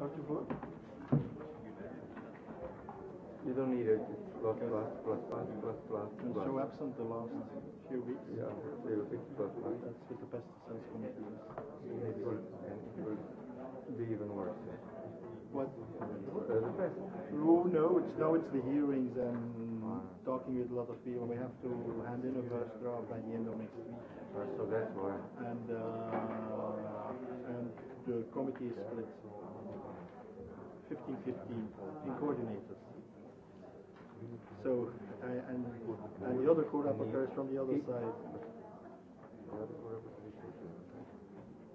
Dr. Floyd? You don't need it. Plus, plus, plus, plus, plus, plus. And so absent the last few weeks. Yeah, zero six plus plus. That's with the best from the It will, and it will be even worse. What? Uh, the best. Oh, no, it's now it's the hearings and ah. talking with a lot of people. We have to hand in a first draft by the end of next week. Uh, so that's why. And, uh, and the committee is split. 15.15 in coordinators. So, I, and, and the other co-rapporteurs from the other side.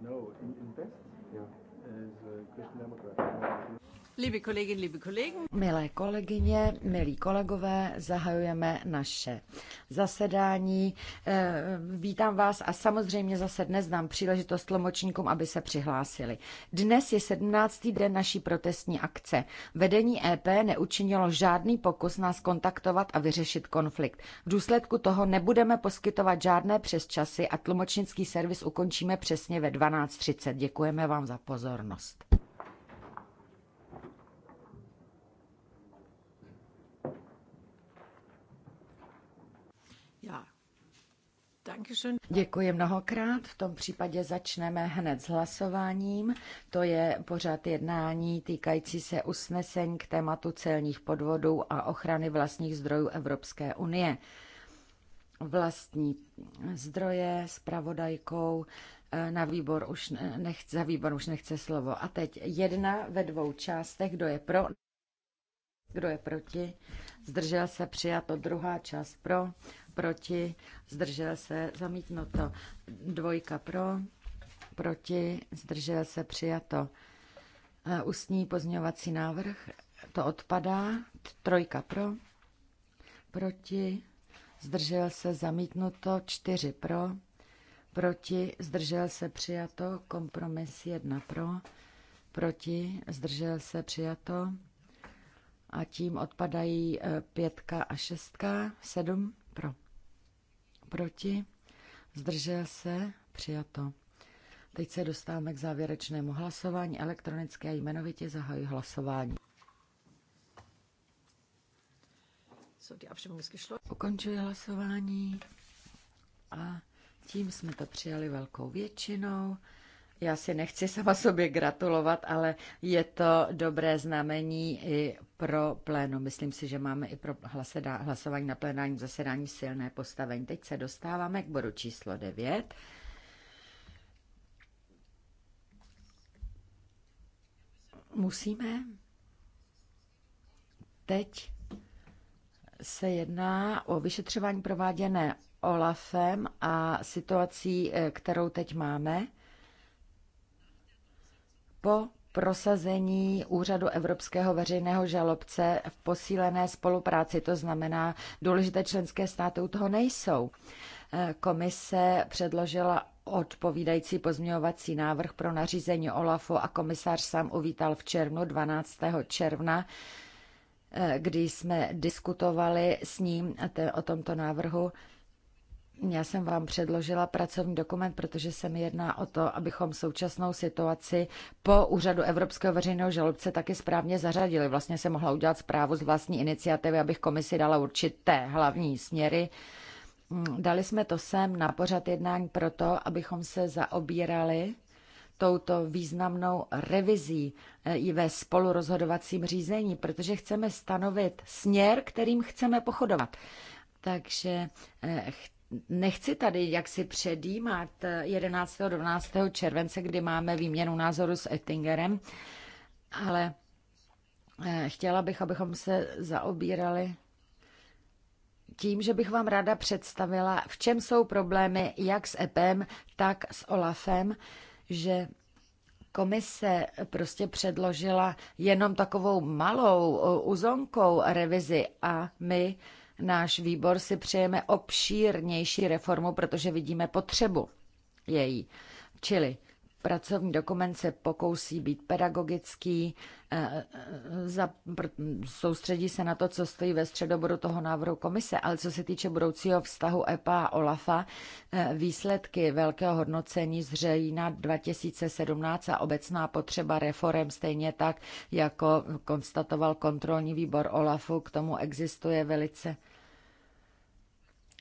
No, in, in best yeah. is uh, Christian Democrat. Liebe Kolleginnen, liebe Kollegen. Milé kolegyně, milí kolegové, zahajujeme naše zasedání. Eh, vítám vás a samozřejmě zase dnes dám příležitost tlumočníkům, aby se přihlásili. Dnes je 17. den naší protestní akce. Vedení EP neučinilo žádný pokus nás kontaktovat a vyřešit konflikt. V důsledku toho nebudeme poskytovat žádné přesčasy a tlumočnický servis ukončíme přesně ve 12.30. Děkujeme vám za pozornost. Děkuji mnohokrát. V tom případě začneme hned s hlasováním. To je pořad jednání týkající se usnesení k tématu celních podvodů a ochrany vlastních zdrojů Evropské unie. Vlastní zdroje s pravodajkou eh, na výbor už nechce, za výbor už nechce slovo. A teď jedna ve dvou částech, kdo je pro, kdo je proti, zdržel se přijato druhá část pro, proti, zdržel se, zamítnuto. Dvojka pro, proti, zdržel se, přijato. E, ústní pozměňovací návrh, to odpadá. Trojka pro, proti, zdržel se, zamítnuto. Čtyři pro, proti, zdržel se, přijato. Kompromis jedna pro, proti, zdržel se, přijato a tím odpadají e, pětka a šestka, sedm pro. Proti? Zdržel se? Přijato. Teď se dostáváme k závěrečnému hlasování. Elektronické a jmenovitě zahajuji hlasování. Ukončuji hlasování a tím jsme to přijali velkou většinou. Já si nechci sama sobě gratulovat, ale je to dobré znamení i pro plénu. Myslím si, že máme i pro hlasování na plénárním zasedání silné postavení. Teď se dostáváme k bodu číslo 9. Musíme teď se jedná o vyšetřování prováděné Olafem a situací, eh, kterou teď máme. Po prosazení úřadu Evropského veřejného žalobce v posílené spolupráci, to znamená, důležité členské státy u toho nejsou. Eh, komise předložila odpovídající pozměňovací návrh pro nařízení OLAFu a komisář sám uvítal v červnu 12. června eh, kdy jsme diskutovali s ním o tomto návrhu já jsem vám předložila pracovní dokument, protože se mi jedná o to, abychom současnou situaci po úřadu Evropského veřejného žalobce taky správně zařadili. Vlastně se mohla udělat zprávu z vlastní iniciativy, abych komisi dala určité hlavní směry. Dali jsme to sem na pořad jednání proto, abychom se zaobírali touto významnou revizí eh, i ve spolurozhodovacím řízení, protože chceme stanovit směr, kterým chceme pochodovat. Takže eh, nechci tady jaksi předjímat 11. Eh, 12. července, kdy máme výměnu názoru s Ettingerem, ale eh, chtěla bych, abychom se zaobírali tím, že bych vám ráda představila, v čem jsou problémy jak s EPem, tak s OLAFem, že komise prostě předložila jenom takovou malou eh, uzonkou revizi a my uh, Náš výbor si přejeme obšírnější reformu, protože vidíme potřebu její. Čili Pracovní dokument se pokousí být pedagogický, eh, eh, soustředí se na to, co stojí ve středoboru toho návrhu komise, ale co se týče budoucího vztahu EPA a OLAFa, eh, výsledky velkého hodnocení zřejí na 2017 a obecná potřeba reform stejně tak, jako konstatoval kontrolní výbor OLAFu, k tomu existuje velice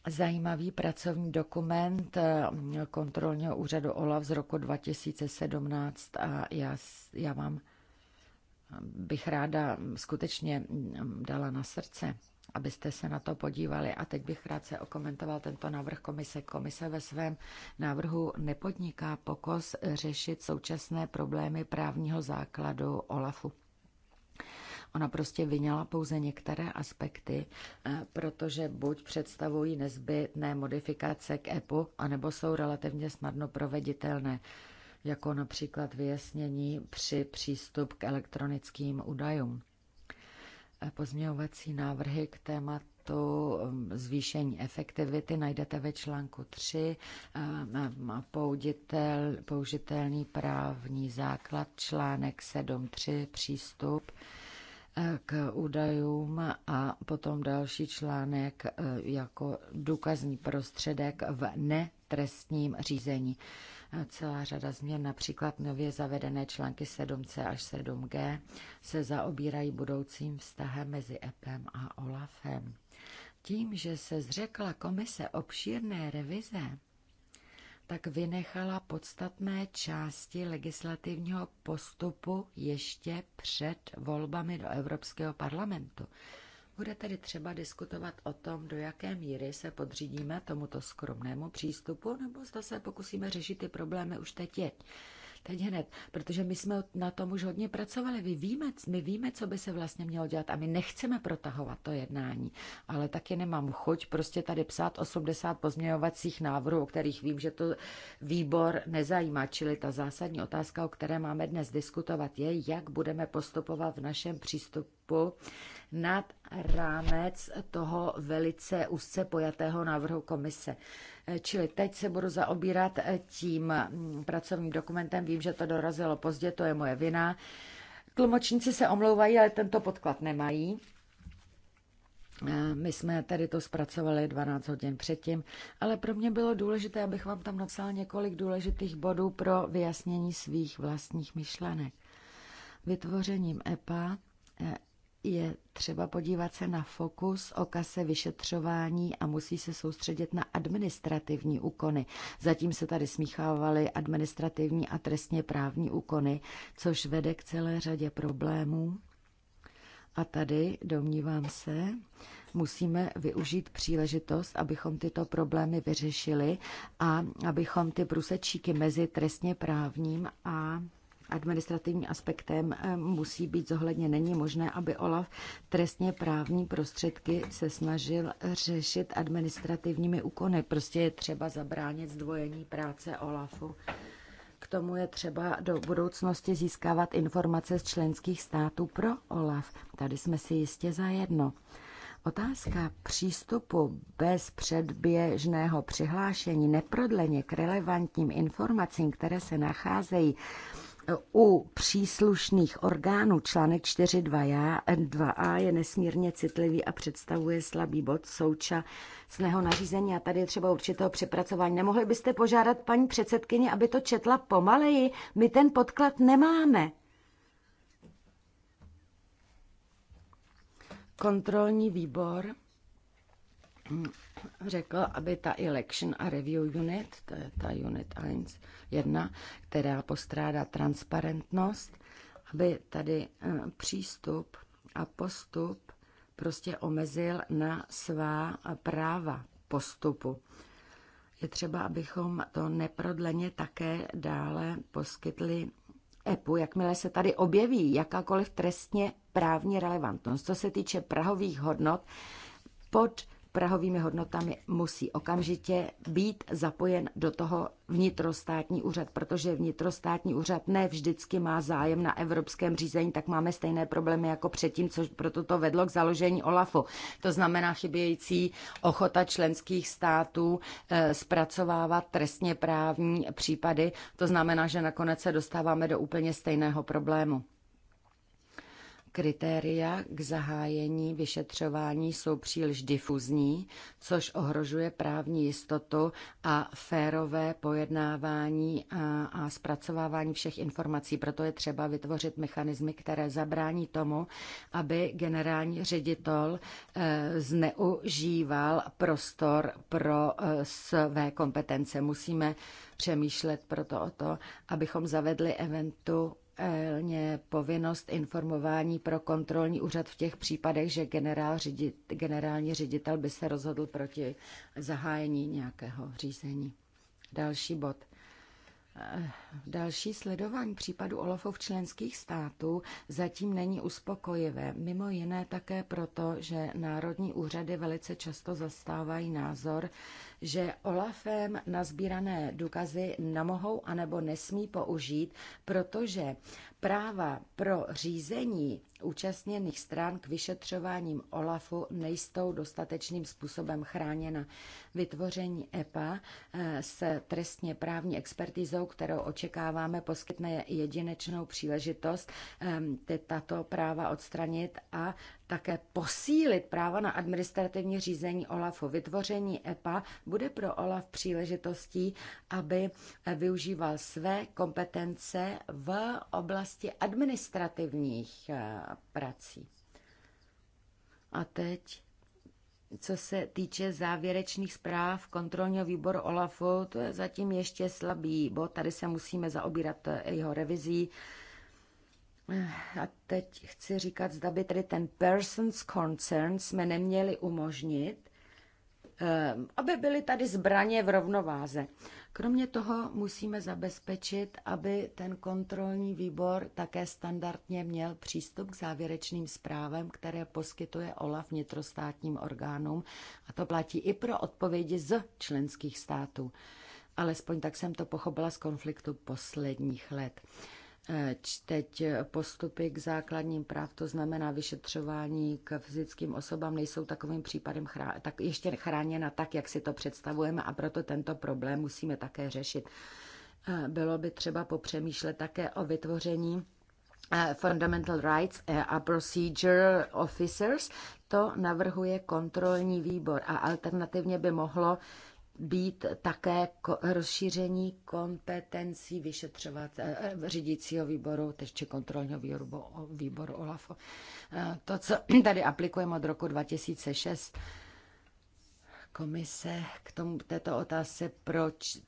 zajímavý pracovní dokument eh, kontrolního úřadu OLAF z roku 2017 a já, já vám eh, bych ráda skutečně mm, dala na srdce, abyste se na to podívali. A teď bych rád se okomentoval tento návrh komise. Komise ve svém návrhu nepodniká pokos řešit současné problémy právního základu OLAFu. Ona prostě vyněla pouze některé aspekty, eh, protože buď představují nezbytné modifikace k EPU, anebo jsou relativně snadno proveditelné, jako například vyjasnění při přístup k elektronickým údajům. Eh, pozměňovací návrhy k tématu to mm, zvýšení efektivity najdete ve článku 3 eh, použitel, použitelný právní základ článek 7.3 přístup k údajům a potom další článek e, jako důkazní prostředek v netrestním řízení. E, celá řada změn, například nově zavedené články 7c až 7g, se zaobírají budoucím vztahem mezi EPem a OLAFem. Tím, že se zřekla komise obšírné revize, tak vynechala podstatné části legislativního postupu ještě před volbami do Evropského parlamentu. Bude tedy třeba diskutovat o tom, do jaké míry se podřídíme tomuto skromnému přístupu, nebo zda se pokusíme řešit ty problémy už teď. Je teď hned, protože my jsme na tom už hodně pracovali. Vy víme, my víme, co by se vlastně mělo dělat a my nechceme protahovat to jednání, ale taky nemám chuť prostě tady psát 80 pozměňovacích návrhů, o kterých vím, že to výbor nezajímá. Čili ta zásadní otázka, o které máme dnes diskutovat, je, jak budeme postupovat v našem přístupu postupu nad rámec toho velice úzce pojatého návrhu komise. Čili teď se budu zaobírat tím pracovním dokumentem. Vím, že to dorazilo pozdě, to je moje vina. Tlumočníci se omlouvají, ale tento podklad nemají. My jsme tady to zpracovali 12 hodin předtím, ale pro mě bylo důležité, abych vám tam napsal několik důležitých bodů pro vyjasnění svých vlastních myšlenek. Vytvořením EPA je třeba podívat se na fokus o kase vyšetřování a musí se soustředit na administrativní úkony. Zatím se tady smíchávaly administrativní a trestně právní úkony, což vede k celé řadě problémů. A tady, domnívám se, musíme využít příležitost, abychom tyto problémy vyřešili a abychom ty brusečíky mezi trestně právním a administrativním aspektem eh, musí být zohledně. Není možné, aby OLAF trestně právní prostředky se snažil řešit administrativními úkony. Prostě je třeba zabránit zdvojení práce OLAFu. K tomu je třeba do budoucnosti získávat informace z členských států pro OLAF. Tady jsme si jistě zajedno. Otázka přístupu bez předběžného přihlášení neprodleně k relevantním informacím, které se nacházejí u příslušných orgánů článek 4.2a je nesmírně citlivý a představuje slabý bod současného nařízení a tady je třeba určitého přepracování. Nemohli byste požádat paní předsedkyni, aby to četla pomaleji? My ten podklad nemáme. Kontrolní výbor řekl, aby ta Election a Review Unit, to je ta Unit 1, která postrádá transparentnost, aby tady eh, přístup a postup prostě omezil na svá práva postupu. Je třeba, abychom to neprodleně také dále poskytli EPU, jakmile se tady objeví jakákoliv trestně právní relevantnost. Co se týče prahových hodnot, pod prahovými hodnotami musí okamžitě být zapojen do toho vnitrostátní úřad, protože vnitrostátní úřad ne vždycky má zájem na evropském řízení, tak máme stejné problémy jako předtím, což proto to vedlo k založení OLAFu. To znamená chybějící ochota členských států eh, zpracovávat trestně právní případy. To znamená, že nakonec se dostáváme do úplně stejného problému. Kritéria k zahájení vyšetřování jsou příliš difuzní, což ohrožuje právní jistotu a férové pojednávání a, a zpracovávání všech informací. Proto je třeba vytvořit mechanismy, které zabrání tomu, aby generální ředitel eh, zneužíval prostor pro eh, své kompetence. Musíme přemýšlet proto o to, abychom zavedli eventu Elně povinnost informování pro kontrolní úřad v těch případech, že generál ředit, generální ředitel by se rozhodl proti zahájení nějakého řízení. Další bod. Eh, další sledování případu Olofu v členských států zatím není uspokojivé, mimo jiné také proto, že národní úřady velice často zastávají názor, že Olafem nazbírané důkazy nemohou anebo nesmí použít, protože práva pro řízení účastněných stran k vyšetřováním OLAFu nejsou dostatečným způsobem chráněna. Vytvoření EPA eh, s trestně právní expertizou, kterou očekáváme, poskytne jedinečnou příležitost ehm, tato práva odstranit a také posílit práva na administrativní řízení OLAFu. Vytvoření EPA bude pro OLAF příležitostí, aby využíval své kompetence v oblasti administrativních eh, prací. A teď, co se týče závěrečných zpráv kontrolního výboru OLAFu, to je zatím ještě slabý bod. Tady se musíme zaobírat eh, jeho revizí a teď chci říkat, zda by tedy ten person's concern jsme neměli umožnit, ehm, aby byly tady zbraně v rovnováze. Kromě toho musíme zabezpečit, aby ten kontrolní výbor také standardně měl přístup k závěrečným zprávám, které poskytuje OLAF vnitrostátním orgánům. A to platí i pro odpovědi z členských států. Alespoň tak jsem to pochopila z konfliktu posledních let. Teď postupy k základním práv, to znamená vyšetřování k fyzickým osobám, nejsou takovým případem chrá- tak ještě chráněna tak, jak si to představujeme a proto tento problém musíme také řešit. Eh, bylo by třeba popřemýšlet také o vytvoření eh, Fundamental Rights eh, a Procedure Officers. To navrhuje kontrolní výbor a alternativně by mohlo být také rozšíření kompetencí vyšetřovat eh, eh, řídícího výboru, teď či kontrolního výboru, výboru OLAFu. Eh, to, co tady aplikujeme od roku 2006, komise k tomu, této otázce, proč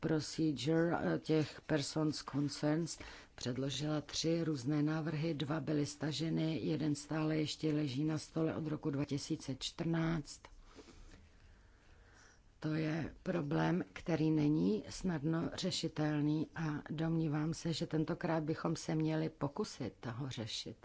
procedure těch persons concerns předložila tři různé návrhy, dva byly staženy, jeden stále ještě leží na stole od roku 2014. To je problém, který není snadno řešitelný a domnívám se, že tentokrát bychom se měli pokusit toho řešit.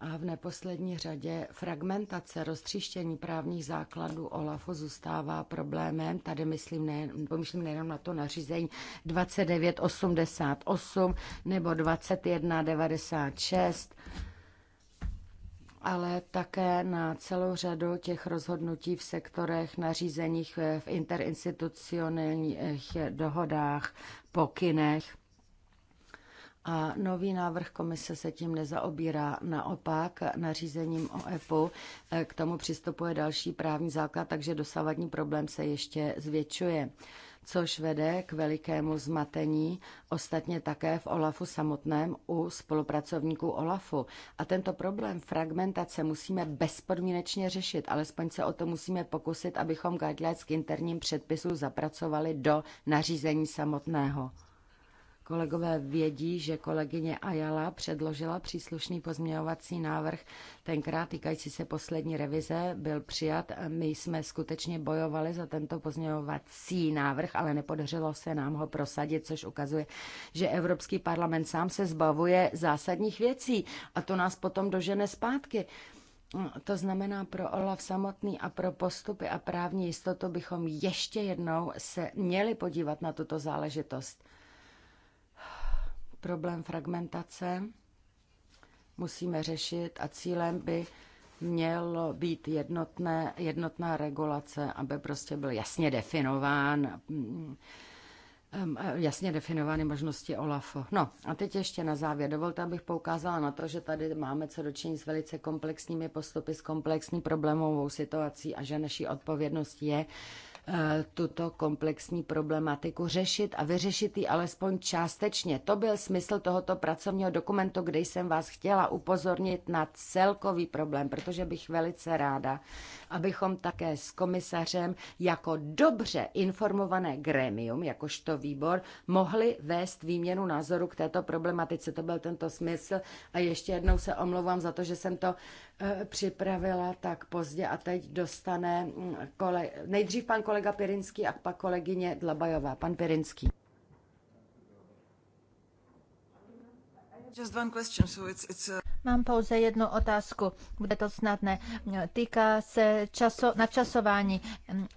A v neposlední řadě fragmentace, roztříštění právních základů OLAFu zůstává problémem. Tady myslím ne, pomyslím nejenom na to nařízení 2988 nebo 2196 ale také na celou řadu těch rozhodnutí v sektorech, nařízeních, eh, v interinstitucionálních eh, dohodách, pokynech. A nový návrh komise se tím nezaobírá. Naopak nařízením o EPU eh, k tomu přistupuje další právní základ, takže dosavadní problém se ještě zvětšuje což vede k velikému zmatení, ostatně také v OLAFu samotném u spolupracovníků OLAFu. A tento problém fragmentace musíme bezpodmínečně řešit, alespoň se o to musíme pokusit, abychom guidelines k interním předpisu zapracovali do nařízení samotného. Kolegové vědí, že kolegyně Ayala předložila příslušný pozměňovací návrh. Tenkrát týkající se poslední revize byl přijat. My jsme skutečně bojovali za tento pozměňovací návrh, ale nepodařilo se nám ho prosadit, což ukazuje, že Evropský parlament sám se zbavuje zásadních věcí a to nás potom dožene zpátky. To znamená pro OLAF samotný a pro postupy a právní jistotu bychom ještě jednou se měli podívat na tuto záležitost. Problém fragmentace musíme řešit a cílem by mělo být jednotné, jednotná regulace, aby prostě byl jasně definován mm, mm, eh, jasně definovány možnosti OLAFu. No a teď ještě na závěr. Dovolte, abych poukázala na to, že tady máme co dočinit s velice komplexními postupy, s komplexní problémovou situací a že naší odpovědnost je Eh, tuto komplexní problematiku řešit a vyřešit ji alespoň částečně. To byl smysl tohoto pracovního dokumentu, kde jsem vás chtěla upozornit na celkový problém, protože bych velice ráda, abychom také s komisařem jako dobře informované grémium, jakožto výbor, mohli vést výměnu názoru k této problematice. To byl tento smysl a ještě jednou se omlouvám za to, že jsem to Eh, připravila tak pozdě a teď dostane mm, kole... nejdřív pan kolega Pirinský a pak kolegyně Dlabajová. Pan Pirinský. Uh, Mám pouze jednu otázku, bude to snadné. Týká se časo, načasování.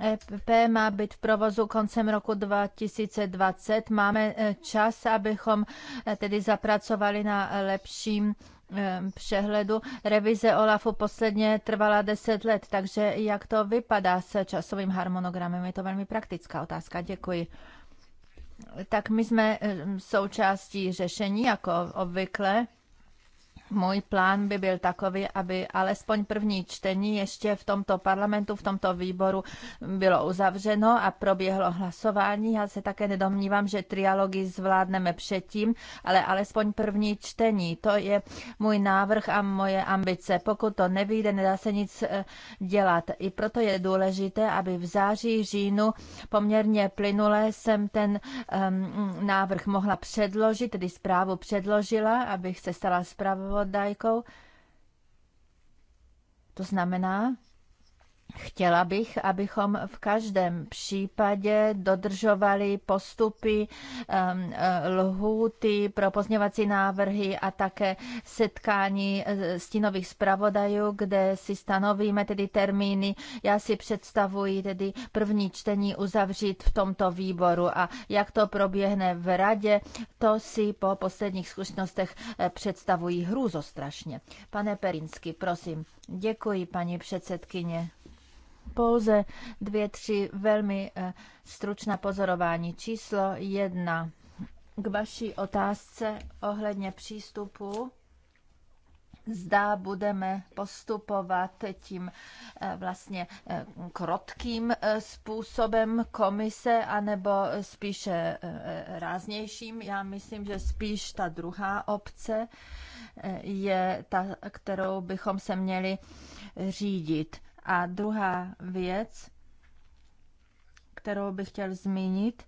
EPP má být v provozu koncem roku 2020. Máme e, čas, abychom e, tedy zapracovali na lepším e, přehledu. Revize OLAFu posledně trvala 10 let, takže jak to vypadá s časovým harmonogramem? Je to velmi praktická otázka. Děkuji tak my jsme eh, součástí řešení, jako obvykle. Můj plán by byl takový, aby alespoň první čtení ještě v tomto parlamentu, v tomto výboru bylo uzavřeno a proběhlo hlasování. Já se také nedomnívám, že trialogy zvládneme předtím, ale alespoň první čtení. To je můj návrh a moje ambice. Pokud to nevyjde, nedá se nic eh, dělat. I proto je důležité, aby v září, říjnu poměrně plynule jsem ten um, návrh mohla předložit, tedy zprávu předložila, abych se stala zprávou zpravodajkou. To znamená, Chtěla bych, abychom v každém případě dodržovali postupy, um, eh, lhůty pro pozněvací návrhy a také setkání eh, stínových zpravodajů, kde si stanovíme tedy termíny. Já si představuji tedy první čtení uzavřít v tomto výboru a jak to proběhne v radě, to si po posledních zkušenostech eh, představují hrůzostrašně. Pane Perinsky, prosím. Děkuji, paní předsedkyně pouze dvě, tři velmi eh, stručná pozorování. Číslo jedna. K vaší otázce ohledně přístupu zda budeme postupovat tím eh, vlastně eh, krotkým způsobem komise, anebo spíše ráznějším. Já myslím, že spíš ta druhá obce je ta, kterou bychom se měli řídit. A druhá věc, kterou bych chtěl zmínit,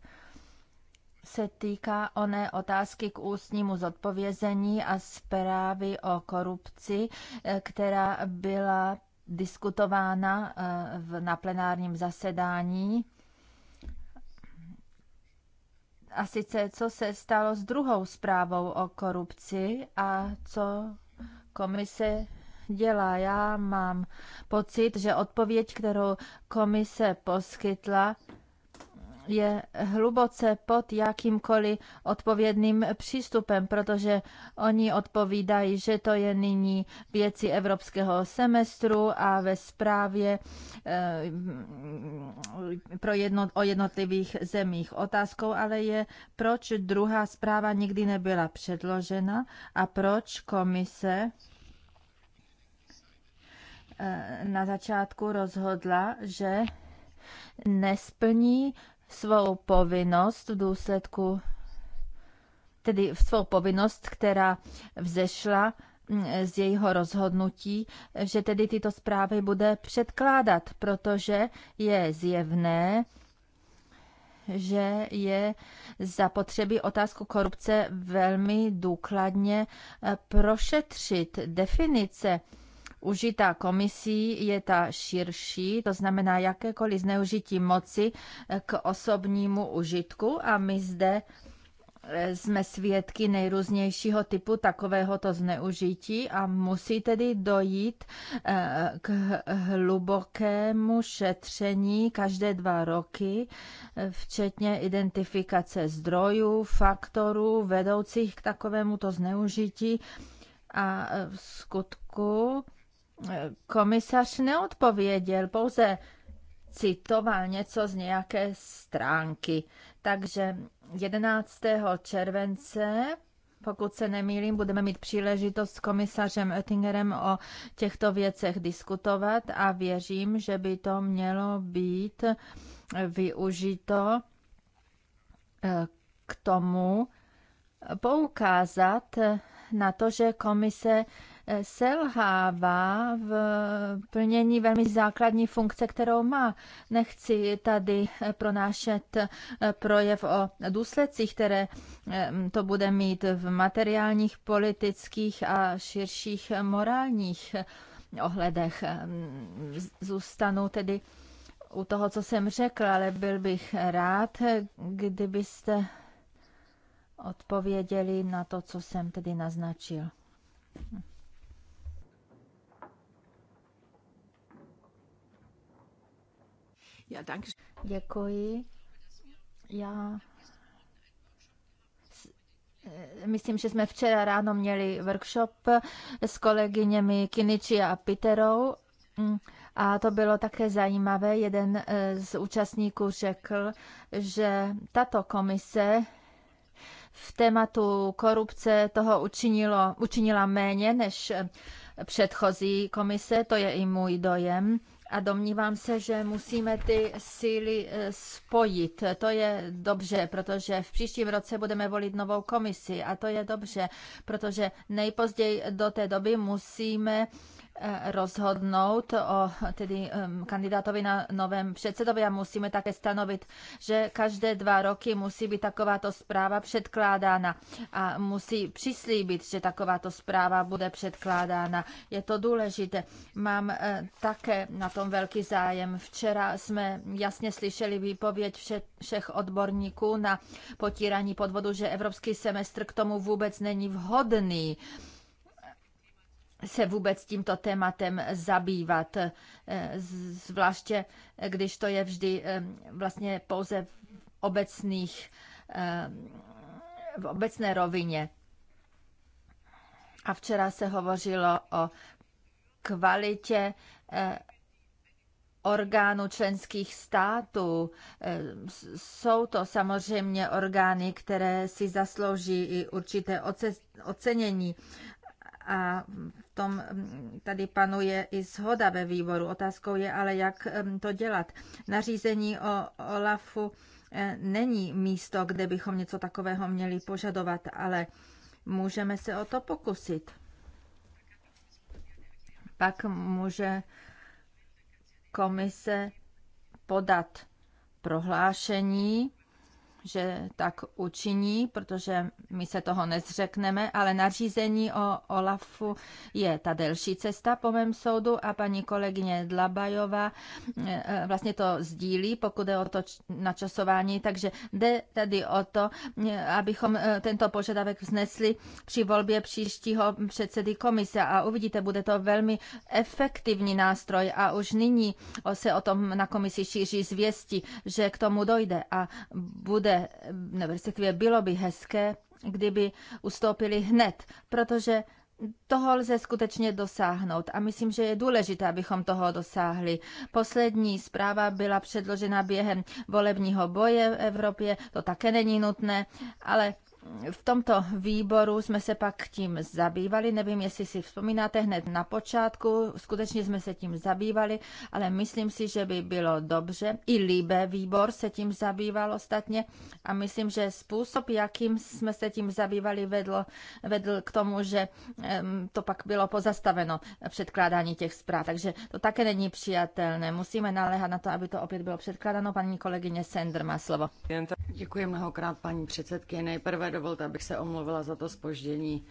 se týká oné otázky k ústnímu zodpovězení a zprávy o korupci, eh, která byla diskutována eh, na plenárním zasedání. A sice, co se stalo s druhou zprávou o korupci a co komise dělá. Já mám pocit, že odpověď, kterou komise poskytla, je hluboce pod jakýmkoliv odpovědným přístupem, protože oni odpovídají, že to je nyní věci evropského semestru a ve zprávě e, pro jedno, o jednotlivých zemích. Otázkou ale je, proč druhá zpráva nikdy nebyla předložena a proč komise Eh, na začátku rozhodla, že nesplní svou povinnost v důsledku, tedy svou povinnost, která vzešla mm, z jejího rozhodnutí, že tedy tyto zprávy bude předkládat, protože je zjevné, že je zapotřebí otázku korupce velmi důkladně eh, prošetřit. Definice užitá komisí je ta širší, to znamená jakékoliv zneužití moci k osobnímu užitku a my zde e, jsme svědky nejrůznějšího typu takovéhoto zneužití a musí tedy dojít e, k hlubokému šetření každé dva roky, e, včetně identifikace zdrojů, faktorů vedoucích k takovémuto zneužití a v skutku komisař neodpověděl, pouze citoval něco z nějaké stránky. Takže 11. července pokud se nemýlím, budeme mít příležitost s komisařem Oettingerem o těchto věcech diskutovat a věřím, že by to mělo být využito eh, k tomu poukázat na to, že komise selhává v plnění velmi základní funkce, kterou má. Nechci tady pronášet projev o důsledcích, které to bude mít v materiálních, politických a širších morálních ohledech. Zůstanu tedy u toho, co jsem řekl, ale byl bych rád, kdybyste odpověděli na to, co jsem tedy naznačil. Ja, danke. Děkuji. Já eh, Myslím, že jsme včera ráno měli workshop s kolegyněmi Kiniči a Piterou mm, a to bylo také zajímavé. Jeden eh, z účastníků řekl, že tato komise v tématu korupce toho učinilo, učinila méně než eh, předchozí komise, to je i můj dojem a domnívám se, že musíme ty síly eh, spojit. To je dobře, protože v příštím roce budeme volit novou komisi a to je dobře, protože nejpozději do té doby musíme Eh, rozhodnout o tedy kandidátovi na novém předsedovi a musíme také stanovit, že každé dva roky musí být takováto zpráva předkládána a musí přislíbit, že takováto zpráva bude předkládána. Je to důležité. Mám eh, také na tom velký zájem. Včera jsme jasně slyšeli výpověď všech odborníků na potírání podvodu, že evropský semestr k tomu vůbec není vhodný se vůbec tímto tématem zabývat, eh, zvláště eh, když to je vždy eh, vlastně pouze v obecných, v obecné rovině. A včera se hovořilo o kvalitě orgánů členských států. Jsou to samozřejmě orgány, které si zaslouží i určité ocenění. A tom mm, tady panuje i zhoda ve výboru. Otázkou je ale, jak mm, to dělat. Nařízení o OLAFu eh, není místo, kde bychom něco takového měli požadovat, ale můžeme se o to pokusit. Pak může komise podat prohlášení že tak učiní, protože my se toho nezřekneme, ale nařízení o OLAFu je ta delší cesta po mém soudu a paní kolegyně Dlabajová eh, eh, vlastně to sdílí, pokud je o to načasování, takže jde tady o to, eh, abychom tento požadavek vznesli při volbě příštího předsedy komise a uvidíte, bude to velmi efektivní nástroj a už nyní se o tom na komisi šíří zvěsti, že k tomu dojde a bude je, nebo respektive bylo by hezké, kdyby ustoupili hned, protože toho lze skutečně dosáhnout a myslím, že je důležité, abychom toho dosáhli. Poslední zpráva byla předložena během volebního boje v Evropě, to také není nutné, ale v tomto výboru jsme se pak tím zabývali, nevím, jestli si vzpomínáte hned na počátku, skutečně jsme se tím zabývali, ale myslím si, že by bylo dobře, i Líbe výbor se tím zabýval ostatně a myslím, že způsob, jakým jsme se tím zabývali, vedl, vedl k tomu, že to pak bylo pozastaveno předkládání těch zpráv, takže to také není přijatelné. Musíme naléhat na to, aby to opět bylo předkládáno. Paní kolegyně Sender má slovo. Děkuji mnohokrát, paní předsedkyně. Nejprve dovolte, abych se omluvila za to spoždění,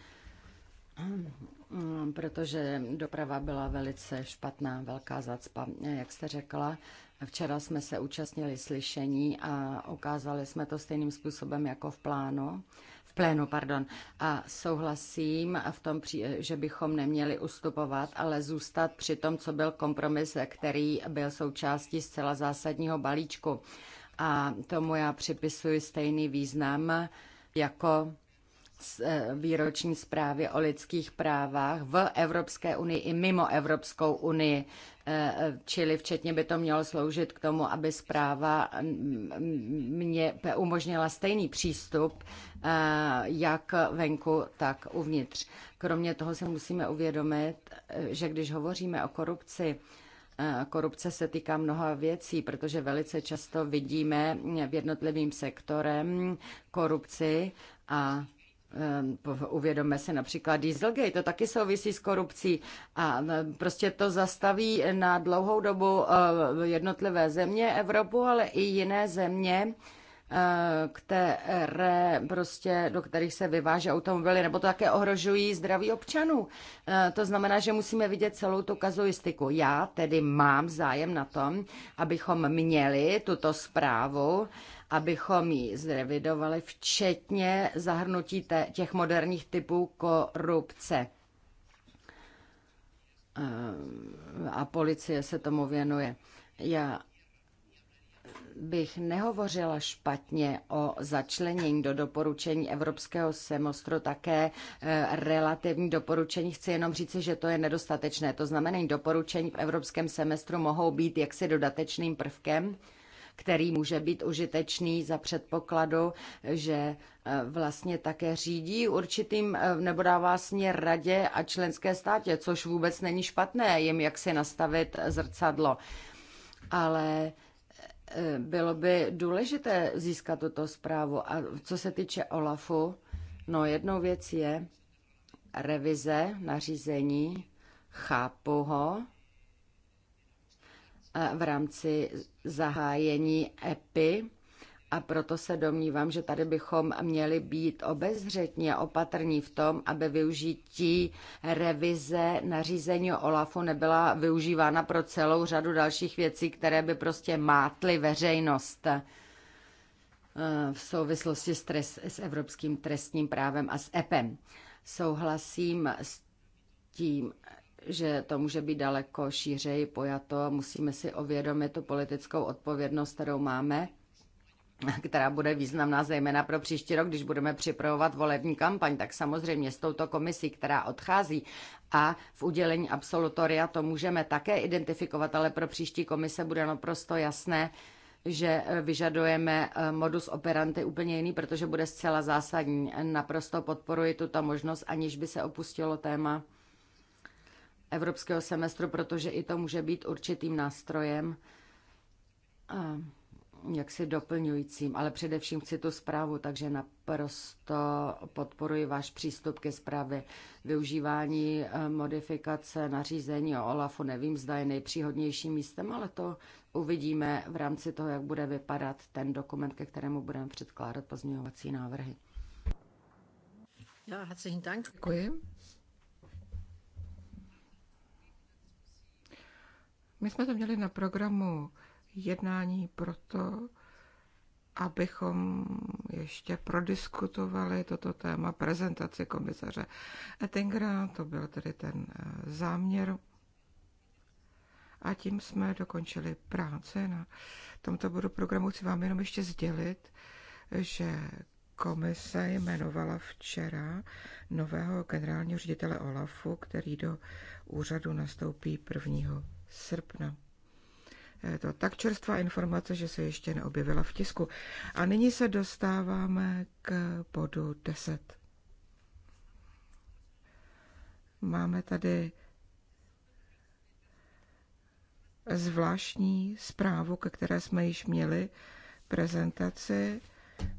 protože doprava byla velice špatná, velká zacpa, jak jste řekla. Včera jsme se účastnili slyšení a ukázali jsme to stejným způsobem jako v plánu V plénu, pardon. A souhlasím v tom, že bychom neměli ustupovat, ale zůstat při tom, co byl kompromis, který byl součástí zcela zásadního balíčku. A tomu já připisuji stejný význam, jako e, výroční zprávy o lidských právách v Evropské unii i mimo Evropskou unii, e, e, čili včetně by to mělo sloužit k tomu, aby zpráva mě umožnila stejný přístup jak venku, tak uvnitř. Kromě toho se musíme uvědomit, že když hovoříme o korupci, Korupce se týká mnoha věcí, protože velice často vidíme v jednotlivým sektorem korupci a eh, Uvědomme si například Dieselgate, to taky souvisí s korupcí a eh, prostě to zastaví na dlouhou dobu eh, jednotlivé země Evropu, ale i jiné země Eh, které prostě, do kterých se vyváží automobily, nebo to také ohrožují zdraví občanů. Eh, to znamená, že musíme vidět celou tu kazuistiku. Já tedy mám zájem na tom, abychom měli tuto zprávu, abychom ji zrevidovali, včetně zahrnutí těch moderních typů korupce eh, a policie se tomu věnuje. Já bych nehovořila špatně o začlenění do doporučení Evropského semestru také eh, relativní doporučení. Chci jenom říci, že to je nedostatečné. To znamená, doporučení v Evropském semestru mohou být jaksi dodatečným prvkem, který může být užitečný za předpokladu, že eh, vlastně také řídí určitým eh, nebo dává směr radě a členské státě, což vůbec není špatné jim jak si nastavit zrcadlo. Ale Eh, bylo by důležité získat tuto zprávu. A co se týče OLAFu, no jednou věc je revize nařízení, chápu ho, eh, v rámci zahájení EPI a proto se domnívám, že tady bychom měli být obezřetně opatrní v tom, aby využití revize nařízení OLAFu nebyla využívána pro celou řadu dalších věcí, které by prostě mátly veřejnost eh, v souvislosti s, trest, s evropským trestním právem a s EPem. Souhlasím s tím, že to může být daleko šířeji pojato. Musíme si ovědomit tu politickou odpovědnost, kterou máme která bude významná zejména pro příští rok, když budeme připravovat volební kampaň, tak samozřejmě s touto komisí, která odchází a v udělení absolutoria to můžeme také identifikovat, ale pro příští komise bude naprosto jasné, že eh, vyžadujeme eh, modus operandi úplně jiný, protože bude zcela zásadní. Naprosto podporuji tuto možnost, aniž by se opustilo téma evropského semestru, protože i to může být určitým nástrojem jaksi doplňujícím, ale především chci tu zprávu, takže naprosto podporuji váš přístup ke zprávě. Využívání eh, modifikace nařízení o OLAFu nevím, zda je nejpříhodnějším místem, ale to uvidíme v rámci toho, jak bude vypadat ten dokument, ke kterému budeme předkládat pozměňovací návrhy. Já herzlichen Dank. Děkuji. My jsme to měli na programu jednání proto, abychom ještě prodiskutovali toto téma prezentaci komisaře Ettingera. To byl tedy ten eh, záměr. A tím jsme dokončili práce na tomto bodu programu. Chci vám jenom ještě sdělit, že komise jmenovala včera nového generálního ředitele OLAFu, který do úřadu nastoupí 1. srpna. Je eh, to tak čerstvá informace, že se ještě neobjevila v tisku. A nyní se dostáváme k bodu 10. Máme tady zvláštní zprávu, ke které jsme již měli prezentaci,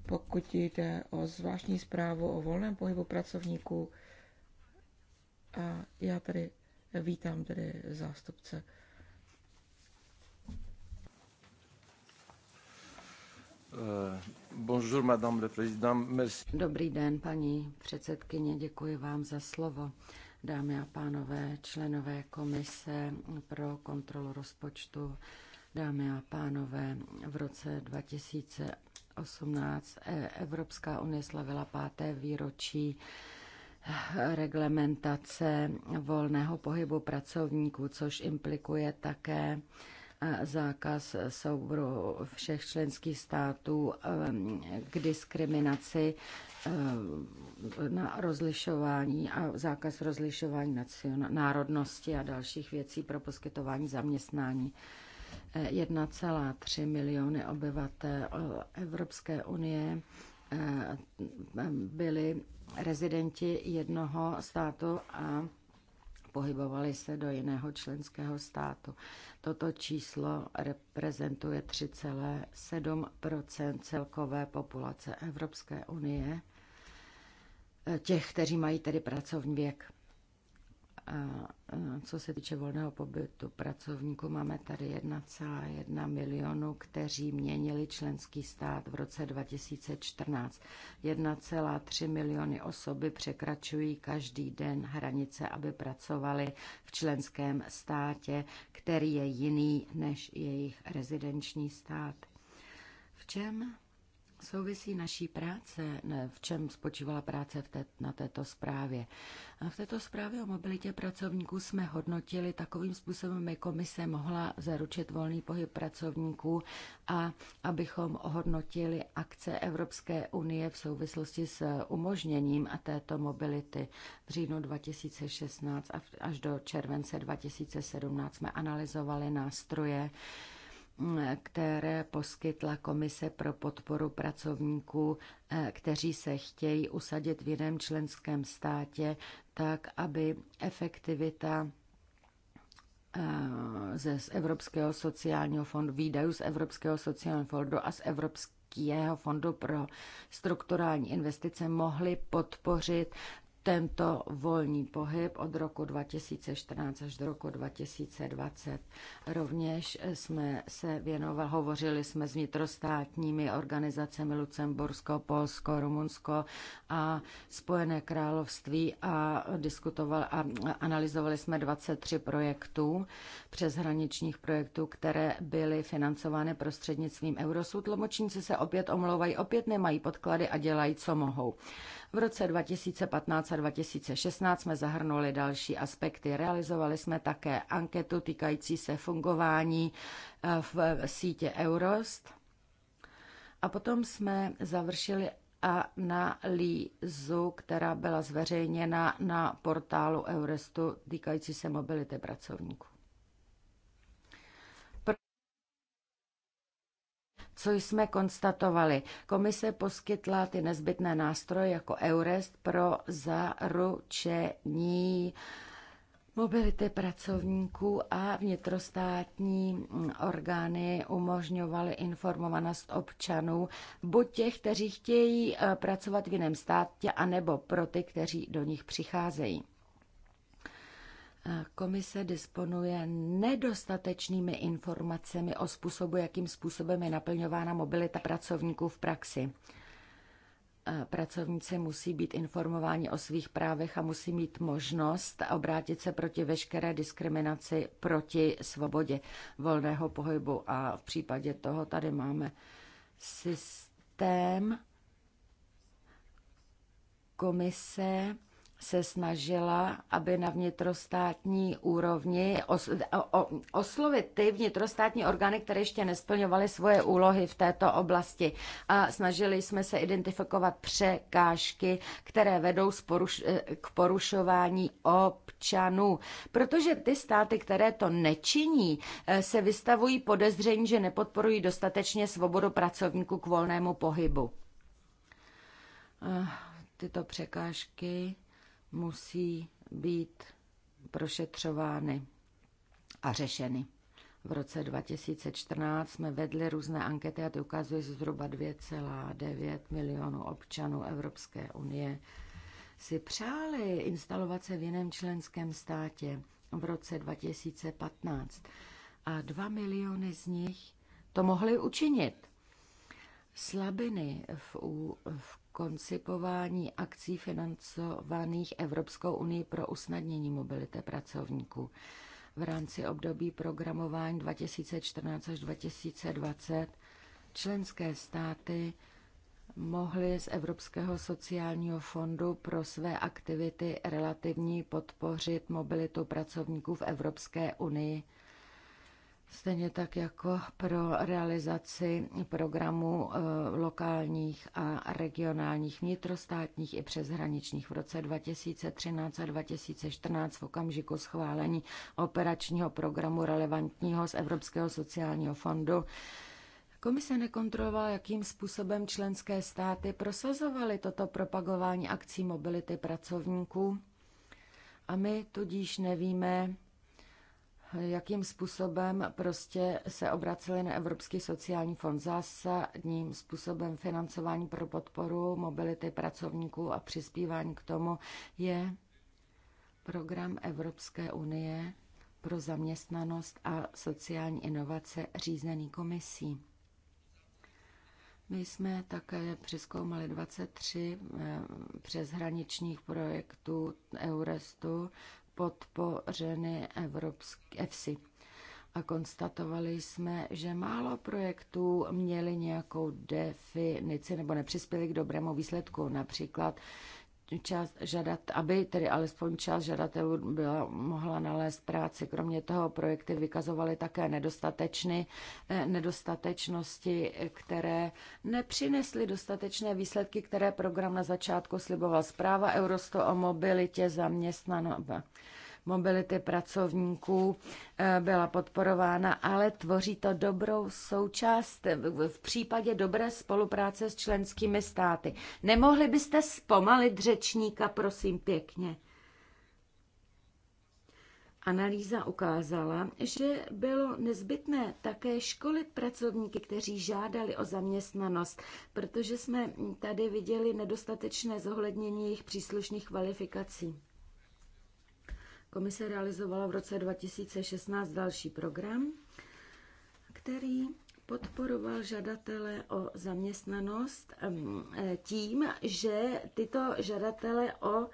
pokud jde o zvláštní zprávu o volném pohybu pracovníků. A já tady vítám tedy zástupce Eh, bonjour, madame le président. Merci. Dobrý den, paní předsedkyně, děkuji vám za slovo. Dámy a pánové, členové komise pro kontrolu rozpočtu, dámy a pánové, v roce 2018 eh, Evropská unie slavila páté výročí eh, reglementace volného pohybu pracovníků, což implikuje také zákaz souboru všech členských států k diskriminaci na rozlišování a zákaz rozlišování národnosti a dalších věcí pro poskytování zaměstnání. 1,3 miliony obyvatel Evropské unie byli rezidenti jednoho státu a pohybovali se do jiného členského státu. Toto číslo reprezentuje 3,7 celkové populace Evropské unie, těch, kteří mají tedy pracovní věk. A e, co se týče volného pobytu pracovníků, máme tady 1,1 milionu, kteří měnili členský stát v roce 2014. 1,3 miliony osoby překračují každý den hranice, aby pracovali v členském státě, který je jiný než jejich rezidenční stát. V čem souvisí naší práce, ne, v čem spočívala práce v té, na této zprávě. A v této zprávě o mobilitě pracovníků jsme hodnotili takovým způsobem, jak komise mohla zaručit volný pohyb pracovníků a abychom hodnotili akce Evropské unie v souvislosti s umožněním a této mobility. V říjnu 2016 až do července 2017 jsme analyzovali nástroje, které poskytla Komise pro podporu pracovníků, eh, kteří se chtějí usadit v jiném členském státě, tak aby efektivita eh, ze z Evropského sociálního fondu, výdajů z Evropského sociálního fondu a z Evropského fondu pro strukturální investice mohly podpořit tento volný pohyb od roku 2014 až do roku 2020. Rovněž jsme se věnovali, hovořili jsme s vnitrostátními organizacemi Lucembursko, Polsko, Rumunsko a Spojené království a diskutovali a analyzovali jsme 23 projektů přeshraničních projektů, které byly financovány prostřednictvím Eurosu. Tlumočníci se opět omlouvají, opět nemají podklady a dělají, co mohou. V roce 2015 a 2016 jsme zahrnuli další aspekty. Realizovali jsme také anketu týkající se fungování eh, v sítě Eurost. A potom jsme završili analýzu, která byla zveřejněna na portálu Eurostu týkající se mobility pracovníků. co jsme konstatovali. Komise poskytla ty nezbytné nástroje jako Eurest pro zaručení mobility pracovníků a vnitrostátní orgány umožňovaly informovanost občanů, buď těch, kteří chtějí eh, pracovat v jiném státě, anebo pro ty, kteří do nich přicházejí. Komise disponuje nedostatečnými informacemi o způsobu, jakým způsobem je naplňována mobilita pracovníků v praxi. Pracovníci musí být informováni o svých právech a musí mít možnost obrátit se proti veškeré diskriminaci, proti svobodě volného pohybu. A v případě toho tady máme systém komise, se snažila, aby na vnitrostátní úrovni os, o, o, oslovit ty vnitrostátní orgány, které ještě nesplňovaly svoje úlohy v této oblasti. A snažili jsme se identifikovat překážky, které vedou poruš, k porušování občanů. Protože ty státy, které to nečiní, eh, se vystavují podezření, že nepodporují dostatečně svobodu pracovníků k volnému pohybu. Eh, tyto překážky musí být prošetřovány a řešeny. V roce 2014 jsme vedli různé ankety a to ukazuje, že zhruba 2,9 milionů občanů Evropské unie si přáli instalovat se v jiném členském státě v roce 2015 a 2 miliony z nich to mohli učinit slabiny v, v koncipování akcí financovaných Evropskou unii pro usnadnění mobility pracovníků. V rámci období programování 2014 až 2020 členské státy mohly z Evropského sociálního fondu pro své aktivity relativní podpořit mobilitu pracovníků v Evropské unii Stejně tak jako pro realizaci programů eh, lokálních a regionálních vnitrostátních i přeshraničních v roce 2013 a 2014 v okamžiku schválení operačního programu relevantního z Evropského sociálního fondu Komise nekontrolovala, jakým způsobem členské státy prosazovaly toto propagování akcí mobility pracovníků a my tudíž nevíme, jakým způsobem prostě se obraceli na Evropský sociální fond zásadním způsobem financování pro podporu mobility pracovníků a přispívání k tomu je program Evropské unie pro zaměstnanost a sociální inovace řízený komisí. My jsme také přeskoumali 23 eh, přeshraničních projektů Eurestu podpořeny evropský EFSI. A konstatovali jsme, že málo projektů měli nějakou definici nebo nepřispěli k dobrému výsledku. Například část žadat, aby tedy alespoň část žadatelů byla, mohla nalézt práci. Kromě toho projekty vykazovaly také nedostatečny, eh, nedostatečnosti, které nepřinesly dostatečné výsledky, které program na začátku sliboval. Zpráva Eurosto o mobilitě zaměstnanou mobility pracovníků eh, byla podporována, ale tvoří to dobrou součást eh, v případě dobré spolupráce s členskými státy. Nemohli byste zpomalit řečníka, prosím pěkně? Analýza ukázala, že bylo nezbytné také školit pracovníky, kteří žádali o zaměstnanost, protože jsme tady viděli nedostatečné zohlednění jejich příslušných kvalifikací. Komise realizovala v roce 2016 další program, který podporoval žadatele o zaměstnanost e, tím, že tyto žadatele o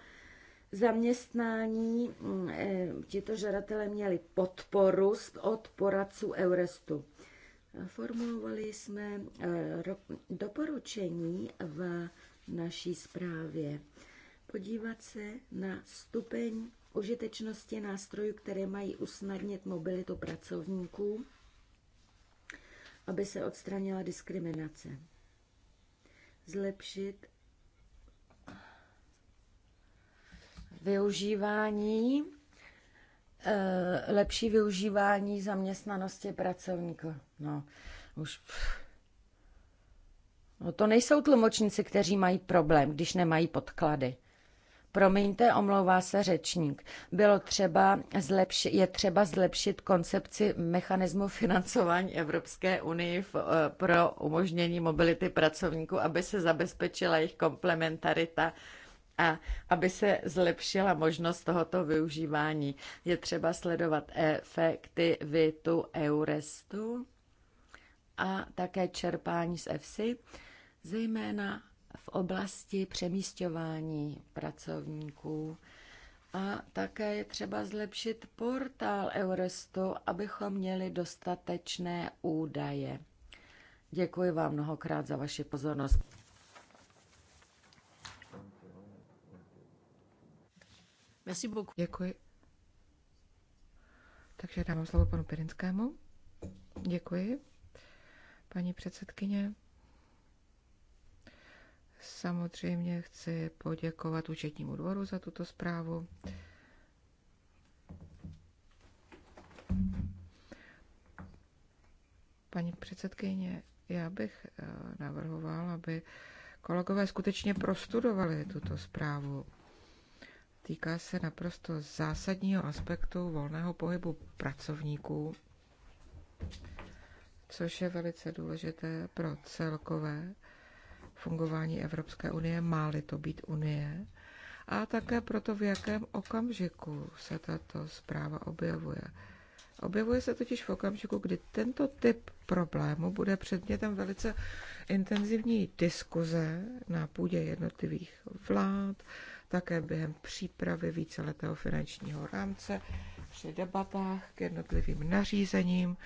zaměstnání, mm, e, tyto žadatele měli podporu od poradců Eurestu. Formulovali jsme e, doporučení v naší zprávě podívat se na stupeň užitečnosti nástrojů, které mají usnadnit mobilitu pracovníků, aby se odstranila diskriminace. Zlepšit využívání, eh, lepší využívání zaměstnanosti pracovníků. No, už... No to nejsou tlumočníci, kteří mají problém, když nemají podklady. Promiňte, omlouvá se řečník. Bylo třeba zlepši, je třeba zlepšit koncepci mechanismu financování Evropské unii v, eh, pro umožnění mobility pracovníků, aby se zabezpečila jejich komplementarita a aby se zlepšila možnost tohoto využívání. Je třeba sledovat efektivitu Eurestu a také čerpání z EFSI, zejména v oblasti přemístování pracovníků. A také je třeba zlepšit portál Eurostu, abychom měli dostatečné údaje. Děkuji vám mnohokrát za vaši pozornost. Merci beaucoup. Děkuji. Takže dávám slovo panu Pirinskému. Děkuji. Paní předsedkyně, Samozřejmě chci poděkovat účetnímu dvoru za tuto zprávu. Paní předsedkyně, já bych eh, navrhoval, aby kolegové skutečně prostudovali tuto zprávu. Týká se naprosto zásadního aspektu volného pohybu pracovníků, což je velice důležité pro celkové fungování Evropské unie, má-li to být unie, a také proto, v jakém okamžiku se tato zpráva objevuje. Objevuje se totiž v okamžiku, kdy tento typ problému bude předmětem velice intenzivní diskuze na půdě jednotlivých vlád, také během přípravy víceletého finančního rámce při debatách k jednotlivým nařízením,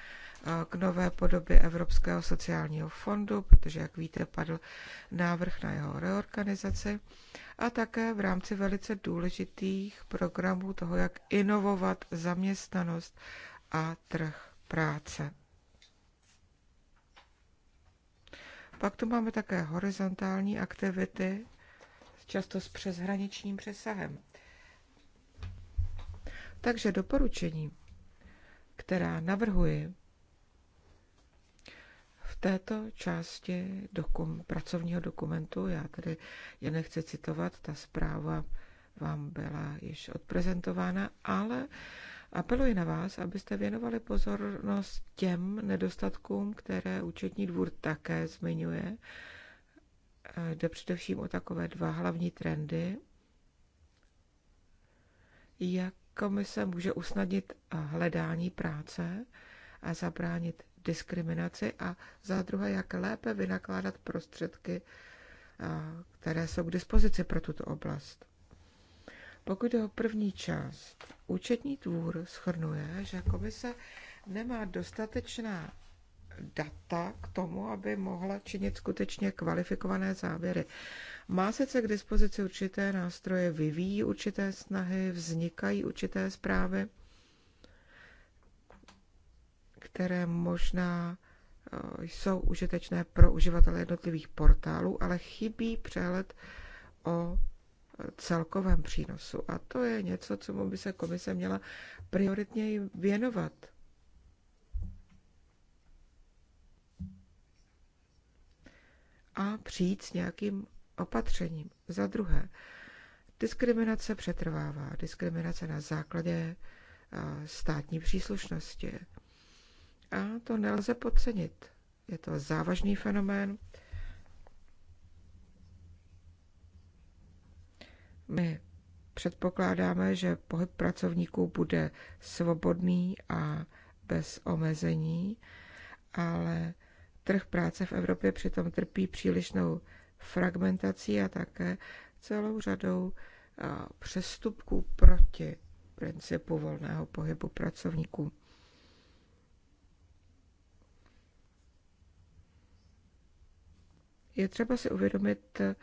k nové podobě Evropského sociálního fondu, protože, jak víte, padl návrh na jeho reorganizaci, a také v rámci velice důležitých programů toho, jak inovovat zaměstnanost a trh práce. Pak tu máme také horizontální aktivity, často s přeshraničním přesahem. Takže doporučení, která navrhuji v této části dokum, pracovního dokumentu, já tady je nechci citovat, ta zpráva vám byla již odprezentována, ale apeluji na vás, abyste věnovali pozornost těm nedostatkům, které účetní dvůr také zmiňuje. Jde především o takové dva hlavní trendy, jak Komise může usnadnit hledání práce a zabránit diskriminaci a za druhé, jak lépe vynakládat prostředky, které jsou k dispozici pro tuto oblast. Pokud jde o první část, účetní tvůr schrnuje, že komise nemá dostatečná data k tomu, aby mohla činit skutečně kvalifikované závěry. Má sice k dispozici určité nástroje, vyvíjí určité snahy, vznikají určité zprávy, které možná eh, jsou užitečné pro uživatele jednotlivých portálů, ale chybí přehled o eh, celkovém přínosu. A to je něco, co by se komise měla prioritně věnovat. a přijít s nějakým opatřením. Za druhé, diskriminace přetrvává. Diskriminace na základě státní příslušnosti. A to nelze podcenit. Je to závažný fenomén. My předpokládáme, že pohyb pracovníků bude svobodný a bez omezení, ale Trh práce v Evropě přitom trpí přílišnou fragmentací a také celou řadou přestupků proti principu volného pohybu pracovníků. Je třeba si uvědomit e,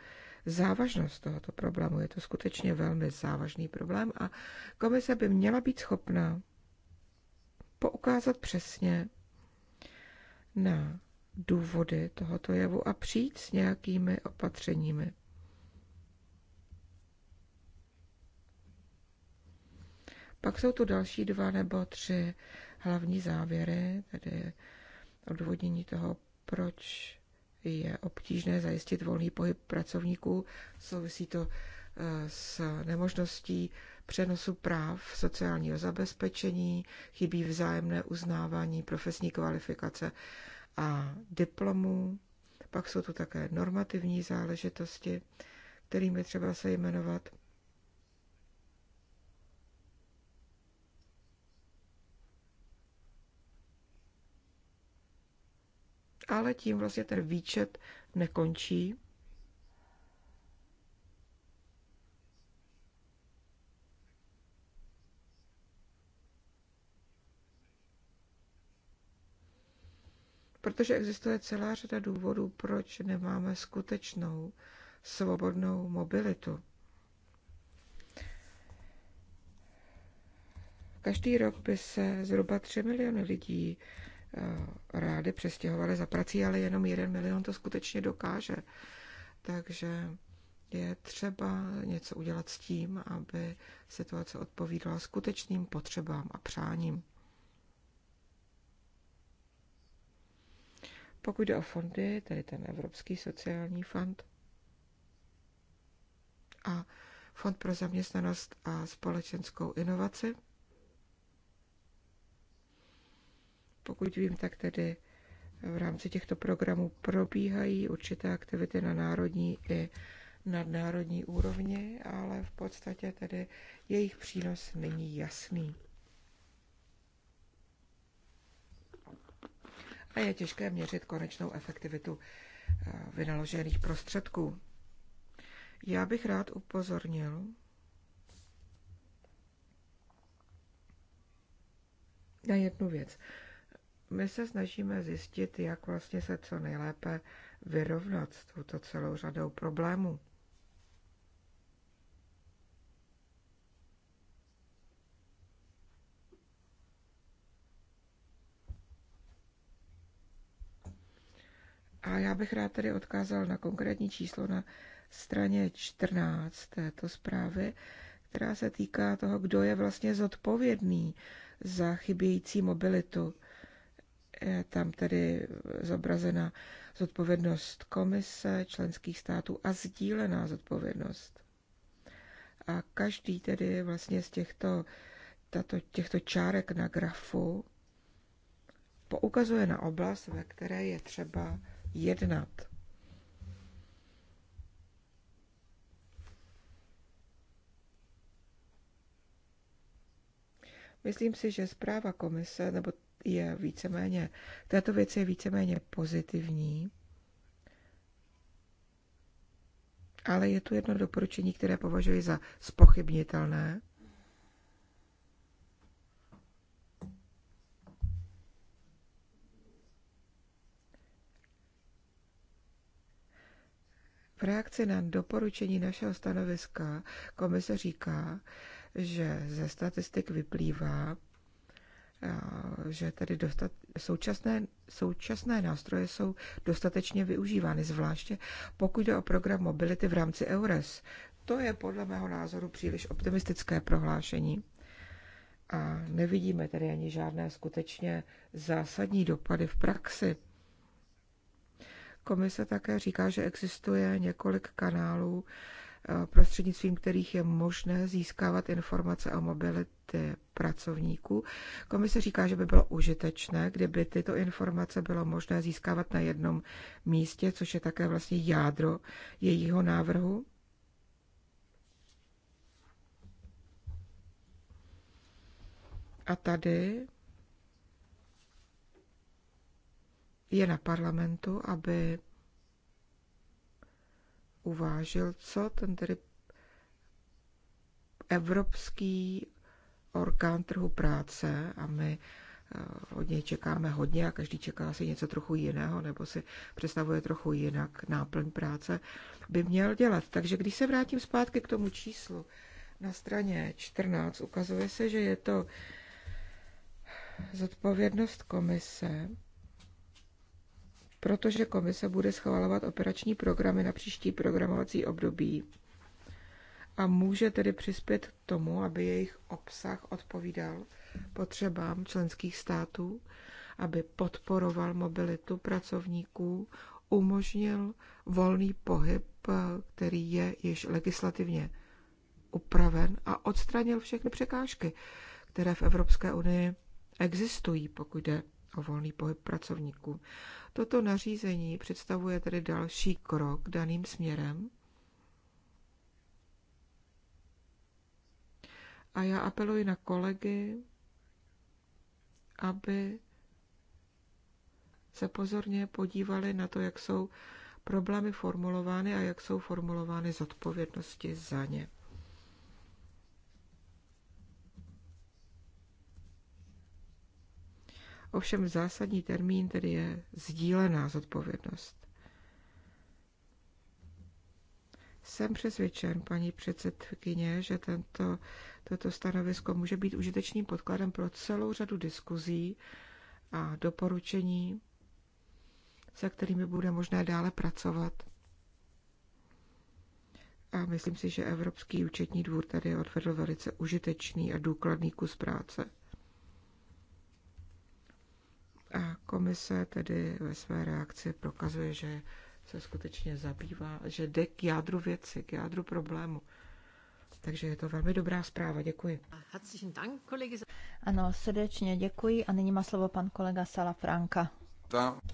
závažnost tohoto problému. Je to skutečně velmi závažný problém a komise by měla být schopná poukázat přesně na důvody tohoto jevu a přijít s nějakými opatřeními. Pak jsou tu další dva nebo tři hlavní závěry, tedy odvodnění toho, proč je obtížné zajistit volný pohyb pracovníků. Souvisí to eh, s nemožností přenosu práv sociálního zabezpečení, chybí vzájemné uznávání profesní kvalifikace a diplomů. Pak jsou tu také normativní záležitosti, kterými třeba se jmenovat. Ale tím vlastně ten výčet nekončí. protože existuje celá řada důvodů, proč nemáme skutečnou svobodnou mobilitu. Každý rok by se zhruba 3 miliony lidí eh, rádi přestěhovali za prací, ale jenom jeden milion to skutečně dokáže. Takže je třeba něco udělat s tím, aby situace odpovídala skutečným potřebám a přáním. Pokud jde o fondy, tedy ten Evropský sociální fond a Fond pro zaměstnanost a společenskou inovaci, pokud vím, tak tedy v rámci těchto programů probíhají určité aktivity na národní i nadnárodní úrovni, ale v podstatě tedy jejich přínos není jasný. a je těžké měřit konečnou efektivitu eh, vynaložených prostředků. Já bych rád upozornil, na jednu věc. My se snažíme zjistit, jak vlastně se co nejlépe vyrovnat s touto celou řadou problémů. A já bych rád tady odkázal na konkrétní číslo na straně 14 této zprávy, která se týká toho, kdo je vlastně zodpovědný za chybějící mobilitu. Je tam tedy zobrazena zodpovědnost komise, členských států a sdílená zodpovědnost. A každý tedy vlastně z těchto, tato, těchto čárek na grafu poukazuje na oblast, ve které je třeba jednat. Myslím si, že zpráva komise nebo je víceméně, k této věci je víceméně pozitivní, ale je tu jedno doporučení, které považuji za spochybnitelné. V reakci na doporučení našeho stanoviska komise říká, že ze statistik vyplývá, eh, že tedy dostat, současné, současné nástroje jsou dostatečně využívány, zvláště pokud jde o program mobility v rámci EURES. To je podle mého názoru příliš optimistické prohlášení a nevidíme tedy ani žádné skutečně zásadní dopady v praxi. Komise také říká, že existuje několik kanálů, eh, prostřednictvím kterých je možné získávat informace o mobilitě pracovníků. Komise říká, že by bylo užitečné, kdyby tyto informace bylo možné získávat na jednom místě, což je také vlastně jádro jejího návrhu. A tady je na parlamentu, aby uvážil, co ten tedy evropský orgán trhu práce a my eh, od něj čekáme hodně a každý čeká asi něco trochu jiného nebo si představuje trochu jinak náplň práce, by měl dělat. Takže když se vrátím zpátky k tomu číslu, na straně 14 ukazuje se, že je to zodpovědnost komise protože komise bude schvalovat operační programy na příští programovací období a může tedy přispět k tomu, aby jejich obsah odpovídal potřebám členských států, aby podporoval mobilitu pracovníků, umožnil volný pohyb, který je již legislativně upraven a odstranil všechny překážky, které v Evropské unii existují, pokud jde o volný pohyb pracovníků. Toto nařízení představuje tedy další krok daným směrem a já apeluji na kolegy, aby se pozorně podívali na to, jak jsou problémy formulovány a jak jsou formulovány zodpovědnosti za ně. Ovšem zásadní termín tedy je sdílená zodpovědnost. Jsem přesvědčen, paní předsedkyně, že tento, toto stanovisko může být užitečným podkladem pro celou řadu diskuzí a doporučení, se kterými bude možné dále pracovat. A myslím si, že Evropský účetní dvůr tady odvedl velice užitečný a důkladný kus práce. A komise tedy ve své reakci prokazuje, že se skutečně zabývá, že jde k jádru věci, k jádru problému. Takže je to velmi dobrá zpráva, děkuji. Ano, srdečně děkuji a nyní má slovo pan kolega Sala Franka.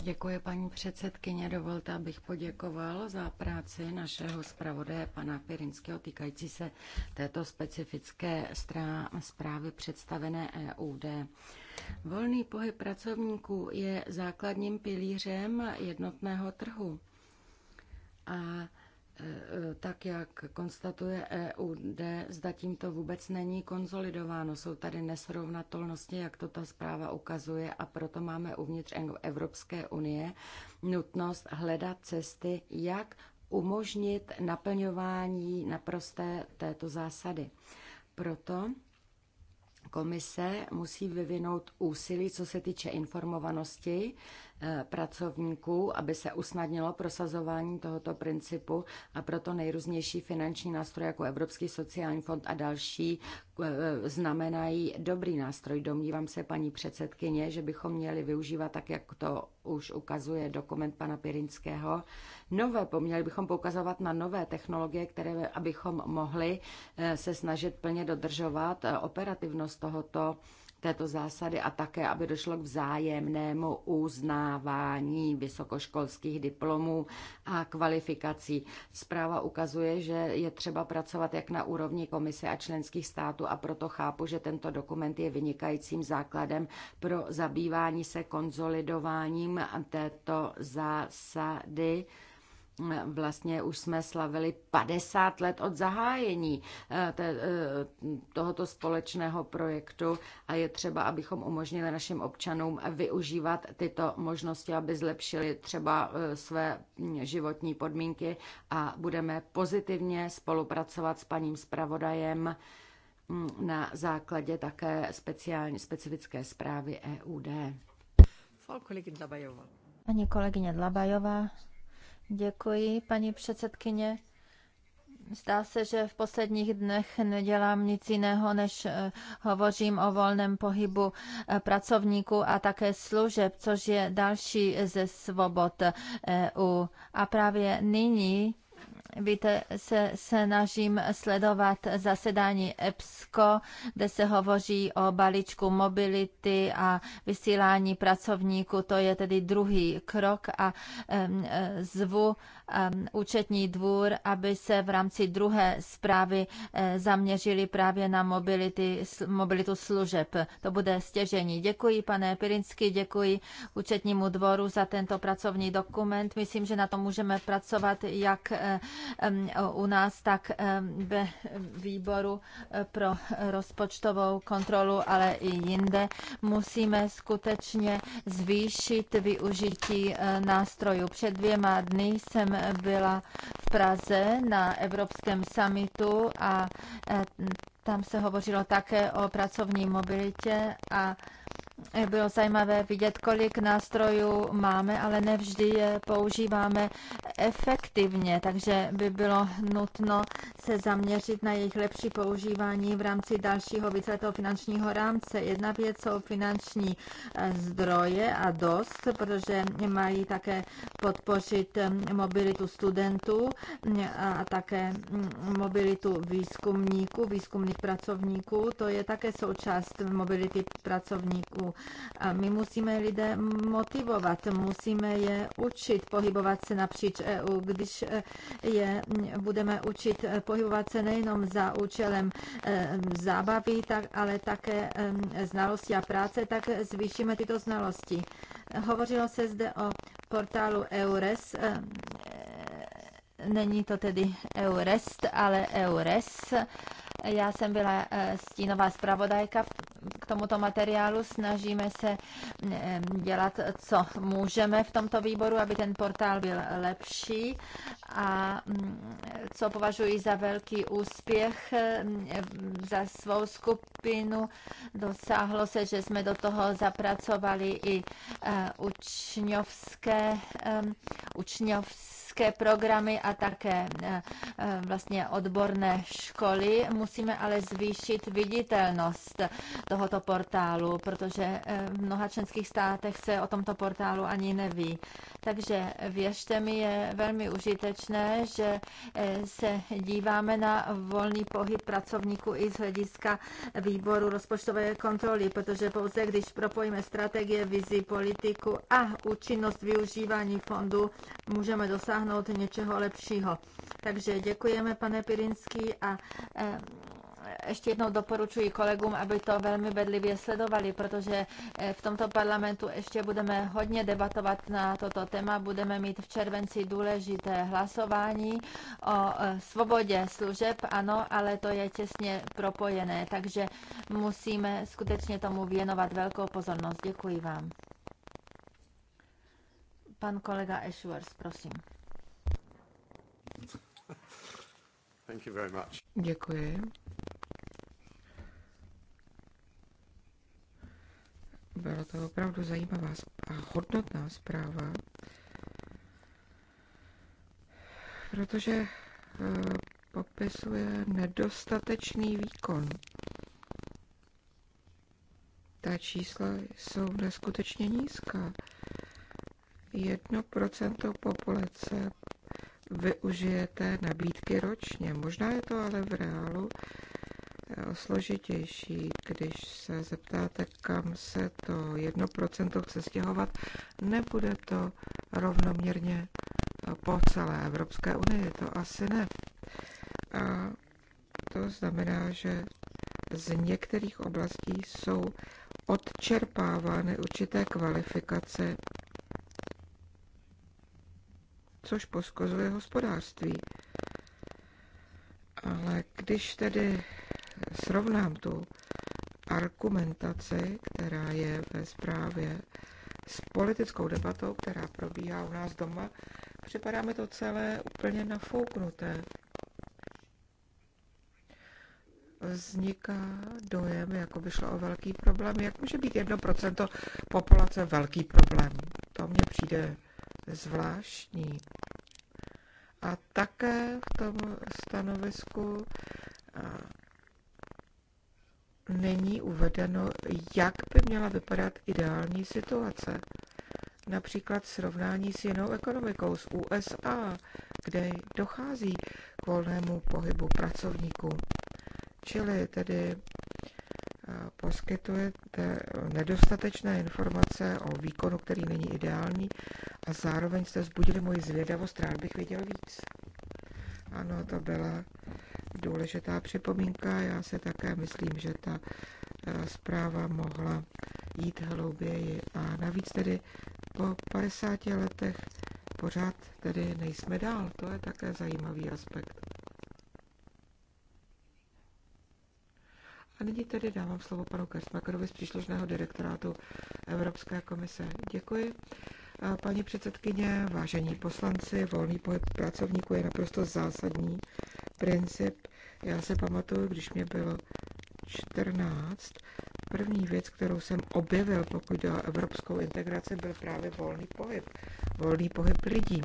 Děkuji, paní předsedkyně. Dovolte, abych poděkoval za práci našeho zpravodaje, pana Pirinského, týkající se této specifické zprávy představené EUD. Volný pohyb pracovníků je základním pilířem jednotného trhu. A e, tak jak konstatuje EUD, zda tímto vůbec není konzolidováno. Jsou tady nesrovnatelnosti, jak to ta zpráva ukazuje a proto máme uvnitř Evropské unie nutnost hledat cesty, jak umožnit naplňování naprosté této zásady. Proto Komise musí vyvinout úsilí, co se týče informovanosti eh, pracovníků, aby se usnadnilo prosazování tohoto principu a proto nejrůznější finanční nástroje jako Evropský sociální fond a další eh, eh, znamenají dobrý nástroj. Domnívám se, paní předsedkyně, že bychom měli využívat, tak jak to už ukazuje dokument pana Pirinského, nové, měli bychom poukazovat na nové technologie, které abychom mohli se snažit plně dodržovat operativnost platnost tohoto této zásady a také, aby došlo k vzájemnému uznávání vysokoškolských diplomů a kvalifikací. Zpráva ukazuje, že je třeba pracovat jak na úrovni komise a členských států a proto chápu, že tento dokument je vynikajícím základem pro zabývání se konzolidováním této zásady Vlastně už jsme slavili 50 let od zahájení eh, eh, tohoto společného projektu a je třeba, abychom umožnili našim občanům využívat tyto možnosti, aby zlepšili třeba eh, své mm, životní podmínky a budeme pozitivně spolupracovat s paním zpravodajem mm, na základě také speciální, specifické zprávy EUD. Paní kolegyně Dlabajová. Děkuji, paní předsedkyně. Zdá se, že v posledních dnech nedělám nic jiného, než eh, hovořím o volném pohybu eh, pracovníků a také služeb, což je další ze svobod eh, EU. A právě nyní Víte, se snažím sledovat zasedání EPSCO, kde se hovoří o balíčku mobility a vysílání pracovníků. To je tedy druhý krok a e, zvu účetní dvůr, aby se v rámci druhé zprávy e, zaměřili právě na mobility, mobilitu služeb. To bude stěžení. Děkuji, pane Pirinsky, děkuji účetnímu dvoru za tento pracovní dokument. Myslím, že na tom můžeme pracovat jak e, u nás, tak ve výboru eh, pro rozpočtovou kontrolu, ale i jinde, musíme skutečně zvýšit využití eh, nástrojů. Před dvěma dny jsem byla v Praze na Evropském summitu a eh, tam se hovořilo také o pracovní mobilitě a bylo zajímavé vidět, kolik nástrojů máme, ale nevždy je používáme efektivně, takže by bylo nutno se zaměřit na jejich lepší používání v rámci dalšího víceletého finančního rámce. Jedna věc jsou finanční eh, zdroje a dost, protože mají také podpořit eh, mobilitu studentů mm, a také mm, mobilitu výzkumníků, výzkumných pracovníků. To je také součást mobility pracovníků podniků. A my musíme lidé motivovat, musíme je učit pohybovat se napříč EU. Když e, je budeme učit e, pohybovat se nejenom za účelem e, zábavy, tak, ale také znalosti a práce, tak zvýšíme tyto znalosti. Hovořilo se zde o portálu EURES. Není to tedy EURES, ale EURES já jsem byla eh, stínová zpravodajka k tomuto materiálu. Snažíme se mm, eh, dělat, co můžeme v tomto výboru, aby ten portál byl lepší. A mm, co považuji za velký úspěch mm, za svou skupinu, dosáhlo se, že jsme do toho zapracovali i eh, učňovské, učňovské praktické programy a také eh, eh, vlastně odborné školy. Musíme ale zvýšit viditelnost tohoto portálu, protože eh, v mnoha členských státech se o tomto portálu ani neví. Takže věřte mi, je velmi užitečné, že se díváme na volný pohyb pracovníků i z hlediska výboru rozpočtové kontroly, protože pouze když propojíme strategie, vizi, politiku a účinnost využívání fondu, můžeme dosáhnout dosáhnout něčeho lepšího. Takže děkujeme, pane Pirinský, a eh, ještě jednou doporučuji kolegům, aby to velmi bedlivě sledovali, protože eh, v tomto parlamentu ještě budeme hodně debatovat na toto téma. Budeme mít v červenci důležité hlasování o eh, svobodě služeb, ano, ale to je těsně propojené, takže musíme skutečně tomu věnovat velkou pozornost. Děkuji vám. Pan kolega Ashworth, prosím. Thank you very much. Děkuji. Byla to opravdu zajímavá a hodnotná zpráva, protože eh, popisuje nedostatečný výkon. Ta čísla jsou neskutečně nízká. 1% populace využijete nabídky ročně. Možná je to ale v reálu eh, složitější, když se zeptáte, kam se to 1% chce stěhovat, nebude to rovnoměrně eh, po celé Evropské unii, to asi ne. A to znamená, že z některých oblastí jsou odčerpávány určité kvalifikace což poskozuje hospodářství. Ale když tedy srovnám tu argumentaci, která je ve zprávě, s politickou debatou, která probíhá u nás doma, připadá mi to celé úplně nafouknuté. Vzniká dojem, jako by šlo o velký problém. Jak může být jedno procento populace velký problém? To mně přijde zvláštní. A také v tom stanovisku není uvedeno, jak by měla vypadat ideální situace. Například srovnání s jinou ekonomikou, s USA, kde dochází k volnému pohybu pracovníků. Čili tedy poskytujete nedostatečné informace o výkonu, který není ideální a zároveň jste vzbudili moji zvědavost, rád bych viděl víc. Ano, to byla důležitá připomínka. Já se také myslím, že ta eh, zpráva mohla jít hlouběji. A navíc tedy po 50 letech pořád tedy nejsme dál. To je také zajímavý aspekt. Nyní tedy dávám slovo panu Kerstmakerovi z příslušného direktorátu Evropské komise. Děkuji. Paní předsedkyně, vážení poslanci, volný pohyb pracovníků je naprosto zásadní princip. Já se pamatuju, když mě bylo 14, první věc, kterou jsem objevil, pokud jde o evropskou integraci, byl právě volný pohyb, volný pohyb lidí.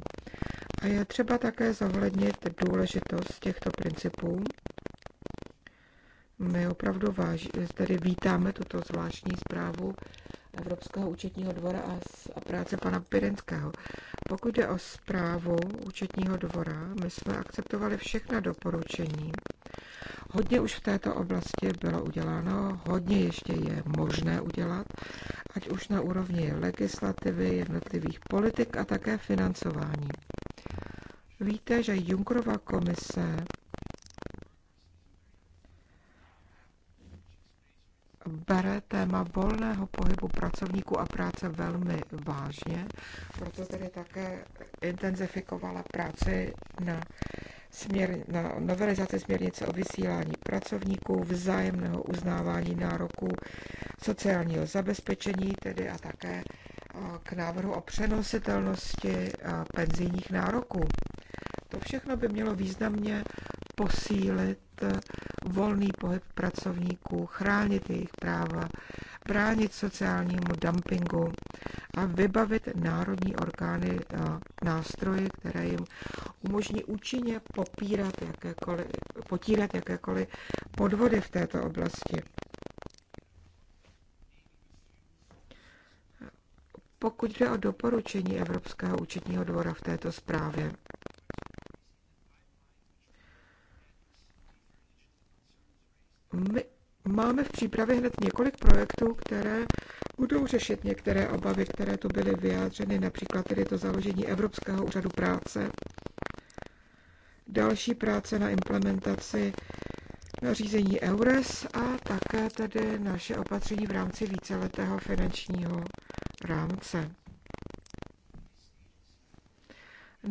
A je třeba také zohlednit důležitost těchto principů my opravdu váž, tedy vítáme tuto zvláštní zprávu Evropského účetního dvora a, a práce pana Pirinského. Pokud jde o zprávu účetního dvora, my jsme akceptovali všechna doporučení. Hodně už v této oblasti bylo uděláno, hodně ještě je možné udělat, ať už na úrovni legislativy, jednotlivých politik a také financování. Víte, že Junkrova komise téma volného pohybu pracovníků a práce velmi vážně, proto tedy také intenzifikovala práci na, směr, na novelizaci směrnice o vysílání pracovníků, vzájemného uznávání nároků sociálního zabezpečení, tedy a také eh, k návrhu o přenositelnosti eh, penzijních nároků. To všechno by mělo významně posílit eh, volný pohyb pracovníků, chránit jejich práva, bránit sociálnímu dumpingu a vybavit národní orgány eh, nástroji, které jim umožní účinně popírat jakékoliv, potírat jakékoliv podvody v této oblasti. Pokud jde o doporučení Evropského účetního dvora v této zprávě, máme v přípravě hned několik projektů, které budou řešit některé obavy, které tu byly vyjádřeny, například tedy to založení Evropského úřadu práce, další práce na implementaci nařízení EURES a také tedy naše opatření v rámci víceletého finančního rámce.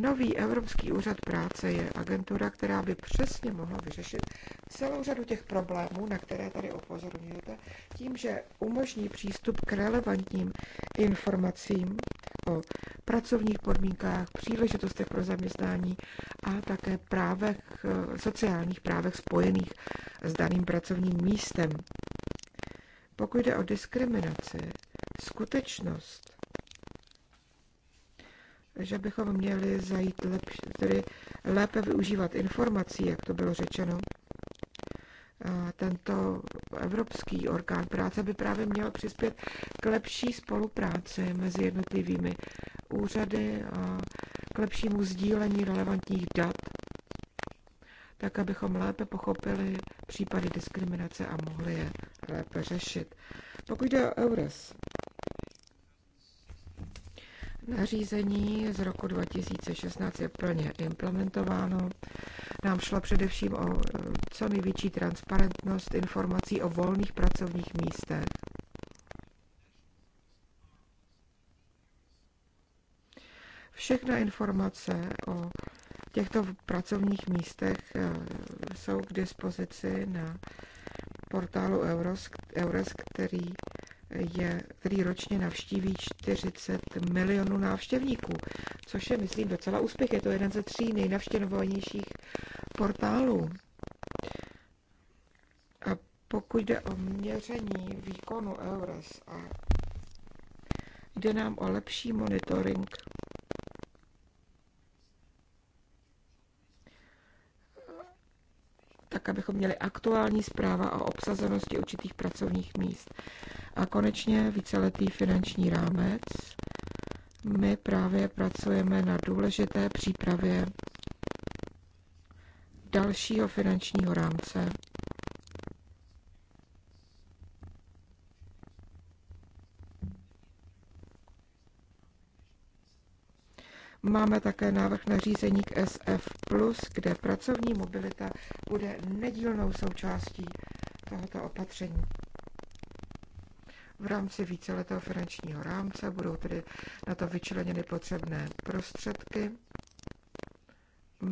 Nový Evropský úřad práce je agentura, která by přesně mohla vyřešit celou řadu těch problémů, na které tady upozorňujete, tím, že umožní přístup k relevantním informacím o pracovních podmínkách, příležitostech pro zaměstnání a také právech, eh, sociálních právech spojených s daným pracovním místem. Pokud jde o diskriminaci, skutečnost, že bychom měli zajít lepš, tedy lépe využívat informací, jak to bylo řečeno, tento Evropský orgán práce by právě měl přispět k lepší spolupráci mezi jednotlivými úřady a k lepšímu sdílení relevantních dat, tak abychom lépe pochopili případy diskriminace a mohli je lépe řešit. Pokud jde o EURES, nařízení z roku 2016 je plně implementováno nám šlo především o eh, co největší transparentnost informací o volných pracovních místech. Všechna informace o těchto pracovních místech eh, jsou k dispozici na portálu Euros, Eures, který, je, který ročně navštíví 40 milionů návštěvníků, což je, myslím, docela úspěch. Je to jeden ze tří nejnavštěvovanějších portálů. A pokud jde o měření výkonu EURES a jde nám o lepší monitoring tak, abychom měli aktuální zpráva o obsazenosti určitých pracovních míst. A konečně víceletý finanční rámec. My právě pracujeme na důležité přípravě dalšího finančního rámce. Máme také návrh na řízení k SF+, kde pracovní mobilita bude nedílnou součástí tohoto opatření. V rámci víceletého finančního rámce budou tedy na to vyčleněny potřebné prostředky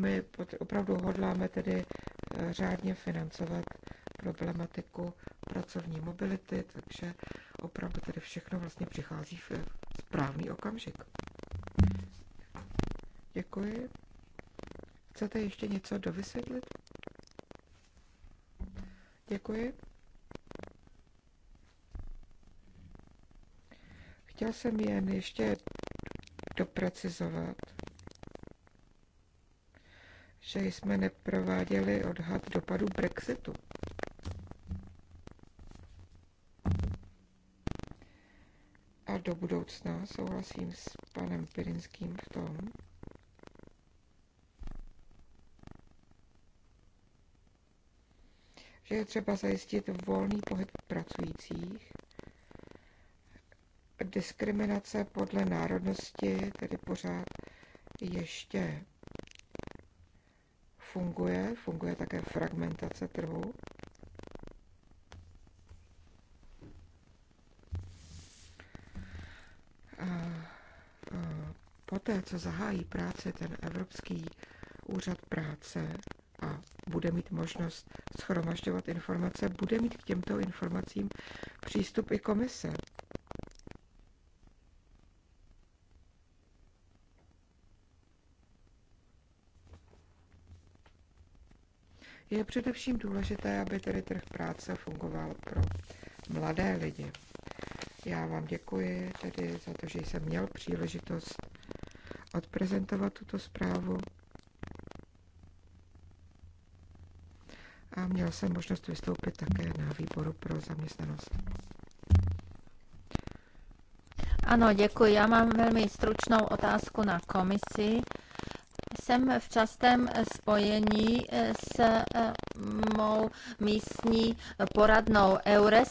my opravdu hodláme tedy eh, řádně financovat problematiku pracovní mobility, takže opravdu tedy všechno vlastně přichází v správný okamžik. Děkuji. Chcete ještě něco dovysvětlit? Děkuji. Chtěl jsem jen ještě doprecizovat, že jsme neprováděli odhad dopadu Brexitu. A do budoucna souhlasím s panem Pirinským v tom, že je třeba zajistit volný pohyb pracujících, diskriminace podle národnosti tedy pořád ještě funguje, funguje také fragmentace trhu. Poté, co zahájí práce ten Evropský úřad práce a bude mít možnost schromažďovat informace, bude mít k těmto informacím přístup i komise. Je především důležité, aby tedy trh práce fungoval pro mladé lidi. Já vám děkuji tedy za to, že jsem měl příležitost odprezentovat tuto zprávu. A měl jsem možnost vystoupit také na výboru pro zaměstnanost. Ano, děkuji. Já mám velmi stručnou otázku na komisi jsem v častém spojení s eh, mou místní poradnou EURES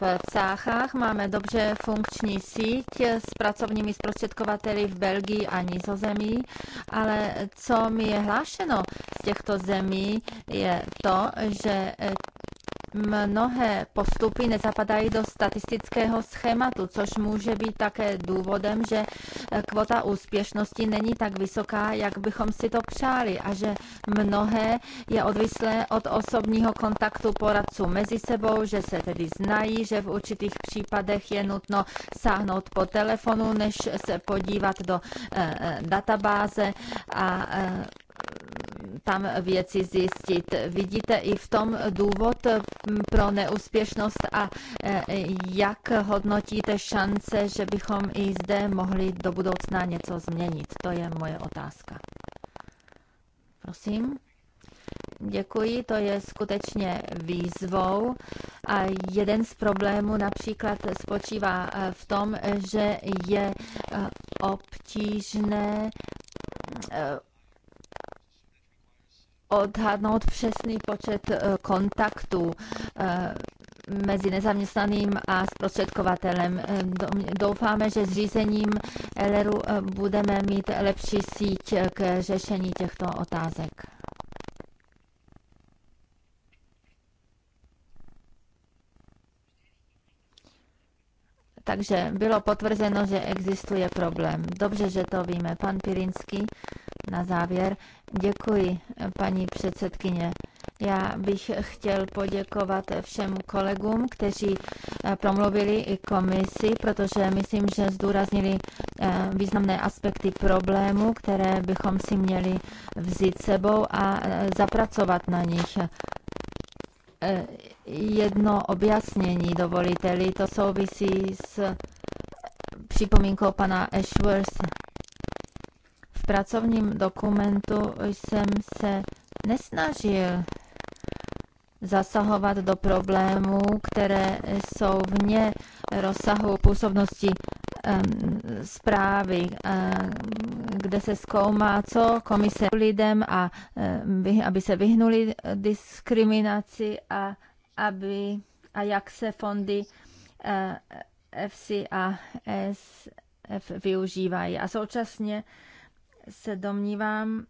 v Cáchách. Máme dobře funkční síť s pracovními zprostředkovateli v Belgii a Nizozemí, ale co mi je hlášeno z těchto zemí je to, že eh, mnohé postupy nezapadají do statistického schématu, což může být také důvodem, že Eh, kvota úspěšnosti není tak vysoká, jak bychom si to přáli a že mnohé je odvislé od osobního kontaktu poradců mezi sebou, že se tedy znají, že v určitých případech je nutno sáhnout po telefonu, než se podívat do eh, eh, databáze a tam věci zjistit. Vidíte i v tom důvod pro neúspěšnost a e, jak hodnotíte šance, že bychom i zde mohli do budoucna něco změnit? To je moje otázka. Prosím. Děkuji, to je skutečně výzvou. A jeden z problémů například spočívá e, v tom, že je e, obtížné odhadnout přesný počet eh, kontaktů eh, mezi nezaměstnaným a zprostředkovatelem. Ehm, doufáme, že zřízením LRu eh, budeme mít lepší síť k řešení těchto otázek. Takže bylo potvrzeno, že existuje problém. Dobře, že to víme. Pan Pirinský na závěr. Děkuji, paní předsedkyně. Já bych chtěl poděkovat všem kolegům, kteří eh, promluvili i komisi, protože myslím, že zdůraznili eh, významné aspekty problému, které bychom si měli vzít sebou a eh, zapracovat na nich. Jedno objasnění, dovolíte-li, to souvisí s připomínkou pana Ashworth v pracovním dokumentu jsem se nesnažil zasahovat do problémů, které jsou vně rozsahu působnosti zprávy, kde se zkoumá, co komise lidem, a, aby se vyhnuli diskriminaci a, aby, a jak se fondy eh, FC a SF využívají. A současně se domnívám,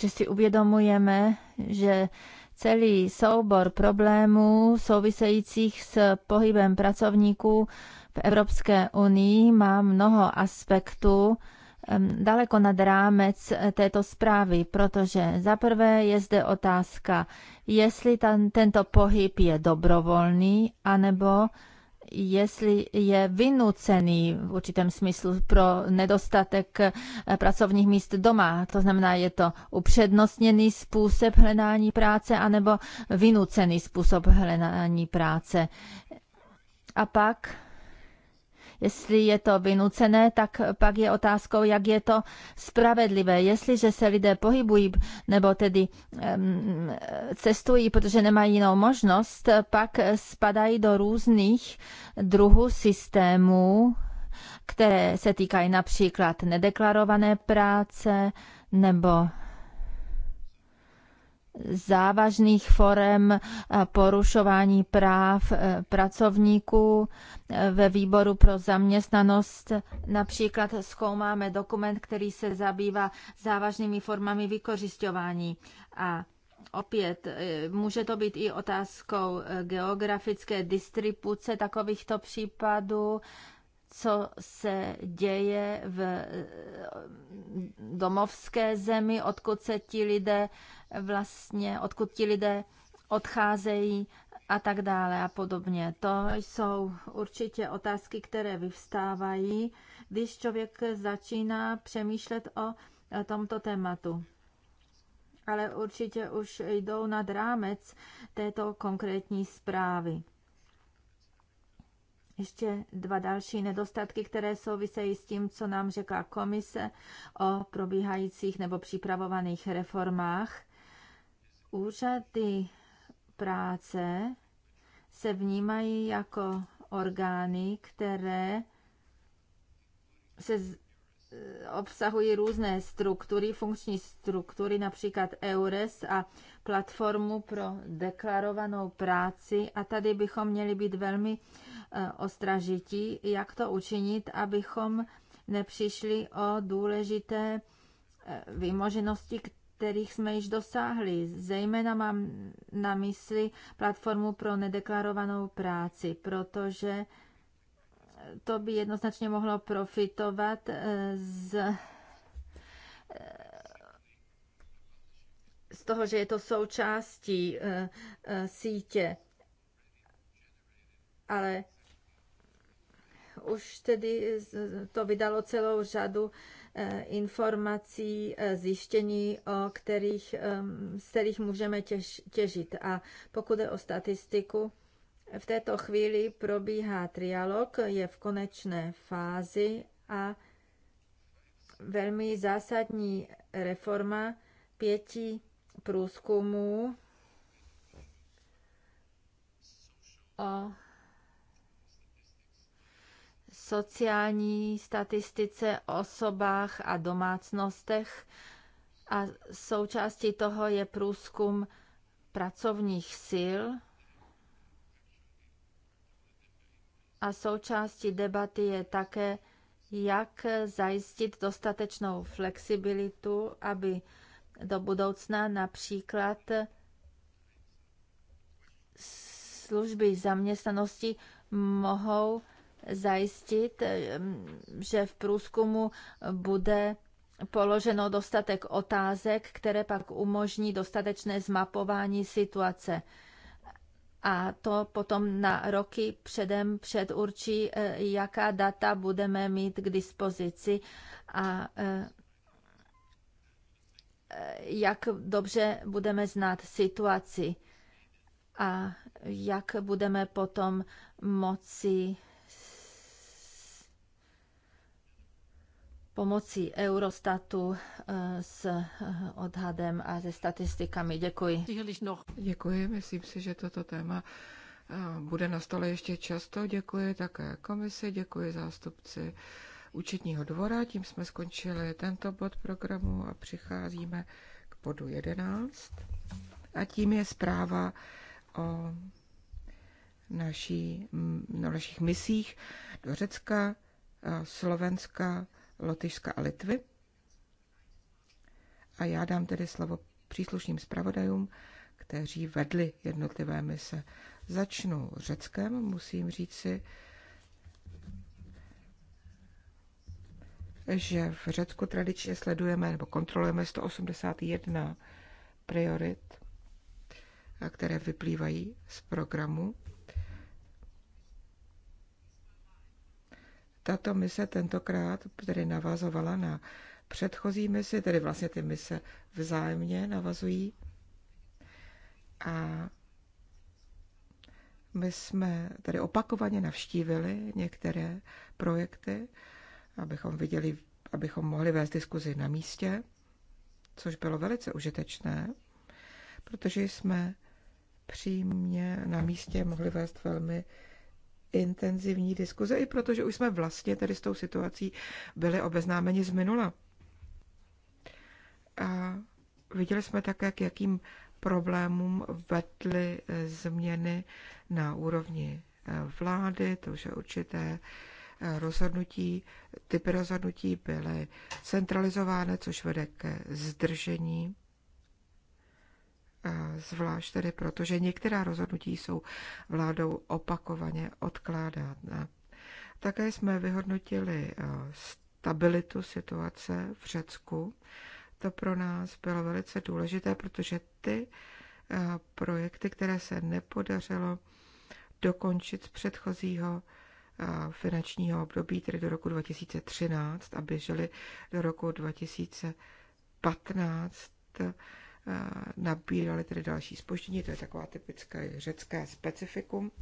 že si uvědomujeme, že celý soubor problémů souvisejících s pohybem pracovníků v Evropské unii má mnoho aspektů daleko nad rámec této zprávy, protože za prvé je zde otázka, jestli ten, tento pohyb je dobrovolný, anebo jestli je vynucený v určitém smyslu pro nedostatek eh, pracovních míst doma. To znamená, je to upřednostněný způsob hledání práce anebo vynucený způsob hledání práce. A pak Jestli je to vynucené, tak pak je otázkou, jak je to spravedlivé. Jestliže se lidé pohybují nebo tedy um, cestují, protože nemají jinou možnost, pak spadají do různých druhů systémů, které se týkají například nedeklarované práce nebo závažných forem porušování práv eh, pracovníků. Eh, ve výboru pro zaměstnanost například zkoumáme dokument, který se zabývá závažnými formami vykořišťování a opět eh, může to být i otázkou geografické distribuce takovýchto případů, co se děje v eh, domovské zemi, odkud se ti lidé vlastně, odkud ti lidé odcházejí a tak dále a podobně. To jsou určitě otázky, které vyvstávají, když člověk začíná přemýšlet o eh, tomto tématu. Ale určitě už jdou nad rámec této konkrétní zprávy ještě dva další nedostatky, které souvisejí s tím, co nám řekla komise o probíhajících nebo připravovaných reformách. Úřady práce se vnímají jako orgány, které se obsahují různé struktury, funkční struktury, například EURES a platformu pro deklarovanou práci. A tady bychom měli být velmi Eh, ostražití, jak to učinit, abychom nepřišli o důležité eh, výmoženosti, kterých jsme již dosáhli. Zejména mám na mysli platformu pro nedeklarovanou práci, protože to by jednoznačně mohlo profitovat eh, z, z toho, že je to součástí sítě. Ale už tedy to vydalo celou řadu eh, informací, eh, zjištění, o kterých, z kterých můžeme těž, těžit. A pokud je o statistiku, v této chvíli probíhá trialog, je v konečné fázi a velmi zásadní reforma pěti průzkumů o sociální statistice, osobách a domácnostech a součástí toho je průzkum pracovních sil a součástí debaty je také, jak zajistit dostatečnou flexibilitu, aby do budoucna například služby zaměstnanosti mohou zajistit, že v průzkumu bude položeno dostatek otázek, které pak umožní dostatečné zmapování situace. A to potom na roky předem předurčí, e, jaká data budeme mít k dispozici a e, e, jak dobře budeme znát situaci a jak budeme potom moci pomocí Eurostatu eh, s eh, odhadem a se statistikami. Děkuji. Děkuji, myslím si, že toto téma eh, bude na stole ještě často. Děkuji také komisi, děkuji zástupci účetního dvora. Tím jsme skončili tento bod programu a přicházíme k bodu 11. A tím je zpráva o naší, na našich misích do Řecka, Slovenska, Lotyšska a Litvy. A já dám tedy slovo příslušným zpravodajům, kteří vedli jednotlivé mise. Začnu Řeckem, musím říci, že v Řecku tradičně sledujeme nebo kontrolujeme 181 priorit, které vyplývají z programu Tato mise tentokrát tedy navazovala na předchozí mise, tedy vlastně ty mise vzájemně navazují. A my jsme tady opakovaně navštívili některé projekty, abychom viděli, abychom mohli vést diskuzi na místě, což bylo velice užitečné, protože jsme přímě na místě mohli vést velmi intenzivní diskuze, i protože už jsme vlastně tedy s tou situací byli obeznámeni z minula. A viděli jsme také, k jakým problémům vedly eh, změny na úrovni eh, vlády, to, je určité eh, rozhodnutí, typy rozhodnutí byly centralizovány, což vede ke zdržení zvlášť tedy proto, že některá rozhodnutí jsou vládou opakovaně odkládána. Také jsme vyhodnotili eh, stabilitu situace v Řecku. To pro nás bylo velice důležité, protože ty eh, projekty, které se nepodařilo dokončit z předchozího eh, finančního období, tedy do roku 2013 a běžely do roku 2015, nabírali tedy další spoždění, to je taková typické řecké specifikum.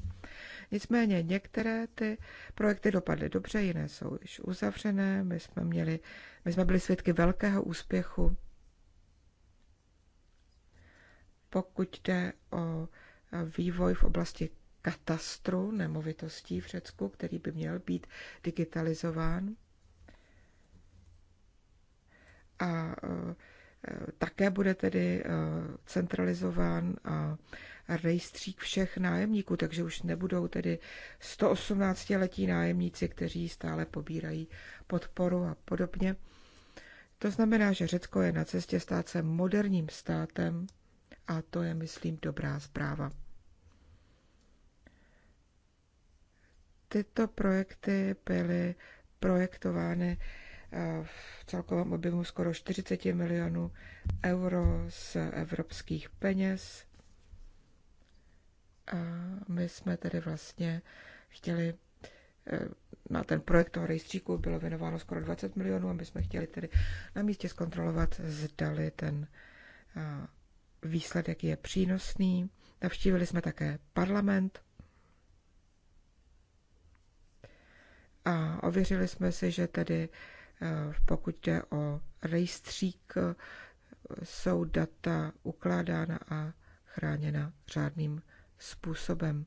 Nicméně některé ty projekty dopadly dobře, jiné jsou již uzavřené, my jsme, měli, my jsme byli svědky velkého úspěchu, pokud jde o vývoj v oblasti katastru nemovitostí v Řecku, který by měl být digitalizován. A Eh, také bude tedy eh, centralizován eh, rejstřík všech nájemníků, takže už nebudou tedy 118-letí nájemníci, kteří stále pobírají podporu a podobně. To znamená, že Řecko je na cestě stát se moderním státem a to je, myslím, dobrá zpráva. Tyto projekty byly projektovány v celkovém objemu skoro 40 milionů euro z evropských peněz. A my jsme tedy vlastně chtěli eh, na ten projekt toho rejstříku bylo věnováno skoro 20 milionů a my jsme chtěli tedy na místě zkontrolovat, zdali ten eh, výsledek je přínosný. Navštívili jsme také parlament a ověřili jsme si, že tedy Eh, pokud jde o rejstřík, eh, jsou data ukládána a chráněna řádným způsobem.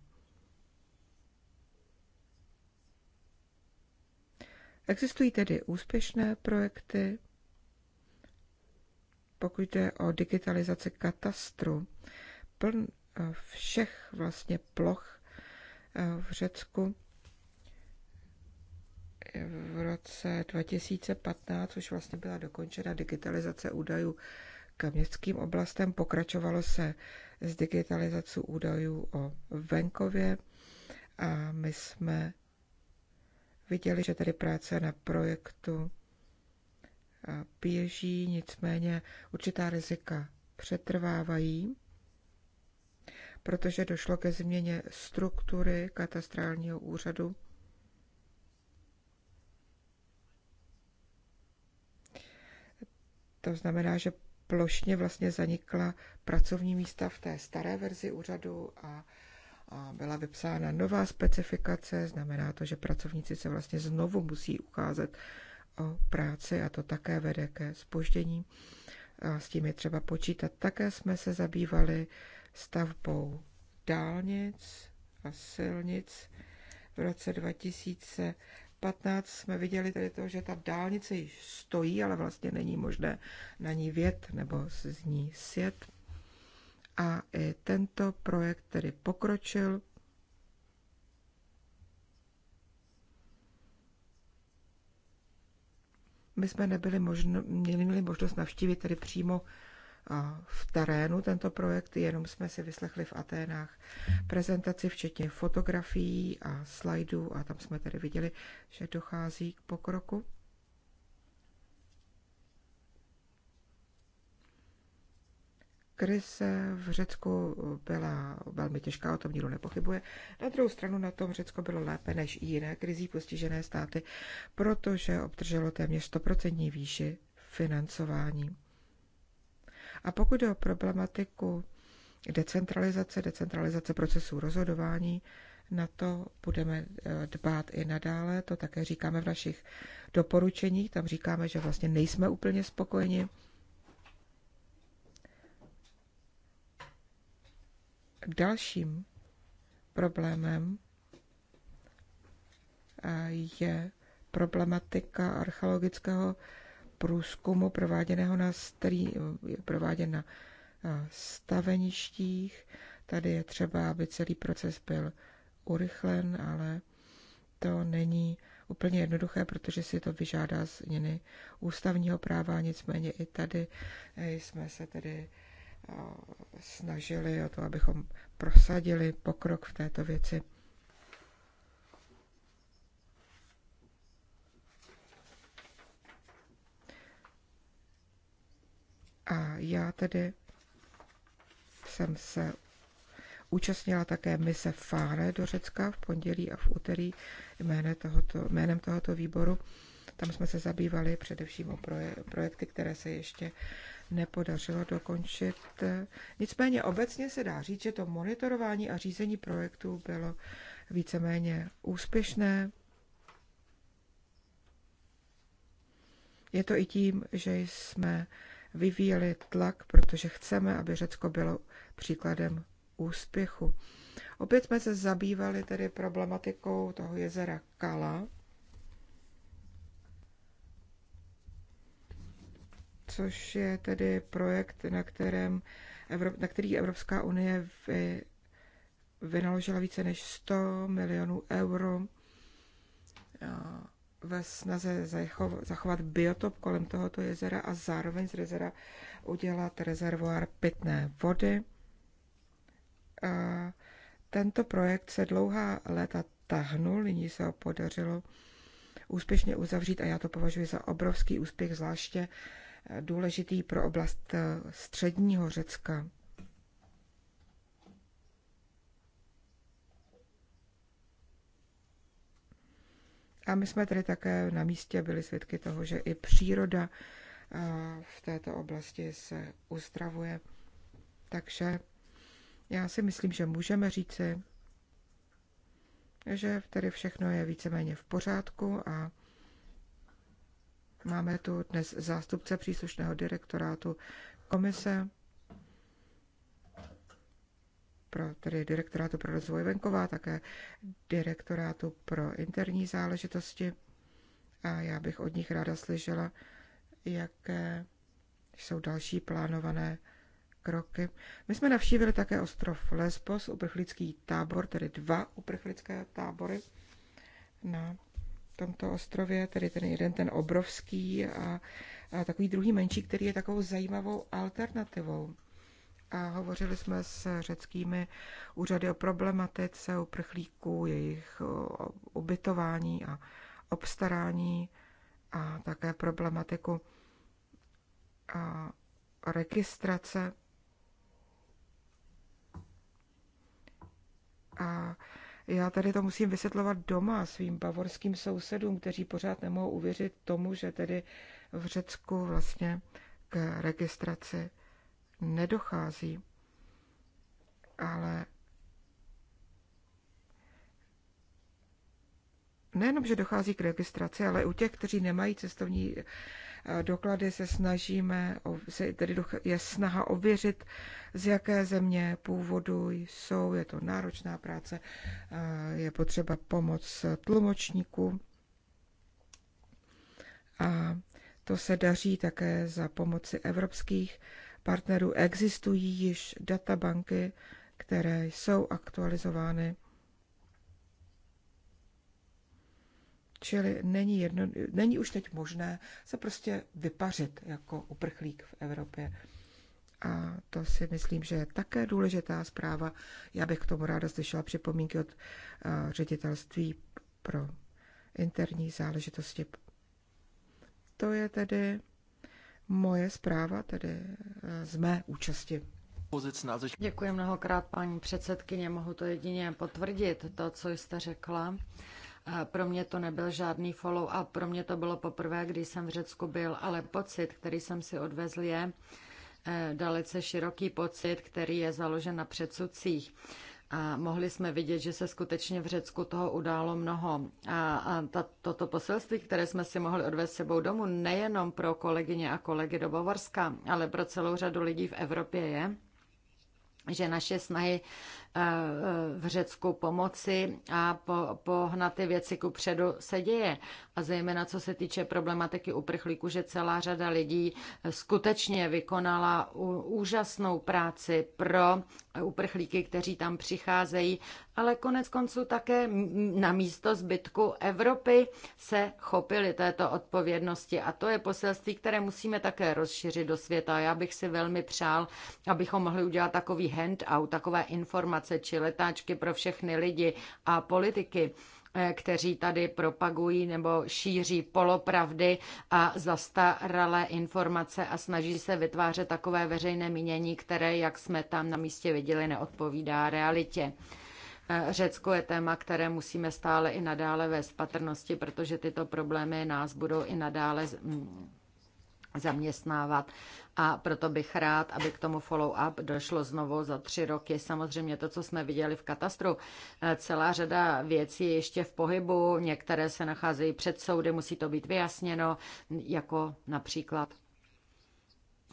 Existují tedy úspěšné projekty, pokud jde o digitalizaci katastru, pln eh, všech vlastně ploch v Řecku v roce 2015 což vlastně byla dokončena digitalizace údajů k městským oblastem. Pokračovalo se s digitalizací údajů o venkově a my jsme viděli, že tady práce na projektu běží, nicméně určitá rizika přetrvávají, protože došlo ke změně struktury katastrálního úřadu To znamená, že plošně vlastně zanikla pracovní místa v té staré verzi úřadu a, a byla vypsána nová specifikace. Znamená to, že pracovníci se vlastně znovu musí ucházet o práci a to také vede ke spoždění. A s tím je třeba počítat. Také jsme se zabývali stavbou dálnic a silnic v roce 2000 15 jsme viděli tady to, že ta dálnice již stojí, ale vlastně není možné na ní vět nebo z ní sjet. A i tento projekt tedy pokročil. My jsme nebyli možno, měli, měli možnost navštívit tady přímo v terénu tento projekt, jenom jsme si vyslechli v Aténách prezentaci, včetně fotografií a slajdů a tam jsme tedy viděli, že dochází k pokroku. krize v Řecku byla velmi těžká, o tom nikdo nepochybuje. Na druhou stranu na tom Řecko bylo lépe než i jiné krizí postižené státy, protože obdrželo téměř 100% výši financování. A pokud jde o problematiku decentralizace, decentralizace procesů rozhodování, na to budeme eh, dbát i nadále, to také říkáme v našich doporučeních, tam říkáme, že vlastně nejsme úplně spokojeni. Dalším problémem eh, je problematika archeologického průzkumu prováděného na, starý, je prováděn na eh, staveništích. Tady je třeba, aby celý proces byl urychlen, ale to není úplně jednoduché, protože si to vyžádá změny ústavního práva, nicméně i tady eh, jsme se tedy eh, snažili o to, abychom prosadili pokrok v této věci. A já tedy jsem se účastnila také mise Fáre do Řecka v pondělí a v úterý jméne tohoto, jménem tohoto výboru. Tam jsme se zabývali především o projekty, které se ještě nepodařilo dokončit. Nicméně obecně se dá říct, že to monitorování a řízení projektů bylo víceméně úspěšné. Je to i tím, že jsme vyvíjeli tlak, protože chceme, aby Řecko bylo příkladem úspěchu. Opět jsme se zabývali tedy problematikou toho jezera Kala, což je tedy projekt, na, kterém Evrop, na který Evropská unie vy, vynaložila více než 100 milionů euro ve snaze zachovat biotop kolem tohoto jezera a zároveň z jezera udělat rezervoár pitné vody. A tento projekt se dlouhá léta tahnul, nyní se ho podařilo úspěšně uzavřít a já to považuji za obrovský úspěch, zvláště důležitý pro oblast eh, středního Řecka. A my jsme tedy také na místě byli svědky toho, že i příroda v této oblasti se uzdravuje. Takže já si myslím, že můžeme říci, že tady všechno je víceméně v pořádku a máme tu dnes zástupce příslušného direktorátu komise, pro tedy direktorátu pro rozvoj venkova, také direktorátu pro interní záležitosti. A já bych od nich ráda slyšela, jaké jsou další plánované kroky. My jsme navštívili také ostrov Lesbos, uprchlický tábor, tedy dva uprchlické tábory na tomto ostrově, tedy ten jeden ten obrovský a, a takový druhý menší, který je takovou zajímavou alternativou a hovořili jsme s řeckými úřady o problematice uprchlíků, jejich ubytování a obstarání a také problematiku a registrace. A já tady to musím vysvětlovat doma svým bavorským sousedům, kteří pořád nemohou uvěřit tomu, že tedy v Řecku vlastně k registraci nedochází. Ale nejenom, že dochází k registraci, ale u těch, kteří nemají cestovní eh, doklady, se snažíme, se tedy je snaha ověřit, z jaké země původu jsou, je to náročná práce, eh, je potřeba pomoc tlumočníků. A to se daří také za pomoci evropských partnerů existují již databanky, které jsou aktualizovány. Čili není, jedno, není už teď možné se prostě vypařit jako uprchlík v Evropě. A to si myslím, že je také důležitá zpráva. Já bych k tomu ráda slyšela připomínky od eh, ředitelství pro interní záležitosti. To je tedy moje zpráva, tedy eh, z mé účasti. Děkuji mnohokrát, paní předsedkyně. Mohu to jedině potvrdit, to, co jste řekla. Eh, pro mě to nebyl žádný follow a pro mě to bylo poprvé, když jsem v Řecku byl, ale pocit, který jsem si odvezl, je eh, dalece široký pocit, který je založen na předsudcích. A mohli jsme vidět, že se skutečně v Řecku toho událo mnoho. A, a ta, toto poselství, které jsme si mohli odvést sebou domů, nejenom pro kolegyně a kolegy do Bavorska, ale pro celou řadu lidí v Evropě je, že naše snahy Eh, v Řecku pomoci a pohnat po ty věci ku předu se děje. A zejména co se týče problematiky uprchlíků, že celá řada lidí skutečně vykonala úžasnou práci pro uprchlíky, kteří tam přicházejí, ale konec konců také na místo zbytku Evropy se chopili této odpovědnosti. A to je poselství, které musíme také rozšířit do světa. Já bych si velmi přál, abychom mohli udělat takový handout, takové informace, aplikace či letáčky pro všechny lidi a politiky eh, kteří tady propagují nebo šíří polopravdy a zastaralé informace a snaží se vytvářet takové veřejné mínění, které, jak jsme tam na místě viděli, neodpovídá realitě. Eh, Řecko je téma, které musíme stále i nadále vést patrnosti, protože tyto problémy nás budou i nadále zaměstnávat a proto bych rád, aby k tomu follow-up došlo znovu za tři roky. Samozřejmě to, co jsme viděli v katastru, eh, celá řada věcí je ještě v pohybu, některé se nacházejí před soudy, musí to být vyjasněno, jako například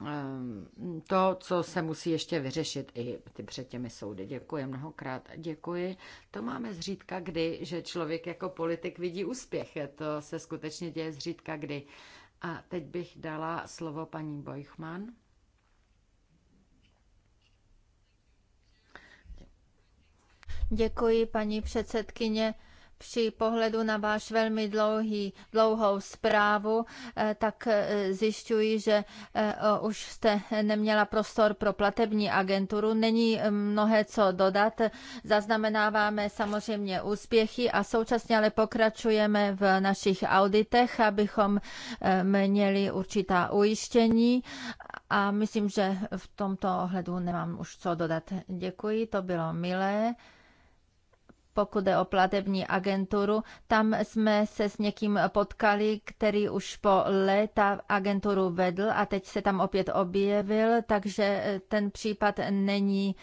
ehm, to, co se musí ještě vyřešit i ty před těmi soudy. Děkuji mnohokrát. Děkuji. To máme zřídka kdy, že člověk jako politik vidí úspěch. To se skutečně děje zřídka kdy. A teď bych dala slovo paní Bojchman. Děkuji, paní předsedkyně při pohledu na váš velmi dlouhý, dlouhou zprávu, eh, tak eh, zjišťuji, že eh, už jste neměla prostor pro platební agenturu. Není mnohé co dodat. Zaznamenáváme samozřejmě úspěchy a současně ale pokračujeme v našich auditech, abychom měli určitá ujištění a myslím, že v tomto ohledu nemám už co dodat. Děkuji, to bylo milé pokud jde o platební agenturu. Tam jsme se s někým potkali, který už po léta agenturu vedl a teď se tam opět objevil, takže eh, ten případ není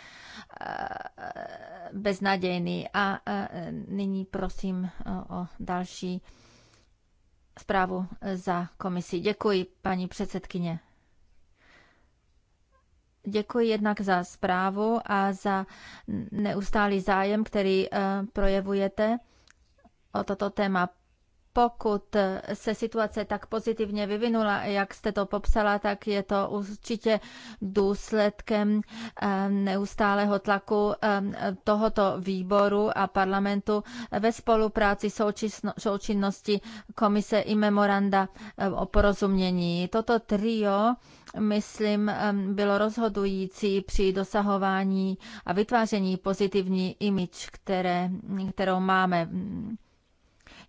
eh, beznadějný. A eh, nyní prosím o další zprávu za komisi. Děkuji, paní předsedkyně. Děkuji jednak za zprávu a za neustálý zájem, který eh, projevujete o toto téma pokud se situace tak pozitivně vyvinula, jak jste to popsala, tak je to určitě důsledkem eh, neustálého tlaku eh, tohoto výboru a parlamentu ve spolupráci součinnosti komise i memoranda eh, o porozumění. Toto trio myslím, bylo rozhodující při dosahování a vytváření pozitivní imič, které, kterou máme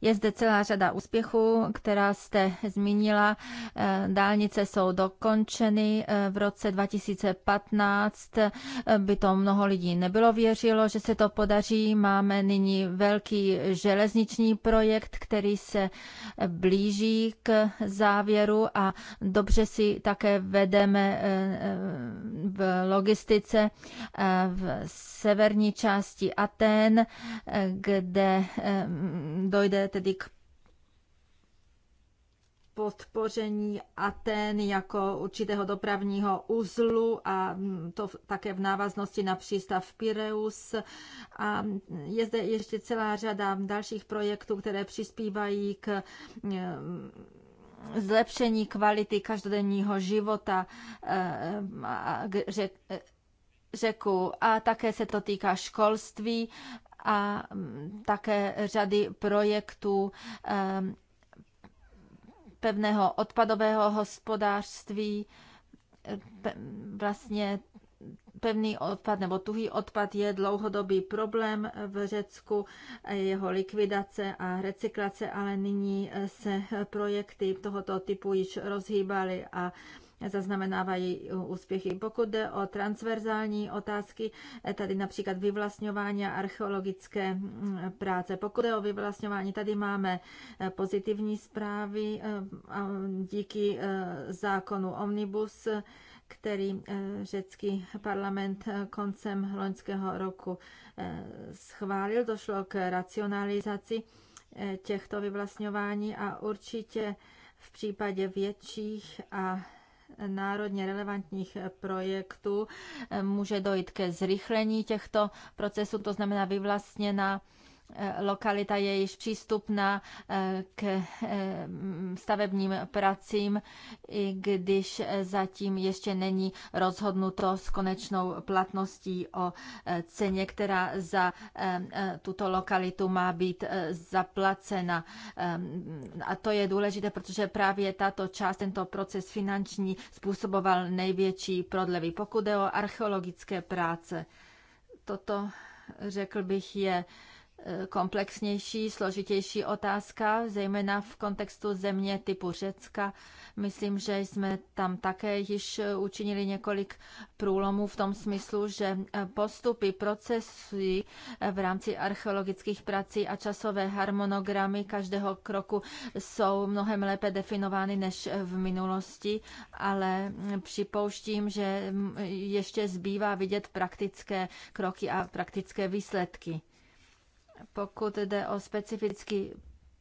je zde celá řada úspěchů, která jste zmínila. Eh, dálnice jsou dokončeny eh, v roce 2015. Eh, by to mnoho lidí nebylo věřilo, že se to podaří. Máme nyní velký železniční projekt, který se blíží k závěru a dobře si také vedeme v logistice v severní části Aten, kde dojde tedy k podpoření Aten jako určitého dopravního uzlu a to také v návaznosti na přístav Pireus. A je zde ještě celá řada dalších projektů, které přispívají k eh, zlepšení kvality každodenního života eh, řeku. A také se to týká školství a mm, také řady projektů ehm, pevného odpadového hospodářství. Vlastně pevný odpad nebo tuhý odpad je dlouhodobý problém v Řecku, jeho likvidace a recyklace, ale nyní se projekty tohoto typu již rozhýbaly a zaznamenávají úspěchy. Pokud jde o transverzální otázky, tady například vyvlastňování a archeologické mm, práce. Pokud jde o vyvlastňování, tady máme eh, pozitivní zprávy eh, díky eh, zákonu Omnibus, který řecký parlament koncem loňského roku schválil. Došlo k racionalizaci těchto vyvlastňování a určitě v případě větších a národně relevantních projektů eh, může dojít ke zrychlení těchto procesů, to znamená vyvlastněna Eh, lokalita je již přístupná eh, k eh, stavebním pracím, i když zatím ještě není rozhodnuto s konečnou platností o ceně, která za tuto lokalitu má být zaplacena. A to je důležité, protože právě tato část, tento proces finanční způsoboval největší prodlevy. Pokud je o archeologické práce, toto, řekl bych, je komplexnější, složitější otázka, zejména v kontextu země typu Řecka. Myslím, že jsme tam také již učinili několik průlomů v tom smyslu, že postupy, procesy v rámci archeologických prací a časové harmonogramy každého kroku jsou mnohem lépe definovány než v minulosti, ale připouštím, že ještě zbývá vidět praktické kroky a praktické výsledky pokud jde o specifický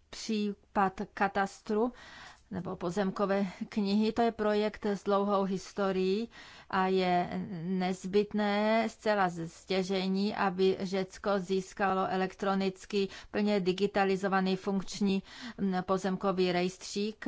případ katastru nebo pozemkové knihy. To je projekt s dlouhou historií a je nezbytné zcela stěžení, aby Řecko získalo elektronicky plně digitalizovaný funkční pozemkový rejstřík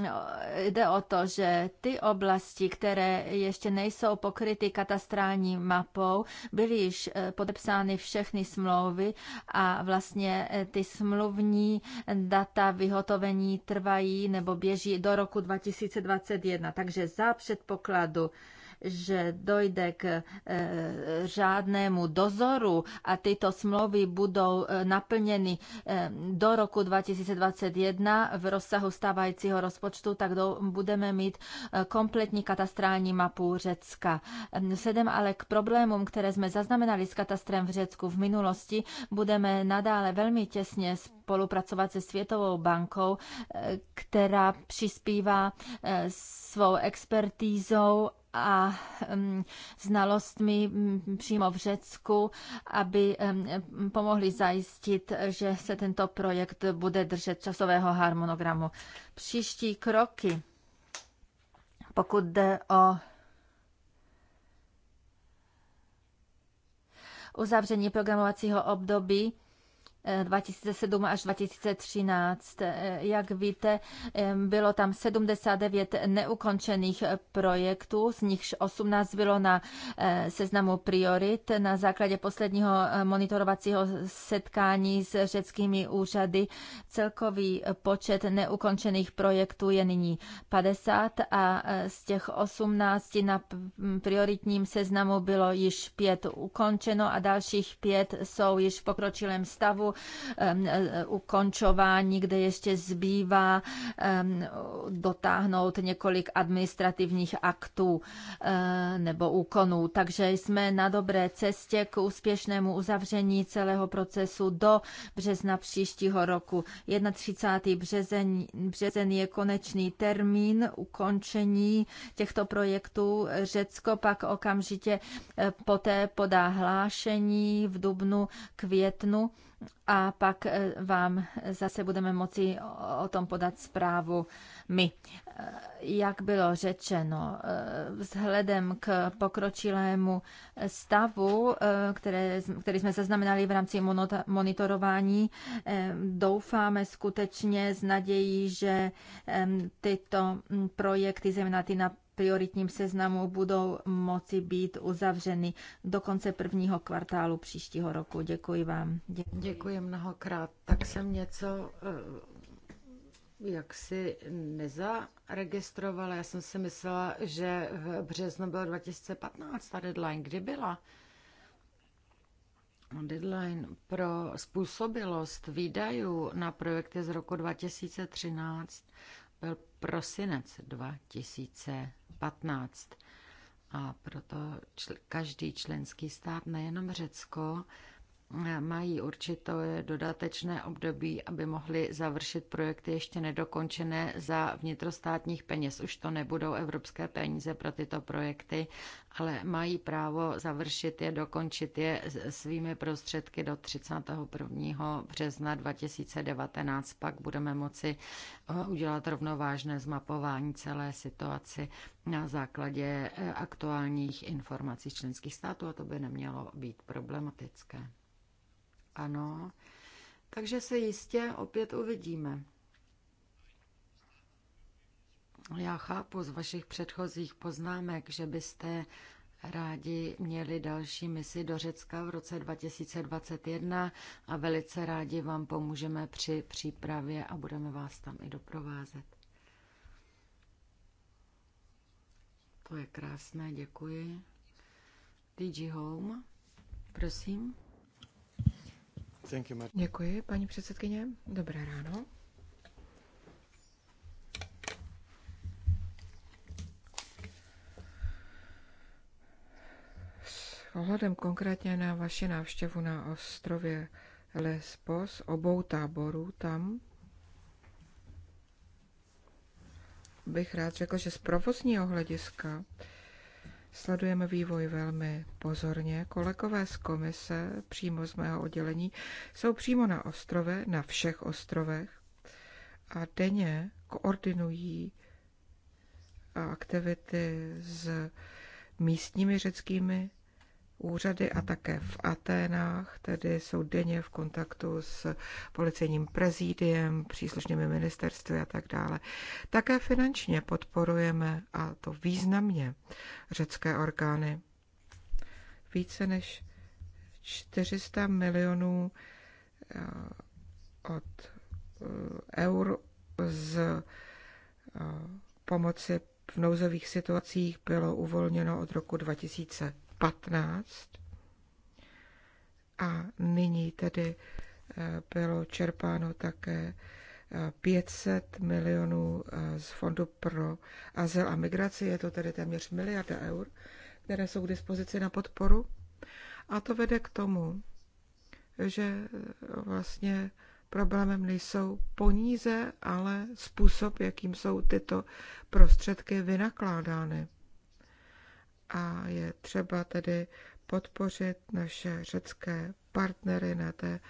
No, jde o to, že ty oblasti, které ještě nejsou pokryty katastrální mapou, byly již eh, podepsány všechny smlouvy a vlastně eh, ty smluvní data vyhotovení trvají nebo běží do roku 2021. Takže za předpokladu, že dojde k žádnému eh, dozoru a tyto smlouvy budou eh, naplněny eh, do roku 2021 v rozsahu stávajícího rozpočtu, tak budeme mít kompletní katastrální mapu Řecka. Sedem ale k problémům, které jsme zaznamenali s katastrem v Řecku v minulosti, budeme nadále velmi těsně spolupracovat se Světovou bankou, která přispívá svou expertízou a znalostmi přímo v Řecku, aby pomohli zajistit, že se tento projekt bude držet časového harmonogramu. Příští kroky, pokud jde o uzavření programovacího období, 2007 až 2013. Eh, jak víte, bylo tam 79 neukončených projektů, z nichž 18 bylo na eh, seznamu priorit. Na základě posledního eh, monitorovacího setkání s řeckými úřady celkový počet neukončených projektů je nyní 50 a z těch 18 na prioritním seznamu bylo již 5 ukončeno a dalších 5 jsou již v pokročilém stavu um, ukončování, kde ještě zbývá dotáhnout několik administrativních aktů e, nebo úkonů. Takže jsme na dobré cestě k úspěšnému uzavření celého procesu do března příštího roku. 31. březen, březen je konečný termín ukončení těchto projektů. Řecko pak okamžitě poté podá hlášení v dubnu, květnu a pak eh, vám zase budeme moci o tom podat zprávu my. Eh, jak bylo řečeno, eh, vzhledem k pokročilému stavu, které, který jsme zaznamenali v rámci monitorování, doufáme skutečně s nadějí, že tyto mm, projekty, zejména ty na prioritním seznamu budou moci být uzavřeny do konce prvního kvartálu příštího roku. Děkuji vám. Děkuji, Děkuji mnohokrát. Tak jsem něco eh, jak si nezaregistrovala. Já jsem si myslela, že v březnu byl 2015 ta deadline. Kdy byla? Deadline pro způsobilost výdajů na projekty z roku 2013 byl prosinec 2013. 15. A proto čl- každý členský stát, nejenom Řecko, mají určité dodatečné období, aby mohli završit projekty ještě nedokončené za vnitrostátních peněz. Už to nebudou evropské peníze pro tyto projekty, ale mají právo završit je, dokončit je svými prostředky do 31. března 2019. Pak budeme moci eh, udělat rovnovážné zmapování celé situaci na základě eh, aktuálních informací členských států a to by nemělo být problematické. Ano. Takže se jistě opět uvidíme. Já chápu z vašich předchozích poznámek, že byste rádi měli další misi do Řecka v roce 2021 a velice rádi vám pomůžeme při přípravě a budeme vás tam i doprovázet. To je krásné, děkuji. DG Home, prosím. Děkuji, paní předsedkyně. Dobré ráno. S ohledem konkrétně na vaši návštěvu na ostrově Lesbos, obou táborů tam, bych rád řekl, že z provozního hlediska Sledujeme vývoj velmi pozorně. Kolegové z komise přímo z mého oddělení jsou přímo na ostrove, na všech ostrovech a denně koordinují aktivity s místními řeckými úřady a také v Aténách, tedy jsou denně v kontaktu s policejním prezídiem, příslušnými ministerstvy a tak dále. Také finančně podporujeme, a to významně, řecké orgány. Více než 400 milionů eh, od eh, eur z eh, pomoci v nouzových situacích bylo uvolněno od roku 2000. 15. A nyní tedy eh, bylo čerpáno také 500 eh, milionů eh, z Fondu pro azyl a migraci, je to tedy téměř miliarda eur, které jsou k dispozici na podporu. A to vede k tomu, že vlastně problémem nejsou poníze, ale způsob, jakým jsou tyto prostředky vynakládány a je třeba tedy podpořit naše řecké partnery na té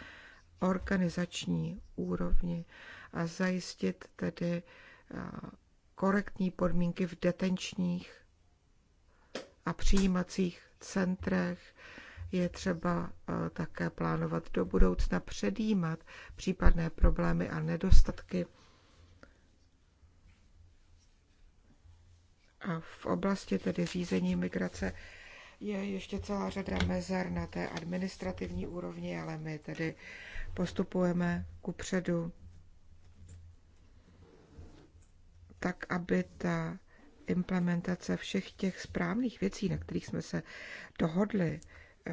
organizační úrovni a zajistit tedy korektní podmínky v detenčních a přijímacích centrech. Je třeba také plánovat do budoucna, předjímat případné problémy a nedostatky A v oblasti tedy řízení migrace je ještě celá řada mezer na té administrativní úrovni, ale my tedy postupujeme ku předu tak, aby ta implementace všech těch správných věcí, na kterých jsme se dohodli, eh,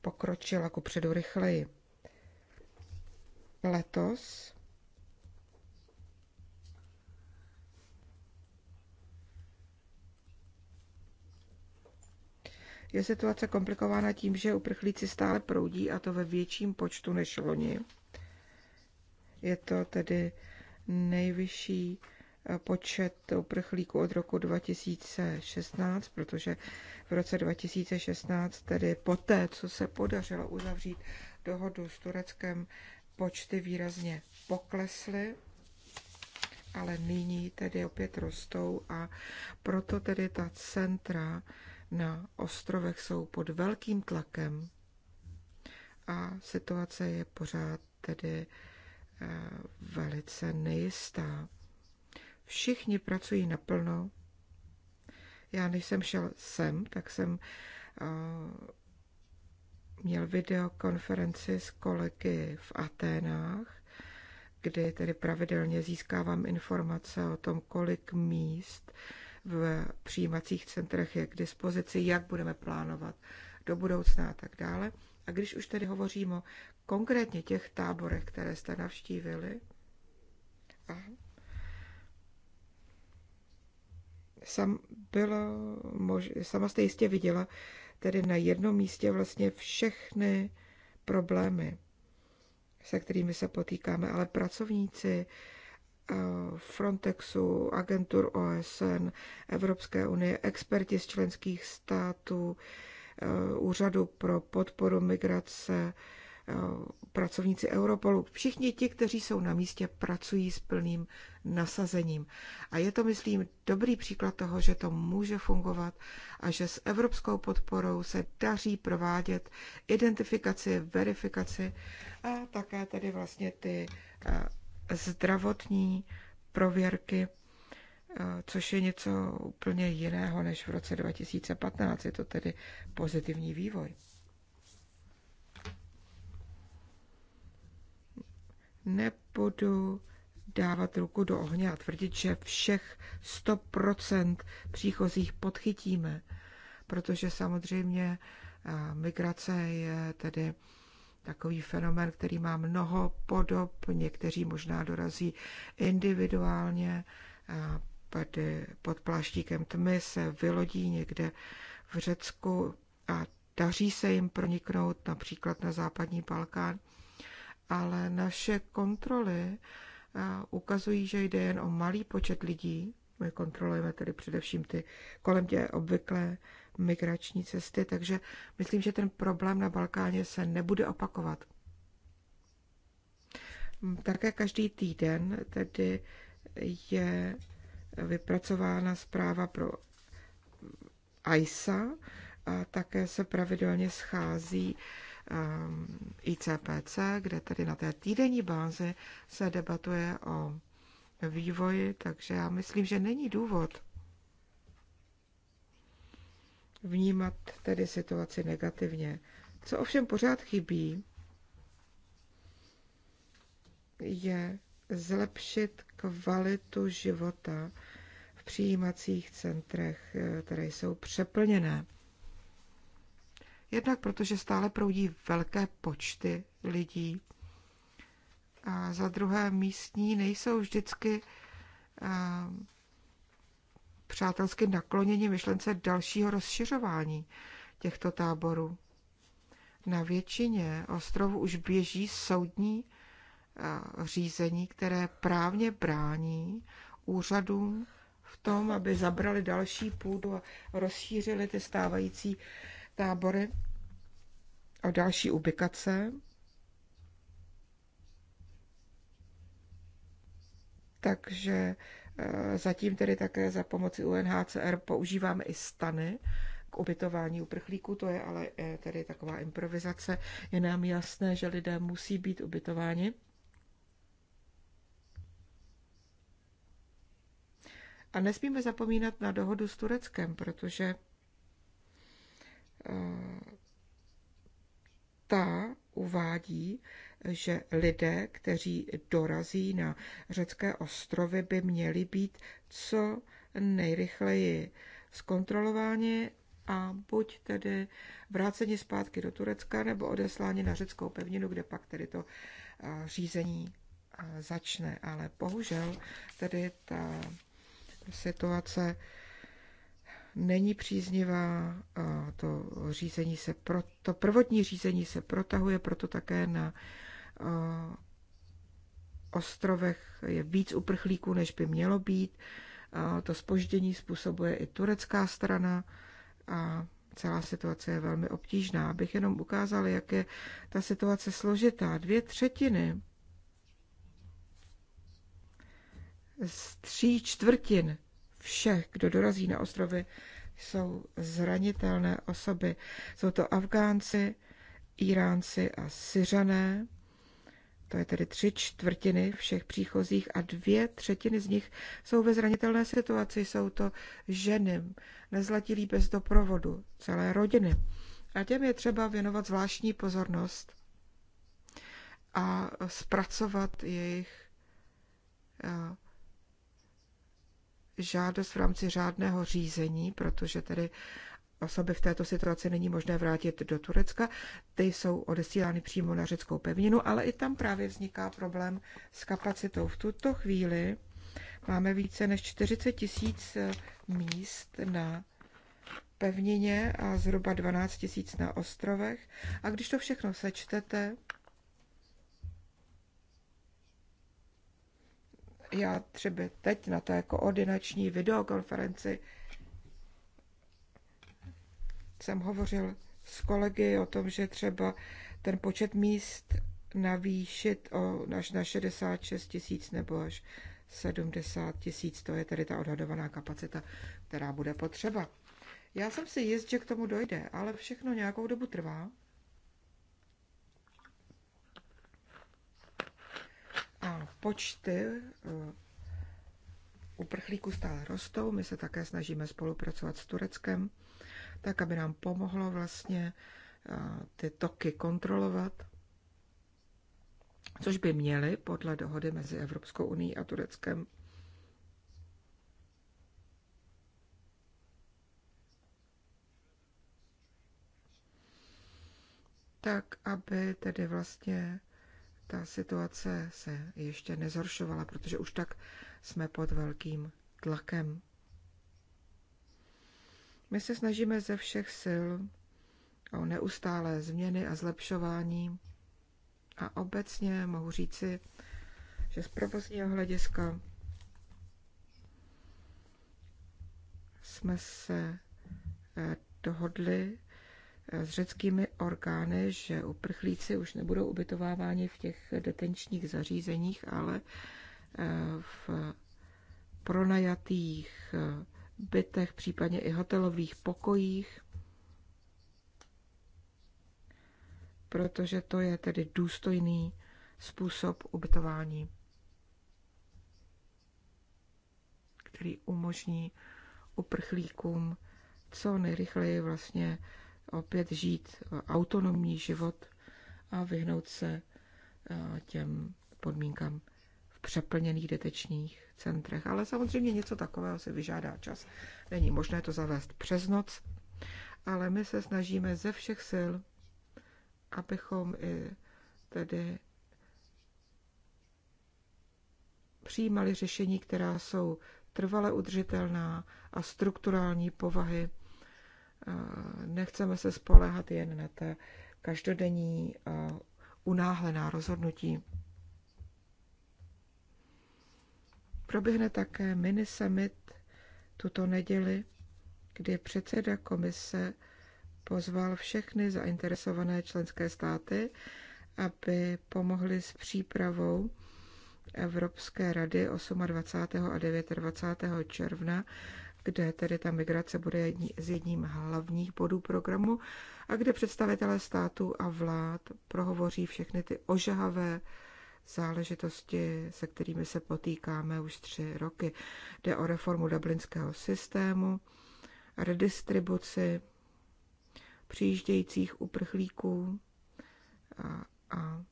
pokročila ku předu rychleji. Letos je situace komplikována tím, že uprchlíci stále proudí a to ve větším počtu než loni. Je to tedy nejvyšší eh, počet uprchlíků od roku 2016, protože v roce 2016, tedy poté, co se podařilo uzavřít dohodu s Tureckem, počty výrazně poklesly, ale nyní tedy opět rostou a proto tedy ta centra na ostrovech jsou pod velkým tlakem a situace je pořád tedy eh, velice nejistá. Všichni pracují naplno. Já než jsem šel sem, tak jsem eh, měl videokonferenci s kolegy v Aténách, kdy tedy pravidelně získávám informace o tom, kolik míst v přijímacích centrech je k dispozici, jak budeme plánovat do budoucna a tak dále. A když už tedy hovořím o konkrétně těch táborech, které jste navštívili, a sam bylo mož, sama jste jistě viděla tedy na jednom místě vlastně všechny problémy, se kterými se potýkáme, ale pracovníci, Eh, Frontexu, agentur OSN, Evropské unie, experti z členských států, eh, Úřadu pro podporu migrace, eh, pracovníci Europolu. Všichni ti, kteří jsou na místě, pracují s plným nasazením. A je to, myslím, dobrý příklad toho, že to může fungovat a že s evropskou podporou se daří provádět identifikaci, verifikaci a také tedy vlastně ty zdravotní prověrky, eh, což je něco úplně jiného než v roce 2015. Je to tedy pozitivní vývoj. Nebudu dávat ruku do ohně a tvrdit, že všech 100% příchozích podchytíme, protože samozřejmě eh, migrace je tedy takový fenomén, který má mnoho podob, někteří možná dorazí individuálně, pod pláštíkem tmy se vylodí někde v Řecku a daří se jim proniknout například na západní Balkán, ale naše kontroly ukazují, že jde jen o malý počet lidí. My kontrolujeme tedy především ty kolem tě obvyklé migrační cesty, takže myslím, že ten problém na Balkáně se nebude opakovat. Také každý týden tedy je vypracována zpráva pro ISA a také se pravidelně schází um, ICPC, kde tedy na té týdenní bázi se debatuje o vývoji, takže já myslím, že není důvod vnímat tedy situaci negativně. Co ovšem pořád chybí, je zlepšit kvalitu života v přijímacích centrech, které jsou přeplněné. Jednak protože stále proudí velké počty lidí. A za druhé místní nejsou vždycky eh, přátelsky nakloněni myšlence dalšího rozšiřování těchto táborů. Na většině ostrovů už běží soudní eh, řízení, které právně brání úřadům v tom, aby zabrali další půdu a rozšířili ty stávající tábory o další ubikace. Takže Eh, zatím tedy také za pomoci UNHCR používáme i stany k ubytování uprchlíků, to je ale eh, tedy taková improvizace. Je nám jasné, že lidé musí být ubytováni. A nesmíme zapomínat na dohodu s Tureckem, protože eh, ta uvádí, že lidé, kteří dorazí na řecké ostrovy, by měli být co nejrychleji zkontrolováni a buď tedy vráceni zpátky do Turecka nebo odesláni na řeckou pevninu, kde pak tedy to řízení začne. Ale bohužel tedy ta situace není příznivá, to řízení se pro, to prvotní řízení se protahuje, proto také na ostrovech je víc uprchlíků, než by mělo být. To spoždění způsobuje i turecká strana a celá situace je velmi obtížná. Abych jenom ukázal, jak je ta situace složitá. Dvě třetiny z tří čtvrtin všech, kdo dorazí na ostrovy, jsou zranitelné osoby. Jsou to Afgánci, Iránci a Syřané. To je tedy tři čtvrtiny všech příchozích a dvě třetiny z nich jsou ve zranitelné situaci. Jsou to ženy, nezlatilí bez doprovodu, celé rodiny. A těm je třeba věnovat zvláštní pozornost a zpracovat jejich eh, žádost v rámci řádného řízení, protože tedy osoby v této situaci není možné vrátit do Turecka. Ty jsou odesílány přímo na řeckou pevninu, ale i tam právě vzniká problém s kapacitou. V tuto chvíli máme více než 40 tisíc eh, míst na pevnině a zhruba 12 tisíc na ostrovech. A když to všechno sečtete, já třeba teď na té koordinační videokonferenci jsem hovořil s kolegy o tom, že třeba ten počet míst navýšit o, až na 66 tisíc nebo až 70 tisíc. To je tedy ta odhadovaná kapacita, která bude potřeba. Já jsem si jist, že k tomu dojde, ale všechno nějakou dobu trvá. A počty eh, uprchlíků stále rostou. My se také snažíme spolupracovat s Tureckem tak aby nám pomohlo vlastně eh, ty toky kontrolovat, což by měly podle dohody mezi Evropskou unii a Tureckem tak, aby tedy vlastně ta situace se ještě nezhoršovala, protože už tak jsme pod velkým tlakem. My se snažíme ze všech sil o neustálé změny a zlepšování. A obecně mohu říci, že z provozního hlediska jsme se eh, dohodli eh, s řeckými orgány, že uprchlíci už nebudou ubytováváni v těch detenčních zařízeních, ale eh, v pronajatých bytech, případně i hotelových pokojích, protože to je tedy důstojný způsob ubytování, který umožní uprchlíkům co nejrychleji vlastně opět žít autonomní život a vyhnout se eh, těm podmínkám v přeplněných detečních centrech. Ale samozřejmě něco takového se vyžádá čas. Není možné to zavést přes noc, ale my se snažíme ze všech sil, abychom i tedy přijímali řešení, která jsou trvale udržitelná a strukturální povahy. Nechceme se spoléhat jen na ta každodenní unáhlená rozhodnutí. Proběhne také mini summit tuto neděli, kdy předseda komise pozval všechny zainteresované členské státy, aby pomohli s přípravou Evropské rady 28. a 29. června, kde tedy ta migrace bude jedni, z jedním hlavních bodů programu a kde představitelé států a vlád prohovoří všechny ty ožahavé záležitosti, se kterými se potýkáme už tři roky. Jde o reformu dublinského systému, redistribuci přijíždějících uprchlíků a, a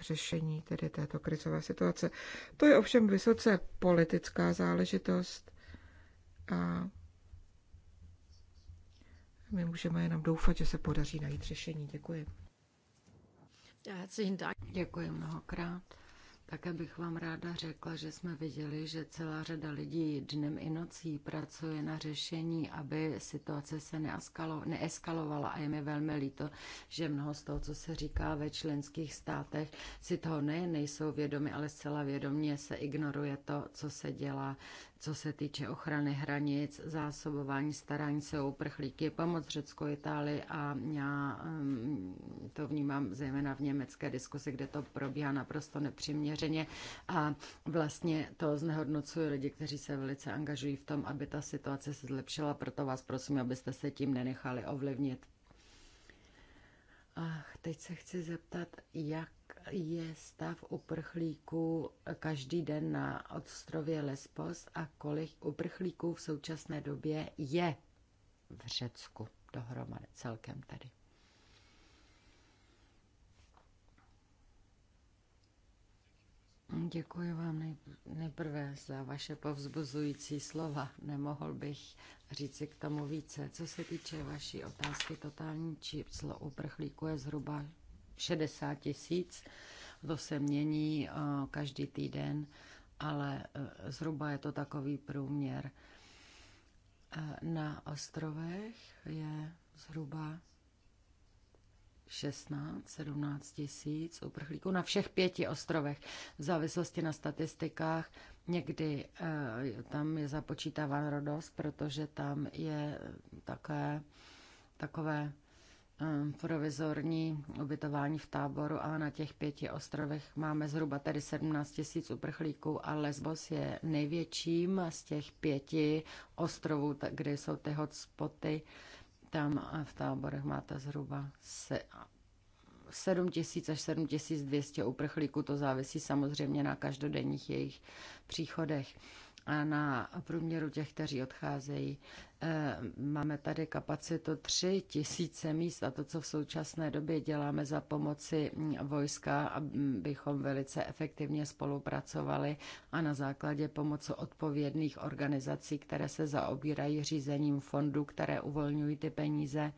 řešení tedy této krizové situace. To je ovšem vysoce politická záležitost a my můžeme jenom doufat, že se podaří najít řešení. Děkuji. Děkuji mnohokrát. Také bych vám ráda řekla, že jsme viděli, že celá řada lidí dnem i nocí pracuje na řešení, aby situace se neaskalo, neeskalovala a je mi velmi líto, že mnoho z toho, co se říká ve členských státech, si toho ne, nejsou vědomi, ale zcela vědomě se ignoruje to, co se dělá co se týče ochrany hranic, zásobování, starání se o uprchlíky, pomoc Řecko, Itálii a já mm, to vnímám zejména v německé diskusi, kde to probíhá naprosto nepřiměřeně a vlastně to znehodnocuje lidi, kteří se velice angažují v tom, aby ta situace se zlepšila, proto vás prosím, abyste se tím nenechali ovlivnit. Ach, teď se chci zeptat, jak je stav uprchlíků každý den na ostrově Lesbos a kolik uprchlíků v současné době je v Řecku dohromady celkem tady. Děkuji vám nejprve za vaše povzbuzující slova. Nemohl bych říci k tomu více. Co se týče vaší otázky, totální číslo uprchlíků je zhruba 60 tisíc. To se mění eh, každý týden, ale eh, zhruba je to takový průměr. Eh, na ostrovech je zhruba 16-17 tisíc uprchlíků na všech pěti ostrovech. V závislosti na statistikách někdy e, tam je započítáván rodost, protože tam je také takové Ehm, provizorní ubytování v táboru a na těch pěti ostrovech máme zhruba tedy 17 tisíc uprchlíků a Lesbos je největším z těch pěti ostrovů, kde jsou ty hotspoty. Tam eh, v táborech máte zhruba se, 7 tisíc až 7 200 uprchlíků, to závisí samozřejmě na každodenních jejich příchodech a na průměru těch, kteří odcházejí. Eh, máme tady kapacitu 3 tisíce míst a to, co v současné době děláme za pomoci mm, vojska, abychom velice efektivně spolupracovali a na základě pomoci odpovědných organizací, které se zaobírají řízením fondů, které uvolňují ty peníze,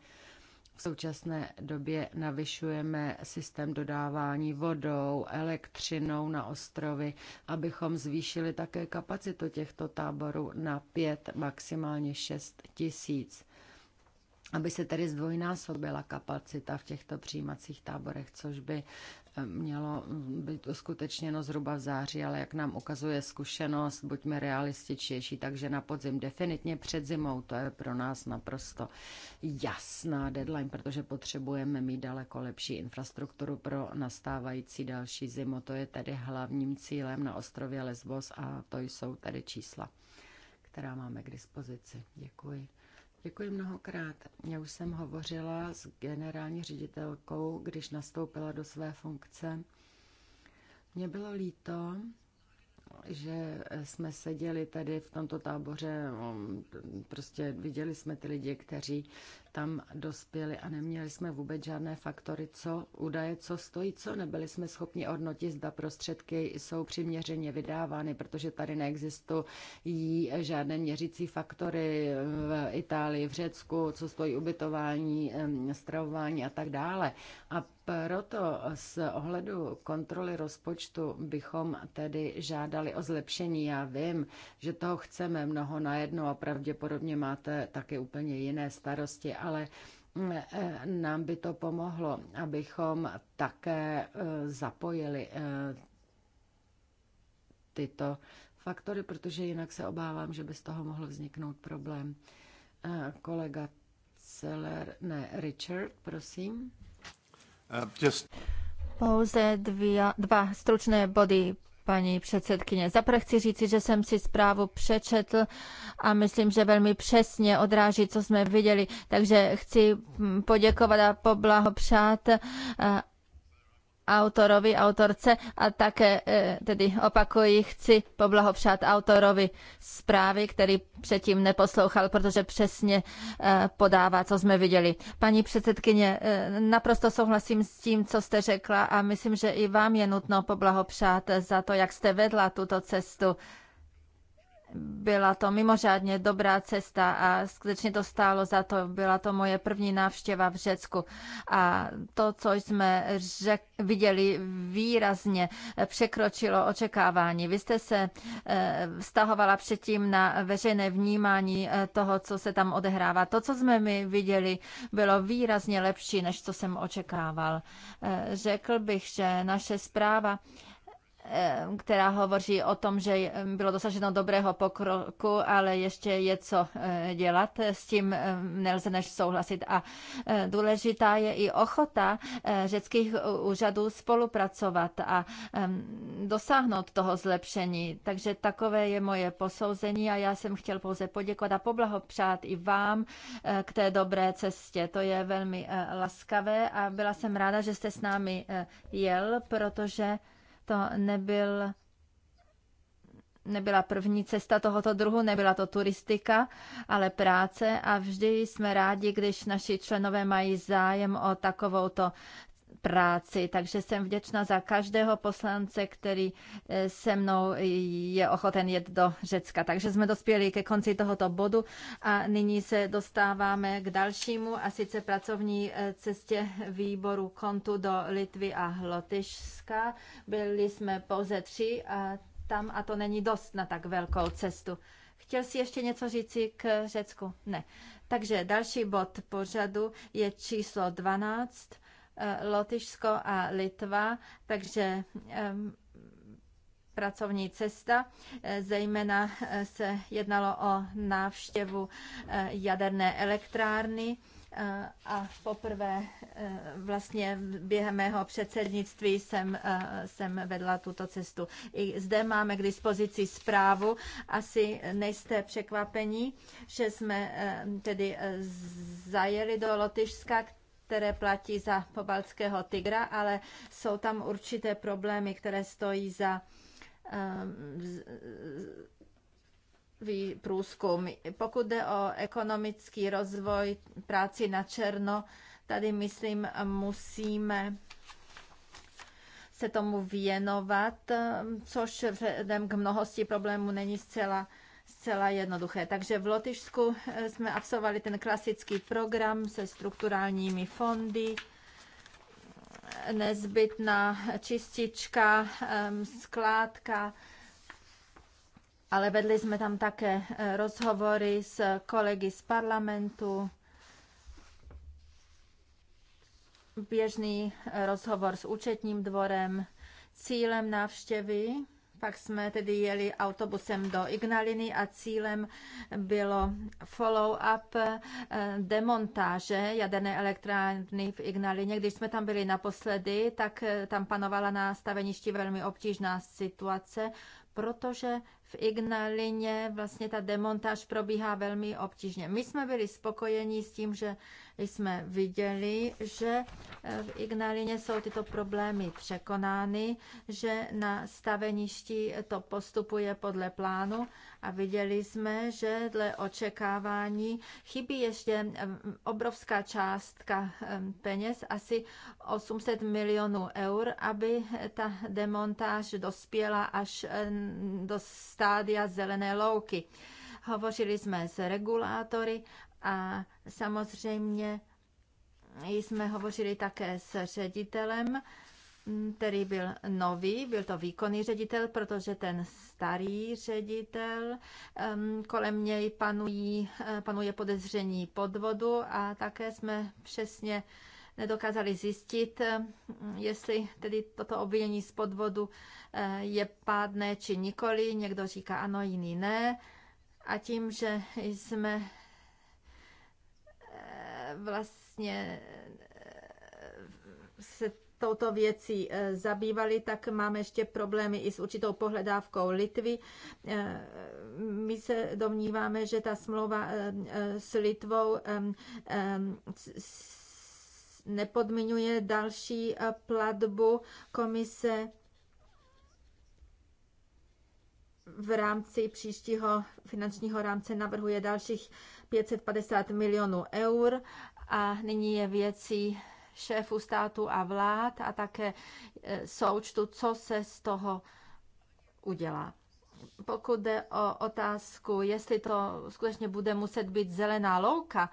v současné době navyšujeme systém dodávání vodou, elektřinou na ostrovy, abychom zvýšili také kapacitu těchto táborů na 5, maximálně 6 tisíc aby se tedy zdvojnásobila kapacita v těchto přijímacích táborech, což by eh, mělo mm, být uskutečněno zhruba v září, ale jak nám ukazuje zkušenost, buďme realističtější, takže na podzim, definitně před zimou, to je pro nás naprosto jasná deadline, protože potřebujeme mít daleko lepší infrastrukturu pro nastávající další zimu. To je tedy hlavním cílem na ostrově Lesbos a to jsou tedy čísla, která máme k dispozici. Děkuji. Děkuji mnohokrát. Já už jsem hovořila s generální ředitelkou, když nastoupila do své funkce. Mně bylo líto, že jsme seděli tady v tomto táboře, no, prostě viděli jsme ty lidi, kteří tam dospěli a neměli jsme vůbec žádné faktory, co údaje, co stojí, co nebyli jsme schopni odnotit, zda prostředky jsou přiměřeně vydávány, protože tady neexistují žádné měřící faktory v Itálii, v Řecku, co stojí ubytování, stravování a tak dále. A proto z ohledu kontroly rozpočtu bychom tedy žádali o zlepšení. Já vím, že toho chceme mnoho najednou a pravděpodobně máte také úplně jiné starosti ale mm, eh, nám by to pomohlo, abychom také eh, zapojili eh, tyto faktory, protože jinak se obávám, že by z toho mohl vzniknout problém. Kolega Celer, ne, Richard, prosím. Uh, just... Pouze dvě, dva stručné body paní předsedkyně. Zaprvé chci říci, že jsem si zprávu přečetl a myslím, že velmi přesně odráží, co jsme viděli. Takže chci poděkovat a poblahopřát eh, autorovi, autorce a také e, tedy opakuji, chci poblahopřát autorovi zprávy, který předtím neposlouchal, protože přesně e, podává, co jsme viděli. Paní předsedkyně, e, naprosto souhlasím s tím, co jste řekla a myslím, že i vám je nutno poblahopřát za to, jak jste vedla tuto cestu byla to mimořádně dobrá cesta a skutečně to stálo za to. Byla to moje první návštěva v Řecku a to, co jsme řek, viděli, výrazně překročilo očekávání. Vy jste se eh, vztahovala předtím na veřejné vnímání eh, toho, co se tam odehrává. To, co jsme my viděli, bylo výrazně lepší, než co jsem očekával. Eh, řekl bych, že naše zpráva Eh, která hovoří o tom, že bylo dosaženo dobrého pokroku, ale ještě je co eh, dělat. S tím eh, nelze než souhlasit. A důležitá je i ochota řeckých úřadů spolupracovat a dosáhnout toho zlepšení. Takže takové je moje posouzení a já jsem chtěl pouze poděkovat a poblahopřát i vám k té dobré cestě. To je velmi laskavé a byla jsem ráda, že jste s námi jel, protože to nebyl nebyla první cesta tohoto druhu, nebyla to turistika, ale práce a vždy jsme rádi, když naši členové mají zájem o takovouto práci, takže jsem vděčná za každého poslance, který eh, se mnou je ochoten jet do Řecka. Takže jsme dospěli ke konci tohoto bodu a nyní se dostáváme k dalšímu a sice pracovní eh, cestě výboru kontu do Litvy a Lotyšska. Byli jsme pouze tři a tam a to není dost na tak velkou cestu. Chtěl si ještě něco říci k Řecku? Ne. Takže další bod pořadu je číslo 12 Eh, Lotyšsko a Litva, takže pracovní cesta. Eh, zejména eh, se jednalo o návštěvu jaderné elektrárny a poprvé vlastně během mého předsednictví jsem, jsem vedla tuto cestu. I zde máme k dispozici zprávu. Asi nejste překvapení, že jsme tedy zajeli do Lotyšska, které platí za pobaltského tygra, ale jsou tam určité problémy, které stojí za ehm, průzkum. Pokud jde o ekonomický rozvoj práci na černo, tady myslím, musíme se tomu věnovat, ehm, což vzhledem k mnohosti problémů není zcela zcela jednoduché. Takže v Lotyšsku eh, jsme absolvovali ten klasický program se strukturálními fondy, nezbytná čistička, ehm, skládka, ale vedli jsme tam také eh, rozhovory s kolegy z parlamentu, běžný eh, rozhovor s účetním dvorem. Cílem návštěvy pak jsme tedy jeli autobusem do Ignaliny a cílem bylo follow-up eh, demontáže jaderné elektrárny v Ignalině. Když jsme tam byli naposledy, tak eh, tam panovala na staveništi velmi obtížná situace, protože v Ignalině vlastně ta demontáž probíhá velmi obtížně. My jsme byli spokojeni s tím, že jsme viděli, že eh, v Ignalině jsou tyto problémy překonány, že na staveništi to postupuje podle plánu a viděli jsme, že dle očekávání chybí ještě eh, obrovská částka eh, peněz, asi 800 milionů eur, aby ta demontáž dospěla až do stádia zelené louky. Hovořili jsme s regulátory a samozřejmě jsme hovořili také s ředitelem, který byl nový, byl to výkonný ředitel, protože ten starý ředitel, kolem něj panují, eh, panuje podezření podvodu a také jsme přesně nedokázali zjistit, eh, jestli tedy toto obvinění z podvodu eh, je pádné či nikoli. Někdo říká ano, jiný ne. A tím, že jsme eh, vlastně se touto věcí zabývali, tak máme ještě problémy i s určitou pohledávkou Litvy. My se domníváme, že ta smlouva s Litvou nepodmiňuje další eh, platbu komise v rámci příštího finančního rámce navrhuje dalších 550 milionů eur a nyní je věcí šéfů státu a vlád a také eh, součtu, co se z toho udělá. Pokud jde o otázku, jestli to skutečně bude muset být zelená louka,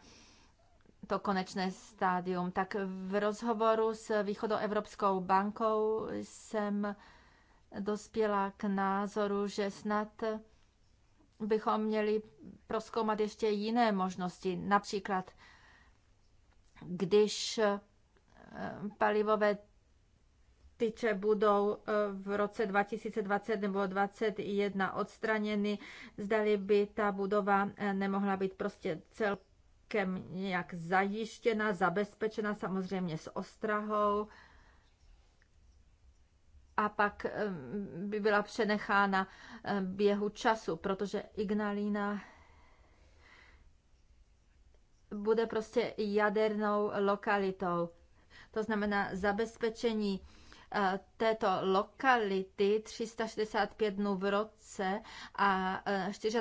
to konečné stádium. Tak v rozhovoru s Východoevropskou bankou jsem dospěla k názoru, že snad bychom měli proskoumat ještě jiné možnosti. Například, když eh, palivové tyče budou eh, v roce 2020 nebo 2021 odstraněny, zdali by ta budova eh, nemohla být prostě celkově celkem nějak zajištěna, zabezpečena, samozřejmě s ostrahou. A pak by byla přenechána běhu času, protože Ignalína bude prostě jadernou lokalitou. To znamená zabezpečení Eh, této lokality 365 dnů v roce a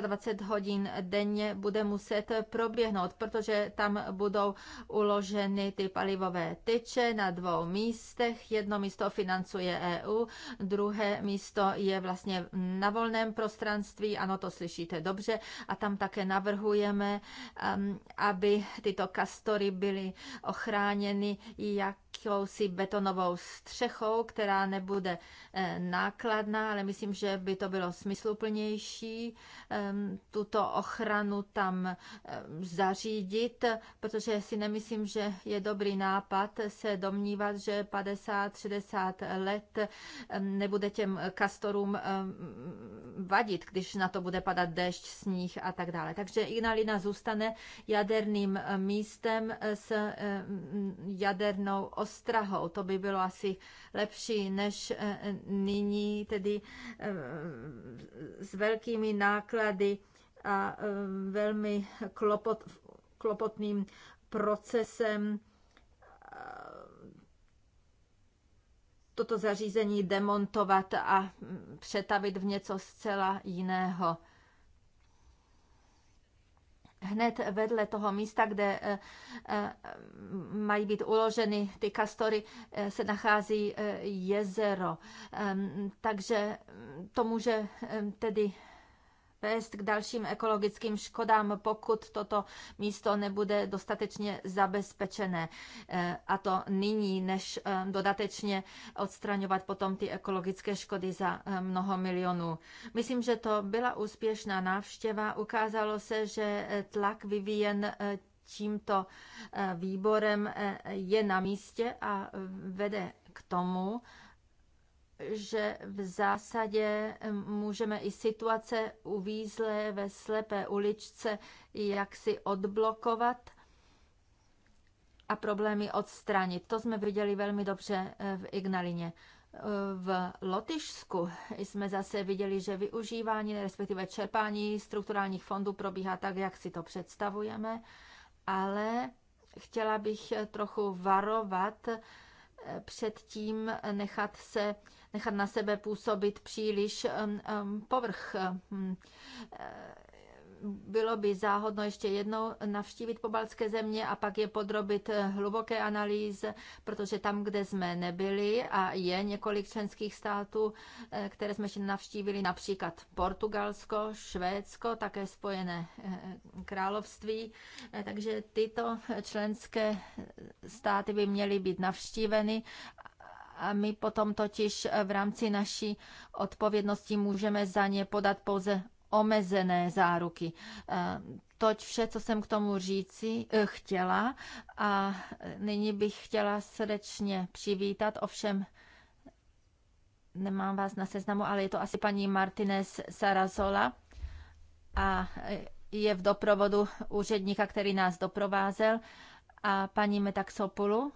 24 eh, hodin denně bude muset proběhnout, protože tam budou uloženy ty palivové tyče na dvou místech. Jedno místo financuje EU, druhé místo je vlastně na volném prostranství, ano, to slyšíte dobře, a tam také navrhujeme, ehm, aby tyto kastory byly ochráněny jak jakousi betonovou střechou, která nebude eh, nákladná, ale myslím, že by to bylo smysluplnější ehm, tuto ochranu tam ehm, zařídit, protože si nemyslím, že je dobrý nápad se domnívat, že 50-60 let ehm, nebude těm kastorům vadit, když na to bude padat déšť, sníh a tak dále. Takže Ignalina zůstane jaderným místem s jadernou ostrahou. To by bylo asi lepší, než eh, nyní tedy eh, s velkými náklady a eh, velmi klopot, klopotným procesem toto zařízení demontovat a mm, přetavit v něco zcela jiného hned vedle toho místa, kde eh, eh, mají být uloženy ty kastory, eh, se nachází jezero. Ehm, takže to může ehm, tedy vést k dalším ekologickým škodám, pokud toto místo nebude dostatečně zabezpečené. Eh, a to nyní, než eh, dodatečně odstraňovat potom ty ekologické škody za eh, mnoho milionů. Myslím, že to byla úspěšná návštěva. Ukázalo se, že tlak vyvíjen tímto výborem je na místě a vede k tomu, že v zásadě můžeme i situace uvízlé ve slepé uličce jaksi odblokovat a problémy odstranit. To jsme viděli velmi dobře e, v Ignalině. E, v Lotyšsku jsme zase viděli, že využívání, respektive čerpání strukturálních fondů probíhá tak, jak si to představujeme, ale chtěla bych trochu varovat předtím nechat, se, nechat na sebe působit příliš um, um, povrch um, bylo by záhodno ještě jednou navštívit pobaltské země a pak je podrobit eh, hluboké analýze, protože tam, kde jsme nebyli a je několik členských států, eh, které jsme ještě navštívili, například Portugalsko, Švédsko, také Spojené eh, království, takže tyto členské státy by měly být navštíveny a my potom totiž v rámci naší odpovědnosti můžeme za ně podat pouze omezené záruky. Eh, toť vše, co jsem k tomu říci eh, chtěla a nyní bych chtěla srdečně přivítat, ovšem nemám vás na seznamu, ale je to asi paní Martinez Sarazola a je v doprovodu úředníka, který nás doprovázel a paní Metaxopulu,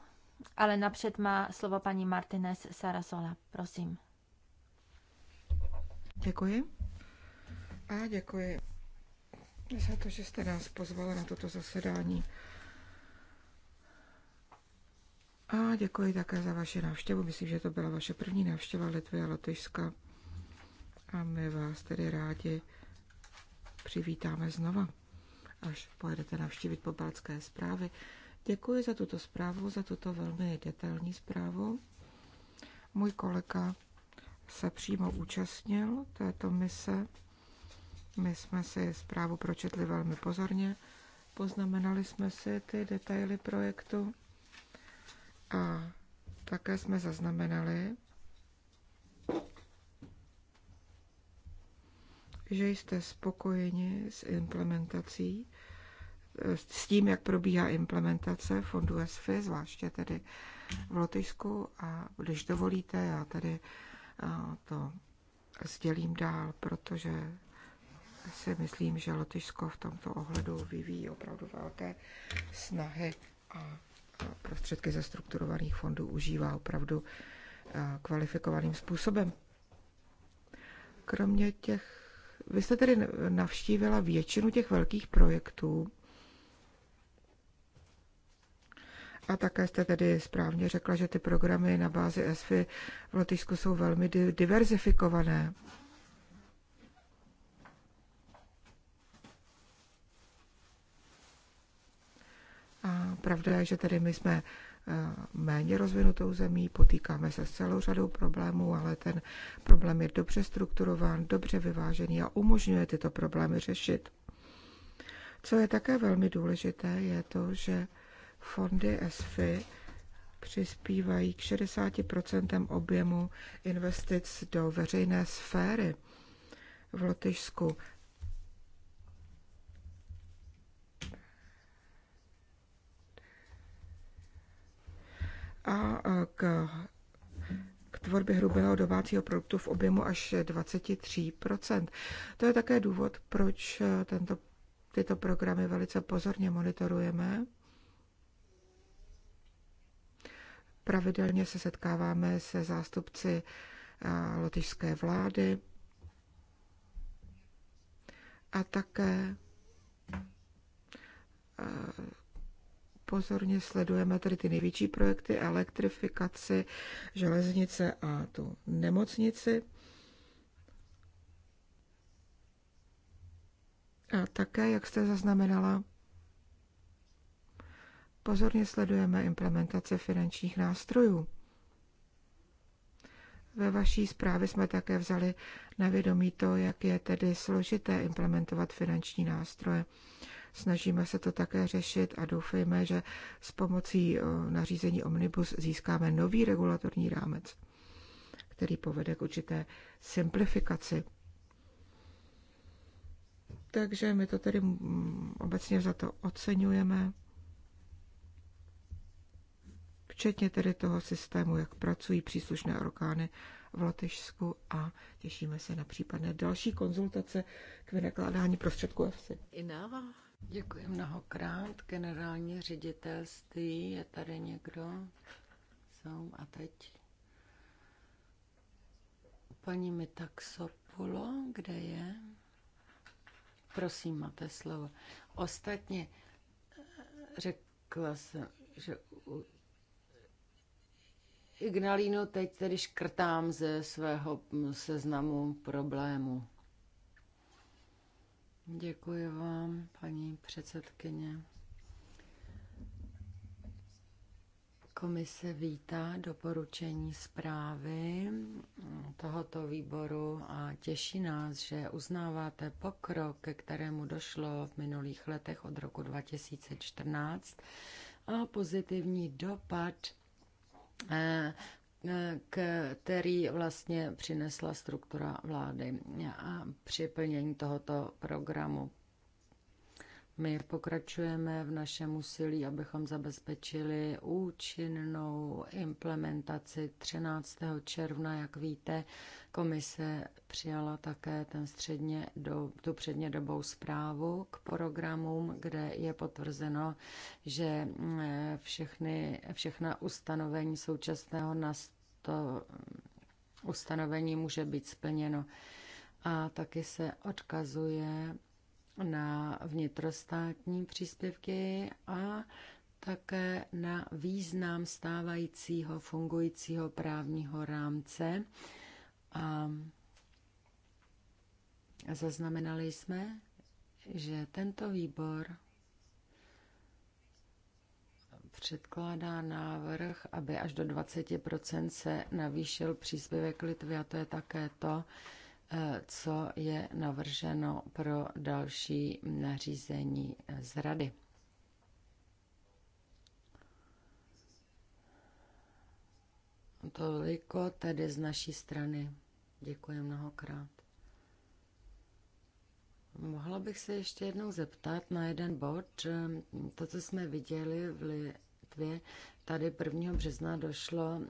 ale napřed má slovo paní Martinez Sarazola. Prosím. Děkuji. A děkuji za to, že jste nás pozvala na toto zasedání. A děkuji také za vaši návštěvu. Myslím, že to byla vaše první návštěva Litvy a Lotyšska. A my vás tedy rádi přivítáme znova, až pojedete navštívit pobaltské zprávy. Děkuji za tuto zprávu, za tuto velmi detailní zprávu. Můj kolega se přímo účastnil této mise my jsme si zprávu pročetli velmi pozorně, poznamenali jsme si ty detaily projektu a také jsme zaznamenali, že jste spokojeni s implementací, s tím, jak probíhá implementace fondu ESFI, zvláště tedy v Lotyšsku. A když dovolíte, já tady eh, to sdělím dál, protože si myslím, že Lotyšsko v tomto ohledu vyvíjí opravdu velké snahy a prostředky ze strukturovaných fondů užívá opravdu kvalifikovaným způsobem. Kromě těch, vy jste tedy navštívila většinu těch velkých projektů a také jste tedy správně řekla, že ty programy na bázi ESFI v Lotyšsku jsou velmi diverzifikované. A pravda je, že tady my jsme eh, méně rozvinutou zemí, potýkáme se s celou řadou problémů, ale ten problém je dobře strukturován, dobře vyvážený a umožňuje tyto problémy řešit. Co je také velmi důležité, je to, že fondy SFI přispívají k 60% objemu investic do veřejné sféry v Lotyšsku. a k, k tvorbě hrubého domácího produktu v objemu až 23 To je také důvod, proč eh, tento, tyto programy velice pozorně monitorujeme. Pravidelně se setkáváme se zástupci eh, lotyšské vlády a také eh, pozorně sledujeme tedy ty největší projekty, elektrifikaci, železnice a tu nemocnici. A také, jak jste zaznamenala, pozorně sledujeme implementace finančních nástrojů. Ve vaší zprávě jsme také vzali na vědomí to, jak je tedy složité implementovat finanční nástroje. Snažíme se to také řešit a doufejme, že s pomocí eh, nařízení Omnibus získáme nový regulatorní rámec, který povede k určité simplifikaci. Takže my to tedy mm, obecně za to oceňujeme včetně tedy toho systému, jak pracují příslušné orgány v Latešsku a těšíme se na případné další konzultace k vynakládání prostředků EFSI. Děkuji mnohokrát. Generální ředitelství, je tady někdo? Jsou a teď? Paní Mitaxopulo, kde je? Prosím, máte slovo. Ostatně eh, řekla jsem, že u Ignalínu teď tedy škrtám ze svého seznamu problémů. Děkuji vám, paní předsedkyně. Komise vítá doporučení zprávy tohoto výboru a těší nás, že uznáváte pokrok, ke kterému došlo v minulých letech od roku 2014 a pozitivní dopad eh, který vlastně přinesla struktura vlády a připlnění tohoto programu. My pokračujeme v našem úsilí, abychom zabezpečili účinnou implementaci 13. června. Jak víte, komise přijala také ten středně do, tu předně dobou zprávu k programům, kde je potvrzeno, že eh, všechny, všechna ustanovení současného nasto, ustanovení může být splněno. A taky se odkazuje na vnitrostátní příspěvky a také na význam stávajícího fungujícího právního rámce. A zaznamenali jsme, že tento výbor předkládá návrh, aby až do 20 se navýšil příspěvek Litvy a to je také to, Eh, co je navrženo pro další nařízení z rady. Toliko tedy z naší strany. Děkuji mnohokrát. Mohla bych se ještě jednou zeptat na jeden bod. To, co jsme viděli v Litvě, tady 1. března došlo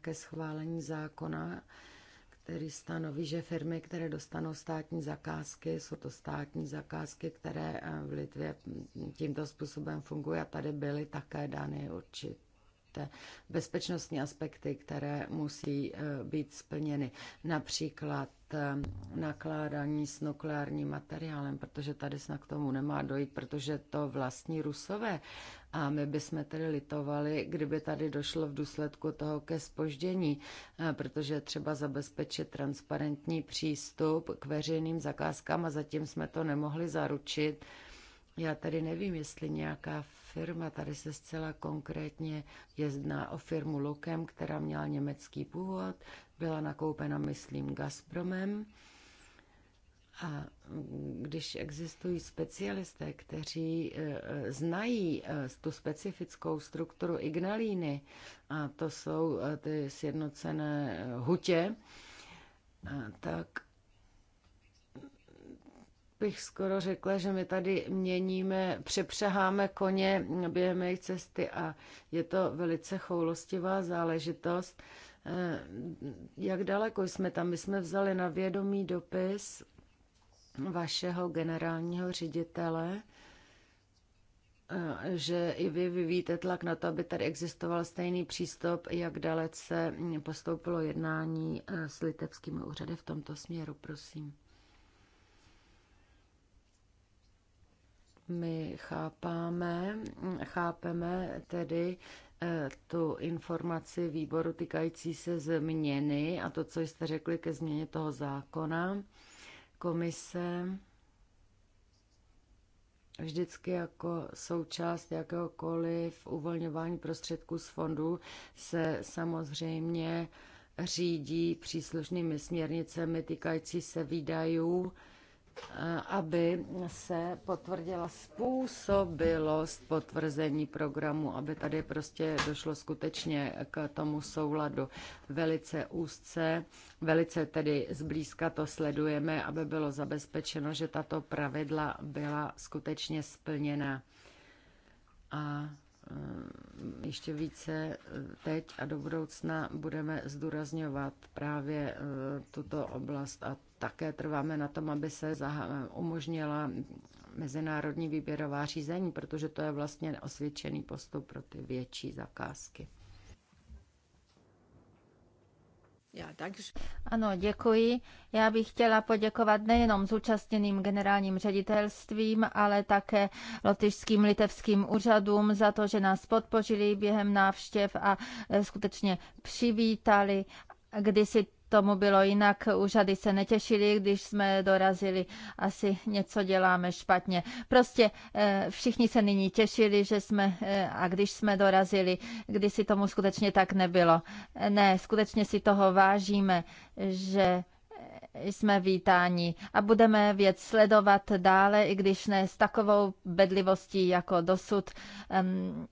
ke schválení zákona, který stanoví, že firmy, které dostanou státní zakázky, jsou to státní zakázky, které eh, v Litvě tímto způsobem fungují a tady byly také dány určitě bezpečnostní aspekty, které musí eh, být splněny. Například Eh, nakládání s nukleárním materiálem, protože tady snad k tomu nemá dojít, protože to vlastní rusové. A my bychom tedy litovali, kdyby tady došlo v důsledku toho ke spoždění, eh, protože třeba zabezpečit transparentní přístup k veřejným zakázkám a zatím jsme to nemohli zaručit. Já tady nevím, jestli nějaká firma. Tady se zcela konkrétně jezdná o firmu Lokem, která měla německý původ, byla nakoupena, myslím, Gazpromem. A když existují specialisté, kteří e, e, znají e, tu specifickou strukturu ignalíny, a to jsou ty sjednocené hutě, tak bych skoro řekla, že my tady měníme, přepřeháme koně během jejich cesty a je to velice choulostivá záležitost. Eh, jak daleko jsme tam? My jsme vzali na vědomý dopis vašeho generálního ředitele, eh, že i vy vyvíjíte tlak na to, aby tady existoval stejný přístup, jak dalece postoupilo jednání eh, s litevskými úřady v tomto směru, prosím. My chápáme, chápeme tedy eh, tu informaci výboru týkající se změny a to, co jste řekli ke změně toho zákona. Komise vždycky jako součást jakéhokoliv uvolňování prostředků z fondu se samozřejmě řídí příslušnými směrnicemi týkající se výdajů Eh, aby se potvrdila způsobilost potvrzení programu, aby tady prostě došlo skutečně k tomu souladu velice úzce, velice tedy zblízka to sledujeme, aby bylo zabezpečeno, že tato pravidla byla skutečně splněna. A eh, ještě více eh, teď a do budoucna budeme zdůrazňovat právě tuto oblast a také trváme na tom, aby se umožnila mezinárodní výběrová řízení, protože to je vlastně osvědčený postup pro ty větší zakázky. Já takže. Ano, děkuji. Já bych chtěla poděkovat nejenom zúčastněným generálním ředitelstvím, ale také lotyšským litevským úřadům za to, že nás podpořili během návštěv a e, skutečně přivítali kdysi tomu bylo jinak. Úřady se netěšily, když jsme dorazili, asi něco děláme špatně. Prostě eh, všichni se nyní těšili, že jsme, eh, a když jsme dorazili, když si tomu skutečně tak nebylo. Eh, ne, skutečně si toho vážíme, že jsme vítáni a budeme věc sledovat dále, i když ne s takovou bedlivostí jako dosud. Um,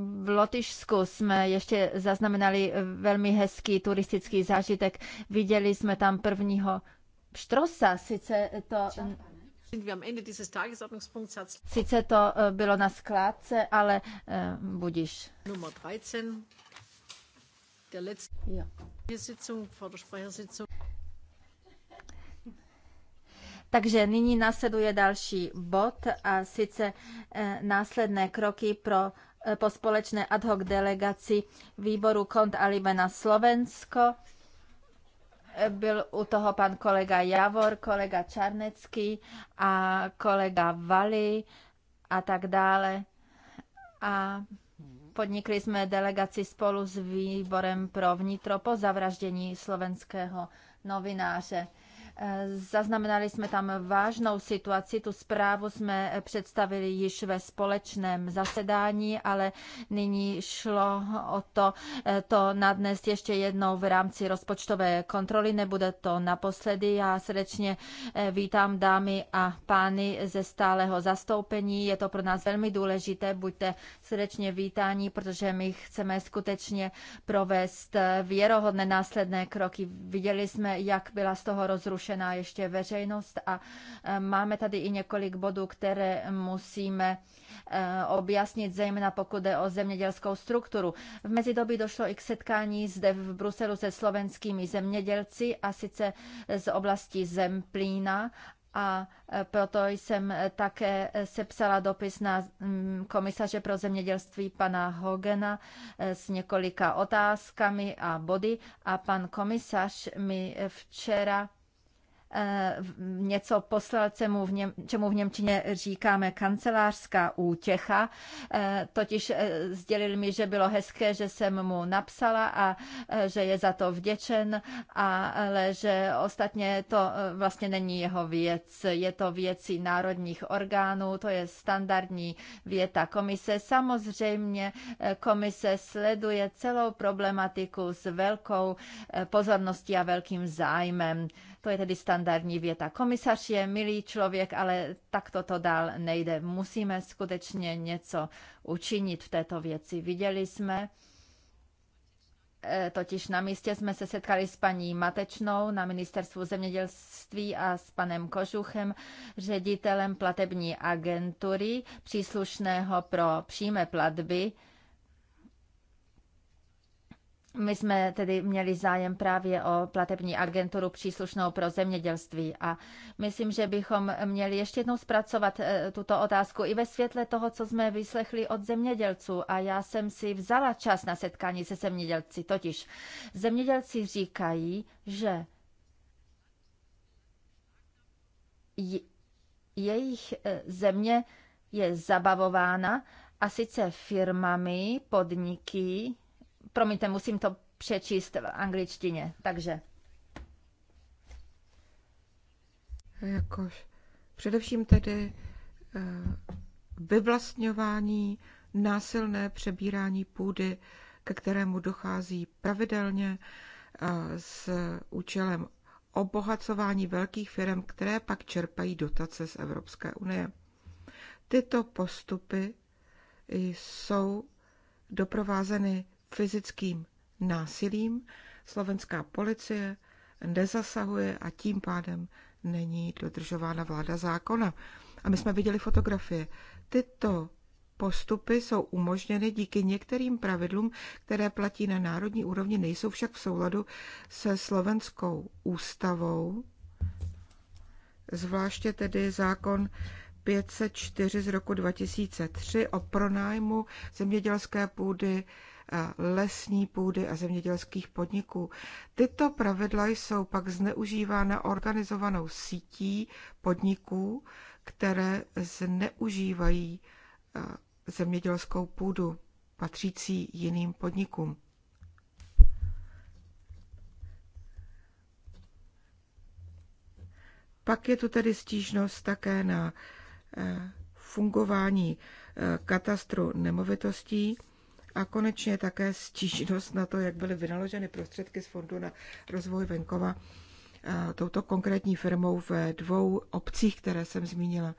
v Lotyšsku jsme ještě zaznamenali velmi hezký turistický zážitek. Viděli jsme tam prvního štrosa, sice to... Sice to eh, bylo na skládce, ale eh, budíš. Takže nyní následuje další bod a sice eh, následné kroky pro Eh, po společné ad hoc delegaci výboru Kont a Libe na Slovensko. Eh, byl u toho pan kolega Javor, kolega Čarnecký a kolega Vali a tak dále. A podnikli jsme delegaci spolu s výborem pro vnitro po zavraždění slovenského novináře. Zaznamenali jsme tam vážnou situaci, tu zprávu jsme představili již ve společném zasedání, ale nyní šlo o to, eh, to dnes ještě jednou v rámci rozpočtové kontroly. Nebude to naposledy. Já srdečně eh, vítám dámy a pány ze stáleho zastoupení. Je to pro nás velmi důležité. Buďte srdečně vítání, protože my chceme skutečně provést eh, věrohodné následné kroky. Viděli jsme, jak byla z toho rozrušena zkušená ještě veřejnost a e, máme tady i několik bodů, které musíme e, objasnit, zejména pokud jde o zemědělskou strukturu. V mezidobí došlo i k setkání zde v Bruselu se slovenskými zemědělci a sice z oblasti Zemplína a e, proto jsem také sepsala dopis na mm, komisaře pro zemědělství pana Hogena s několika otázkami a body a pan komisař mi včera Eh, něco poslal, čemu v, něm, čemu v Němčině říkáme kancelářská útěcha. Eh, totiž eh, sdělil mi, že bylo hezké, že jsem mu napsala a že je za to vděčen, ale že ostatně to vlastně není jeho věc. Je to věcí národních orgánů, to je standardní věta komise. Samozřejmě komise sleduje celou problematiku s velkou pozorností a velkým zájmem. To je tedy standardní věta. Komisař je milý člověk, ale takto to dál nejde. Musíme skutečně něco učinit v této věci. Viděli jsme, eh, totiž na místě jsme se setkali s paní Matečnou na ministerstvu zemědělství a s panem Kožuchem, ředitelem platební agentury příslušného pro přímé platby my jsme tedy měli zájem právě o platební agenturu příslušnou pro zemědělství a myslím, že bychom měli ještě jednou zpracovat eh, tuto otázku i ve světle toho, co jsme vyslechli od zemědělců. A já jsem si vzala čas na setkání se zemědělci. Totiž zemědělci říkají, že jejich eh, země je zabavována a sice firmami, podniky, Promiňte, musím to přečíst v angličtině. Takže. Jakož především tedy eh, vyvlastňování, násilné přebírání půdy, ke kterému dochází pravidelně eh, s účelem obohacování velkých firm, které pak čerpají dotace z Evropské unie. Tyto postupy jsou doprovázeny fyzickým násilím. Slovenská policie nezasahuje a tím pádem není dodržována vláda zákona. A my jsme viděli fotografie. Tyto postupy jsou umožněny díky některým pravidlům, které platí na národní úrovni, nejsou však v souladu se slovenskou ústavou, zvláště tedy zákon 504 z roku 2003 o pronájmu zemědělské půdy lesní půdy a zemědělských podniků. Tyto pravidla jsou pak zneužívána organizovanou sítí podniků, které zneužívají zemědělskou půdu patřící jiným podnikům. Pak je tu tedy stížnost také na e, fungování e, katastru nemovitostí a konečně také stížnost na to, jak byly vynaloženy prostředky z Fondu na rozvoj venkova touto konkrétní firmou ve dvou obcích, které jsem zmínila.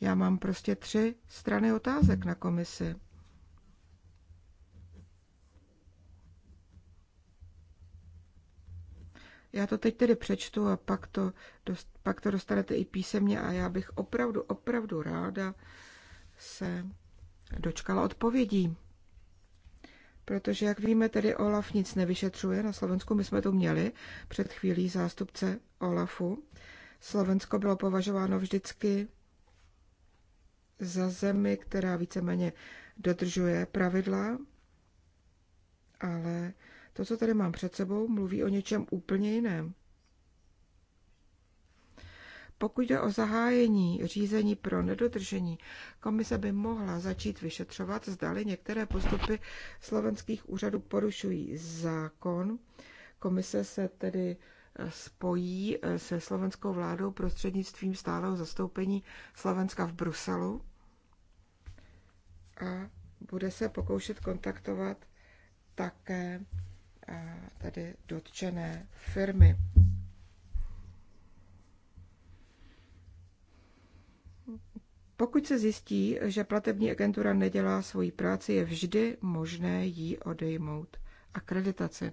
Já mám prostě tři strany otázek na komisi. Já to teď tedy přečtu a pak to, dost, pak to dostanete i písemně a já bych opravdu, opravdu ráda se dočkala odpovědí protože, jak víme, tedy Olaf nic nevyšetřuje. Na Slovensku my jsme tu měli před chvílí zástupce Olafu. Slovensko bylo považováno vždycky za zemi, která víceméně dodržuje pravidla, ale to, co tady mám před sebou, mluví o něčem úplně jiném. Pokud jde o zahájení řízení pro nedodržení, komise by mohla začít vyšetřovat, zdali některé postupy slovenských úřadů porušují zákon. Komise se tedy eh, spojí eh, se slovenskou vládou prostřednictvím stáleho zastoupení Slovenska v Bruselu a bude se pokoušet kontaktovat také eh, tady dotčené firmy. Pokud se zjistí, že platební agentura nedělá svoji práci, je vždy možné jí odejmout akreditaci.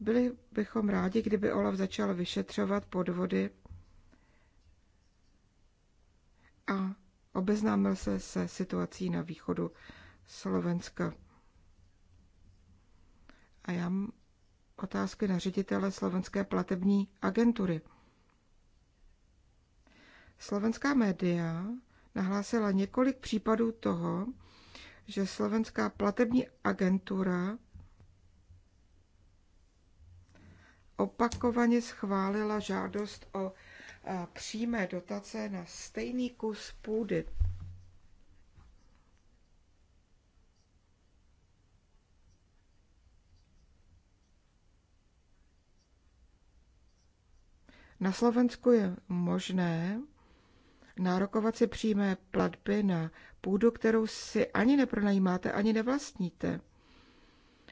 Byli bychom rádi, kdyby Olaf začal vyšetřovat podvody a obeznámil se se situací na východu Slovenska. A já mám otázky na ředitele Slovenské platební agentury – Slovenská média nahlásila několik případů toho, že slovenská platební agentura opakovaně schválila žádost o přímé dotace na stejný kus půdy. Na Slovensku je možné nárokovat si přímé platby na půdu, kterou si ani nepronajímáte, ani nevlastníte.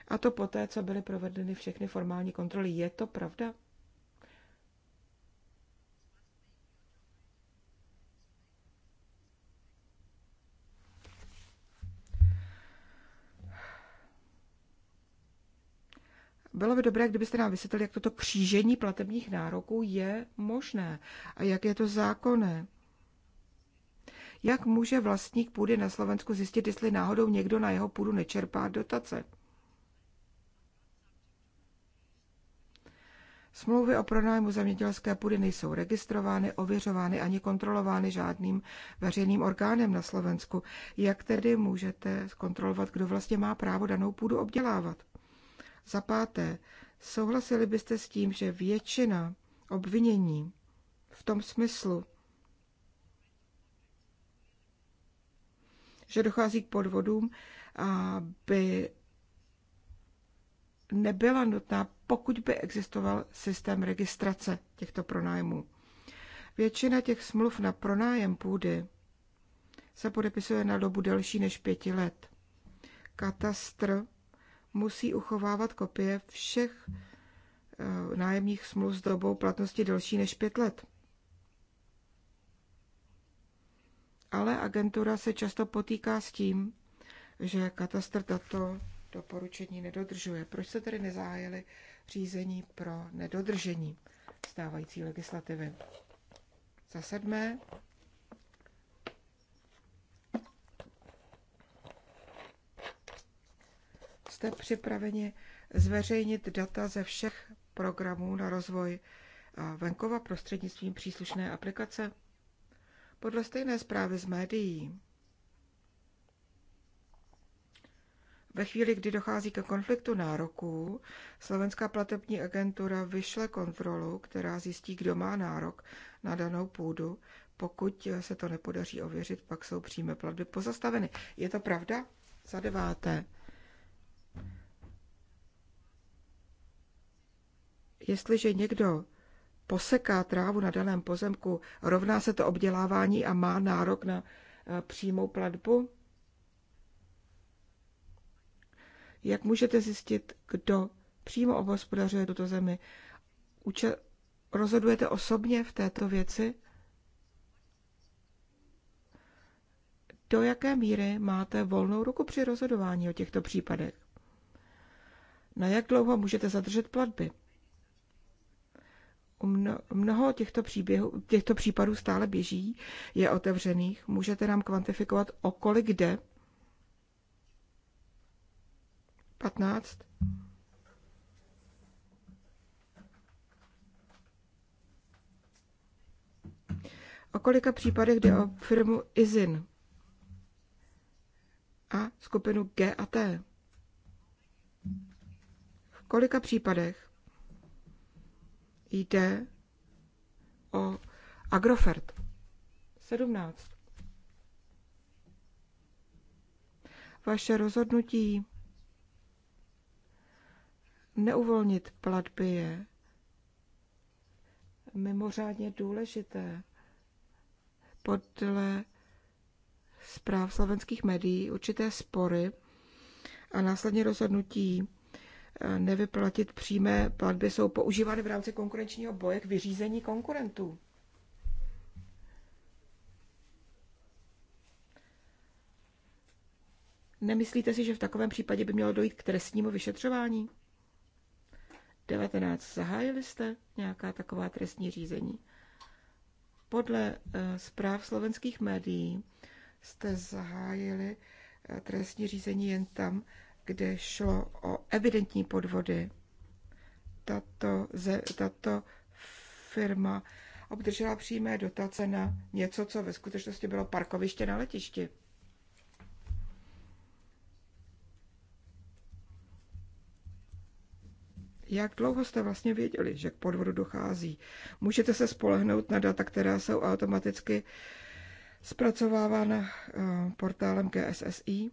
A to poté, co byly provedeny všechny formální kontroly. Je to pravda? Bylo by dobré, kdybyste nám vysvětlili, jak toto křížení platebních nároků je možné a jak je to zákonné. Jak může vlastník půdy na Slovensku zjistit, jestli náhodou někdo na jeho půdu nečerpá dotace? Smlouvy o pronájmu zemědělské půdy nejsou registrovány, ověřovány ani kontrolovány žádným veřejným orgánem na Slovensku. Jak tedy můžete zkontrolovat, kdo vlastně má právo danou půdu obdělávat? Za páté, souhlasili byste s tím, že většina obvinění v tom smyslu, že dochází k podvodům, by nebyla nutná, pokud by existoval systém registrace těchto pronájmů. Většina těch smluv na pronájem půdy se podepisuje na dobu delší než pěti let. Katastr musí uchovávat kopie všech eh, nájemních smluv s dobou platnosti delší než pět let. ale agentura se často potýká s tím, že katastr tato doporučení nedodržuje. Proč se tedy nezahájili řízení pro nedodržení stávající legislativy? Za sedmé, jste připraveni zveřejnit data ze všech programů na rozvoj venkova prostřednictvím příslušné aplikace? podle stejné zprávy z médií. Ve chvíli, kdy dochází ke konfliktu nároků, Slovenská platební agentura vyšle kontrolu, která zjistí, kdo má nárok na danou půdu. Pokud se to nepodaří ověřit, pak jsou přímé platby pozastaveny. Je to pravda? Za deváté. Jestliže někdo poseká trávu na daném pozemku, rovná se to obdělávání a má nárok na eh, přímou platbu? Jak můžete zjistit, kdo přímo obhospodařuje tuto zemi? Uče- rozhodujete osobně v této věci? Do jaké míry máte volnou ruku při rozhodování o těchto případech? Na jak dlouho můžete zadržet platby? mnoho těchto, příběhů, těchto případů stále běží, je otevřených. Můžete nám kvantifikovat, o kolik jde? 15? O kolika případech jde o firmu IZIN a skupinu G a T? V kolika případech jde o Agrofert. 17. Vaše rozhodnutí neuvolnit platby je mimořádně důležité. Podle zpráv slovenských médií určité spory a následně rozhodnutí nevyplatit přímé platby jsou používány v rámci konkurenčního boje k vyřízení konkurentů. Nemyslíte si, že v takovém případě by mělo dojít k trestnímu vyšetřování? 19. Zahájili jste nějaká taková trestní řízení? Podle eh, zpráv slovenských médií jste zahájili eh, trestní řízení jen tam, kde šlo o evidentní podvody. Tato, ze, tato firma obdržela přímé dotace na něco, co ve skutečnosti bylo parkoviště na letišti. Jak dlouho jste vlastně věděli, že k podvodu dochází? Můžete se spolehnout na data, která jsou automaticky zpracovávána eh, portálem GSSI?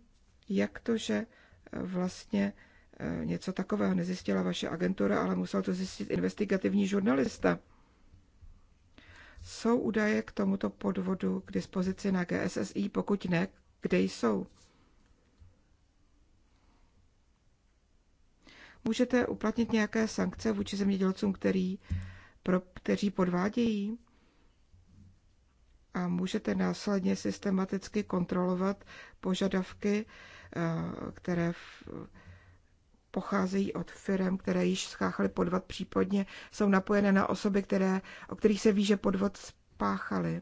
Jak to, že vlastně eh, něco takového nezjistila vaše agentura, ale musel to zjistit investigativní žurnalista. Jsou údaje k tomuto podvodu k dispozici na GSSI? Pokud ne, kde jsou? Můžete uplatnit nějaké sankce vůči zemědělcům, který, pro, kteří podvádějí? A můžete následně systematicky kontrolovat požadavky Eh, které pocházejí od firm, které již scháchaly podvod, případně jsou napojené na osoby, které, o kterých se ví, že podvod spáchaly.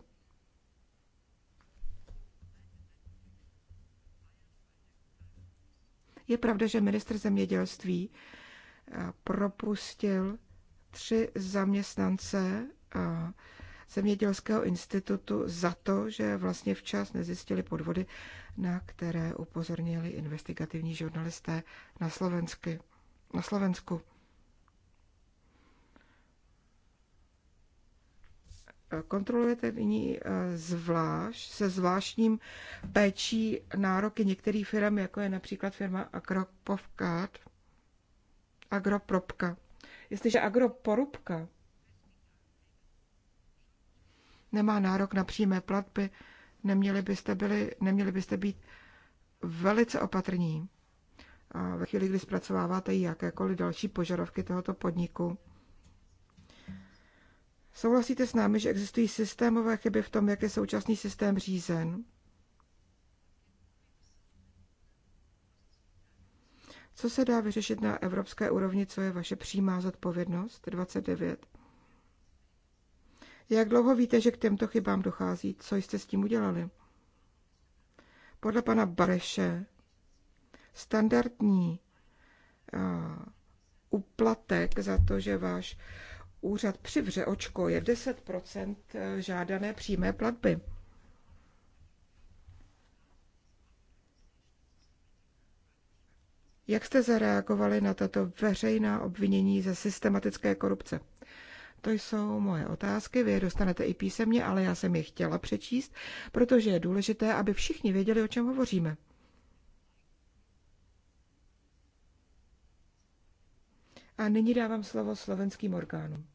Je pravda, že ministr zemědělství eh, propustil tři zaměstnance eh, Zemědělského institutu za to, že vlastně včas nezjistili podvody, na které upozornili investigativní žurnalisté na, Slovensky, na Slovensku. kontrolujete nyní eh, zvlášť, se zvláštním péčí nároky některých firm, jako je například firma Agropovkát, Agropropka. Jestliže Agroporubka nemá nárok na přímé platby, neměli byste, byli, neměli byste být velice opatrní a ve chvíli, kdy zpracováváte jakékoliv další požadavky tohoto podniku. Souhlasíte s námi, že existují systémové chyby v tom, jak je současný systém řízen? Co se dá vyřešit na evropské úrovni, co je vaše přímá zodpovědnost? 29. Jak dlouho víte, že k těmto chybám dochází? Co jste s tím udělali? Podle pana Bareše standardní uplatek eh, za to, že váš úřad přivře očko, je 10 eh, žádané přímé platby. Jak jste zareagovali na tato veřejná obvinění ze systematické korupce? To jsou moje otázky, vy je dostanete i písemně, ale já jsem je chtěla přečíst, protože je důležité, aby všichni věděli, o čem hovoříme. A nyní dávám slovo slovenským orgánům.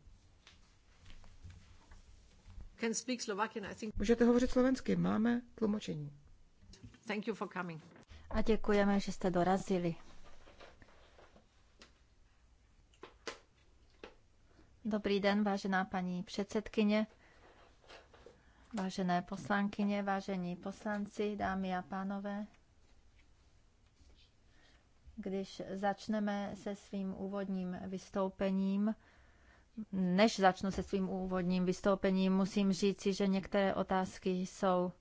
Can speak Slovakian, I think. Můžete hovořit slovensky, máme tlumočení. Thank you for coming. A děkujeme, že jste dorazili. Dobrý den, vážená paní předsedkyně, vážené poslankyně, vážení poslanci, dámy a pánové. Když začneme se svým úvodním vystoupením, než začnu se svým úvodním vystoupením, musím říci, že některé otázky jsou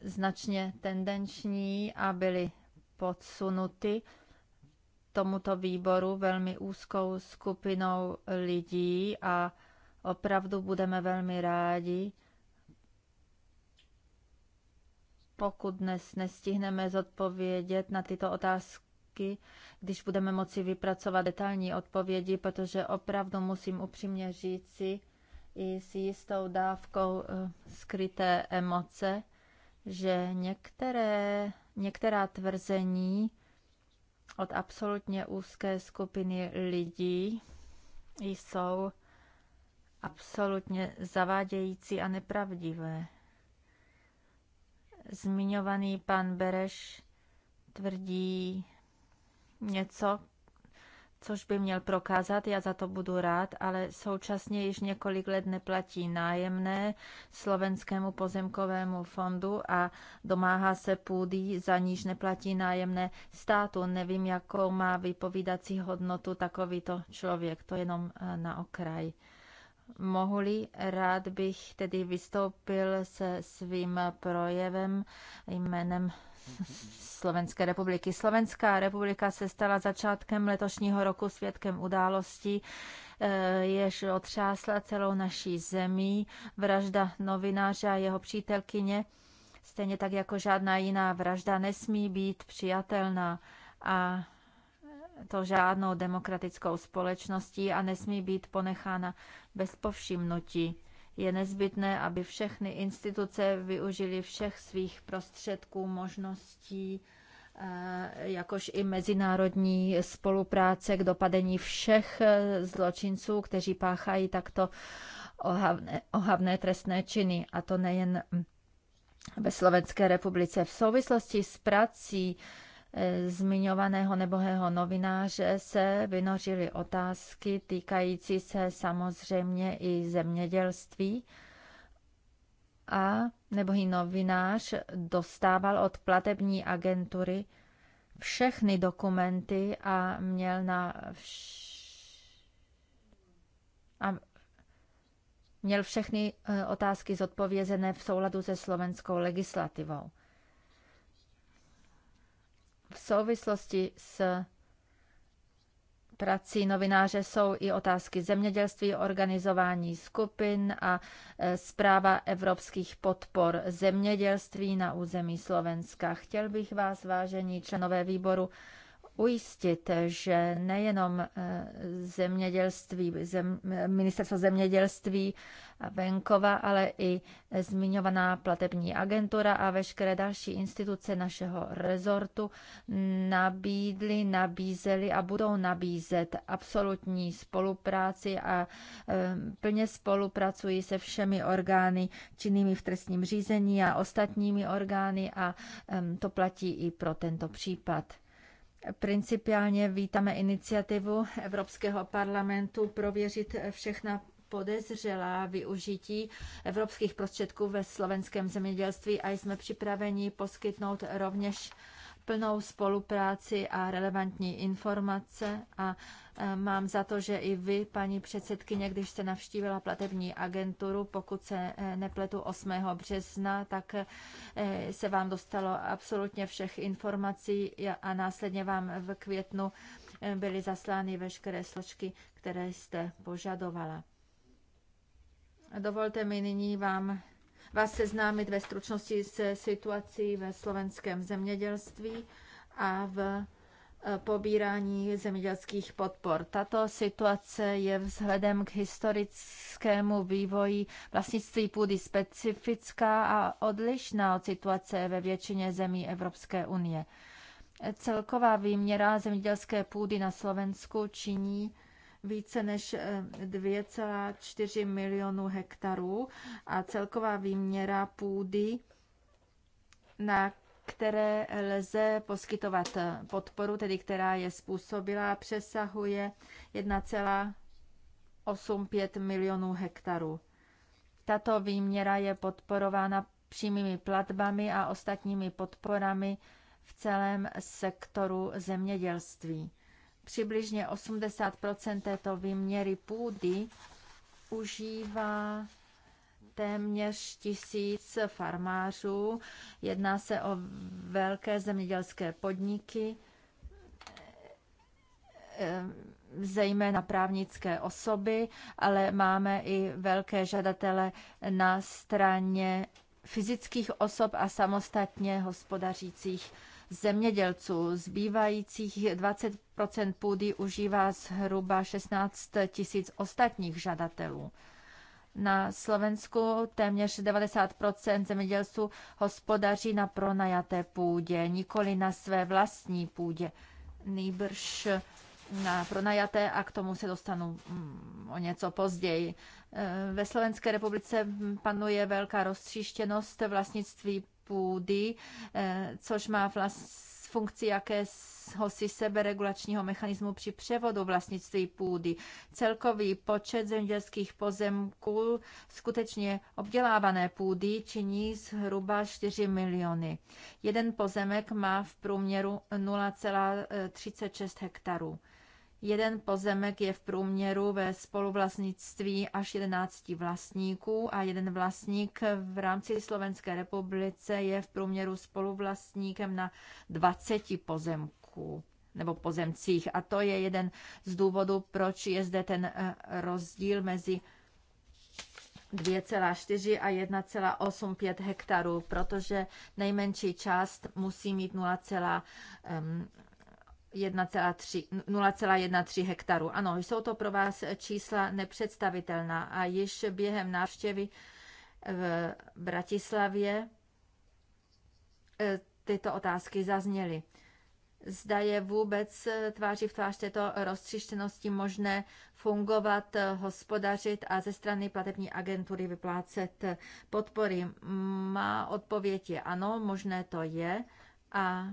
značně tendenční a byly podsunuty tomuto výboru velmi úzkou skupinou lidí a opravdu budeme velmi rádi, pokud dnes nestihneme zodpovědět na tyto otázky, když budeme moci vypracovat detailní odpovědi, protože opravdu musím upřímně říci i s jistou dávkou eh, skryté emoce, že některé, některá tvrzení od absolutně úzké skupiny lidí jsou absolutně zavádějící a nepravdivé. Zmiňovaný pan Bereš tvrdí něco, což by měl prokázat, já za to budu rád, ale současně již několik let neplatí nájemné slovenskému pozemkovému fondu a domáhá se půdy, za níž neplatí nájemné státu. Nevím, jakou má vypovídací hodnotu takovýto člověk, to jenom eh, na okraj. Mohli, rád bych tedy vystoupil se svým projevem jménem Slovenské republiky. Slovenská republika se stala začátkem letošního roku svědkem událostí, eh, jež otřásla celou naší zemí. Vražda novináře a jeho přítelkyně, stejně tak jako žádná jiná vražda, nesmí být přijatelná a to žádnou demokratickou společností a nesmí být ponechána bez povšimnutí. Je nezbytné, aby všechny instituce využily všech svých prostředků, možností, eh, jakož i mezinárodní spolupráce k dopadení všech eh, zločinců, kteří páchají takto ohavné, ohavné trestné činy. A to nejen ve Slovenské republice. V souvislosti s prací Eh, zmiňovaného nebohého novináře se vynořily otázky týkající se samozřejmě i zemědělství a nebohý novinář dostával od platební agentury všechny dokumenty a měl na vš... a měl všechny eh, otázky zodpovězené v souladu se slovenskou legislativou. V souvislosti s prací novináře jsou i otázky zemědělství, organizování skupin a e, zpráva evropských podpor zemědělství na území Slovenska. Chtěl bych vás, vážení členové výboru, ujistit, že nejenom eh, zemědělství, zem, ministerstvo zemědělství a venkova, ale i zmiňovaná platební agentura a veškeré další instituce našeho rezortu nabídly, nabízely a budou nabízet absolutní spolupráci a eh, plně spolupracují se všemi orgány činnými v trestním řízení a ostatními orgány a eh, to platí i pro tento případ. Principiálně vítáme iniciativu Evropského parlamentu prověřit všechna podezřelá využití evropských prostředků ve slovenském zemědělství a jsme připraveni poskytnout rovněž plnou spolupráci a relevantní informace a e, mám za to, že i vy, paní předsedkyně, když jste navštívila platební agenturu, pokud se e, nepletu 8. března, tak e, se vám dostalo absolutně všech informací a následně vám v květnu byly zaslány veškeré složky, které jste požadovala. Dovolte mi nyní vám vás seznámit ve stručnosti se situací ve slovenském zemědělství a v eh, pobírání zemědělských podpor. Tato situace je vzhledem k historickému vývoji vlastnictví půdy specifická a odlišná od situace ve většině zemí Evropské unie. Celková výměra zemědělské půdy na Slovensku činí více než 2,4 eh, milionu hektarů a celková výměra půdy, na které lze poskytovat eh, podporu, tedy která je způsobila, přesahuje 1,85 milionů hektarů. Tato výměra je podporována přímými platbami a ostatními podporami v celém sektoru zemědělství. Přibližně 80 této výměry půdy užívá téměř tisíc farmářů. Jedná se o velké zemědělské podniky, eh, zejména právnické osoby, ale máme i velké žadatele na straně fyzických osob a samostatně hospodařících zemědělců. Zbývajících 20 půdy užívá zhruba 16 tisíc ostatních žadatelů. Na Slovensku téměř 90 zemědělců hospodaří na pronajaté půdě, nikoli na své vlastní půdě. Nýbrž na pronajaté a k tomu se dostanu mm, o něco později. E, ve Slovenské republice panuje velká roztříštěnost vlastnictví půdy, eh, což má vlast funkci jakéhosi seberegulačního mechanismu při převodu vlastnictví půdy. Celkový počet zemědělských pozemků skutečně obdělávané půdy činí zhruba 4 miliony. Jeden pozemek má v průměru 0,36 eh, hektarů. Jeden pozemek je v průměru ve spoluvlastnictví až 11 vlastníků a jeden vlastník v rámci Slovenské republice je v průměru spoluvlastníkem na 20 pozemků nebo pozemcích. A to je jeden z důvodů, proč je zde ten eh, rozdíl mezi 2,4 a 1,85 hektarů, protože nejmenší část musí mít 0, 0,13 hektaru. Ano, jsou to pro vás čísla nepředstavitelná a již během návštěvy v Bratislavě eh, tyto otázky zazněly. Zda je vůbec eh, tváří v tvář této roztřištěnosti možné fungovat, eh, hospodařit a ze strany platební agentury vyplácet podpory. Má odpověď je ano, možné to je a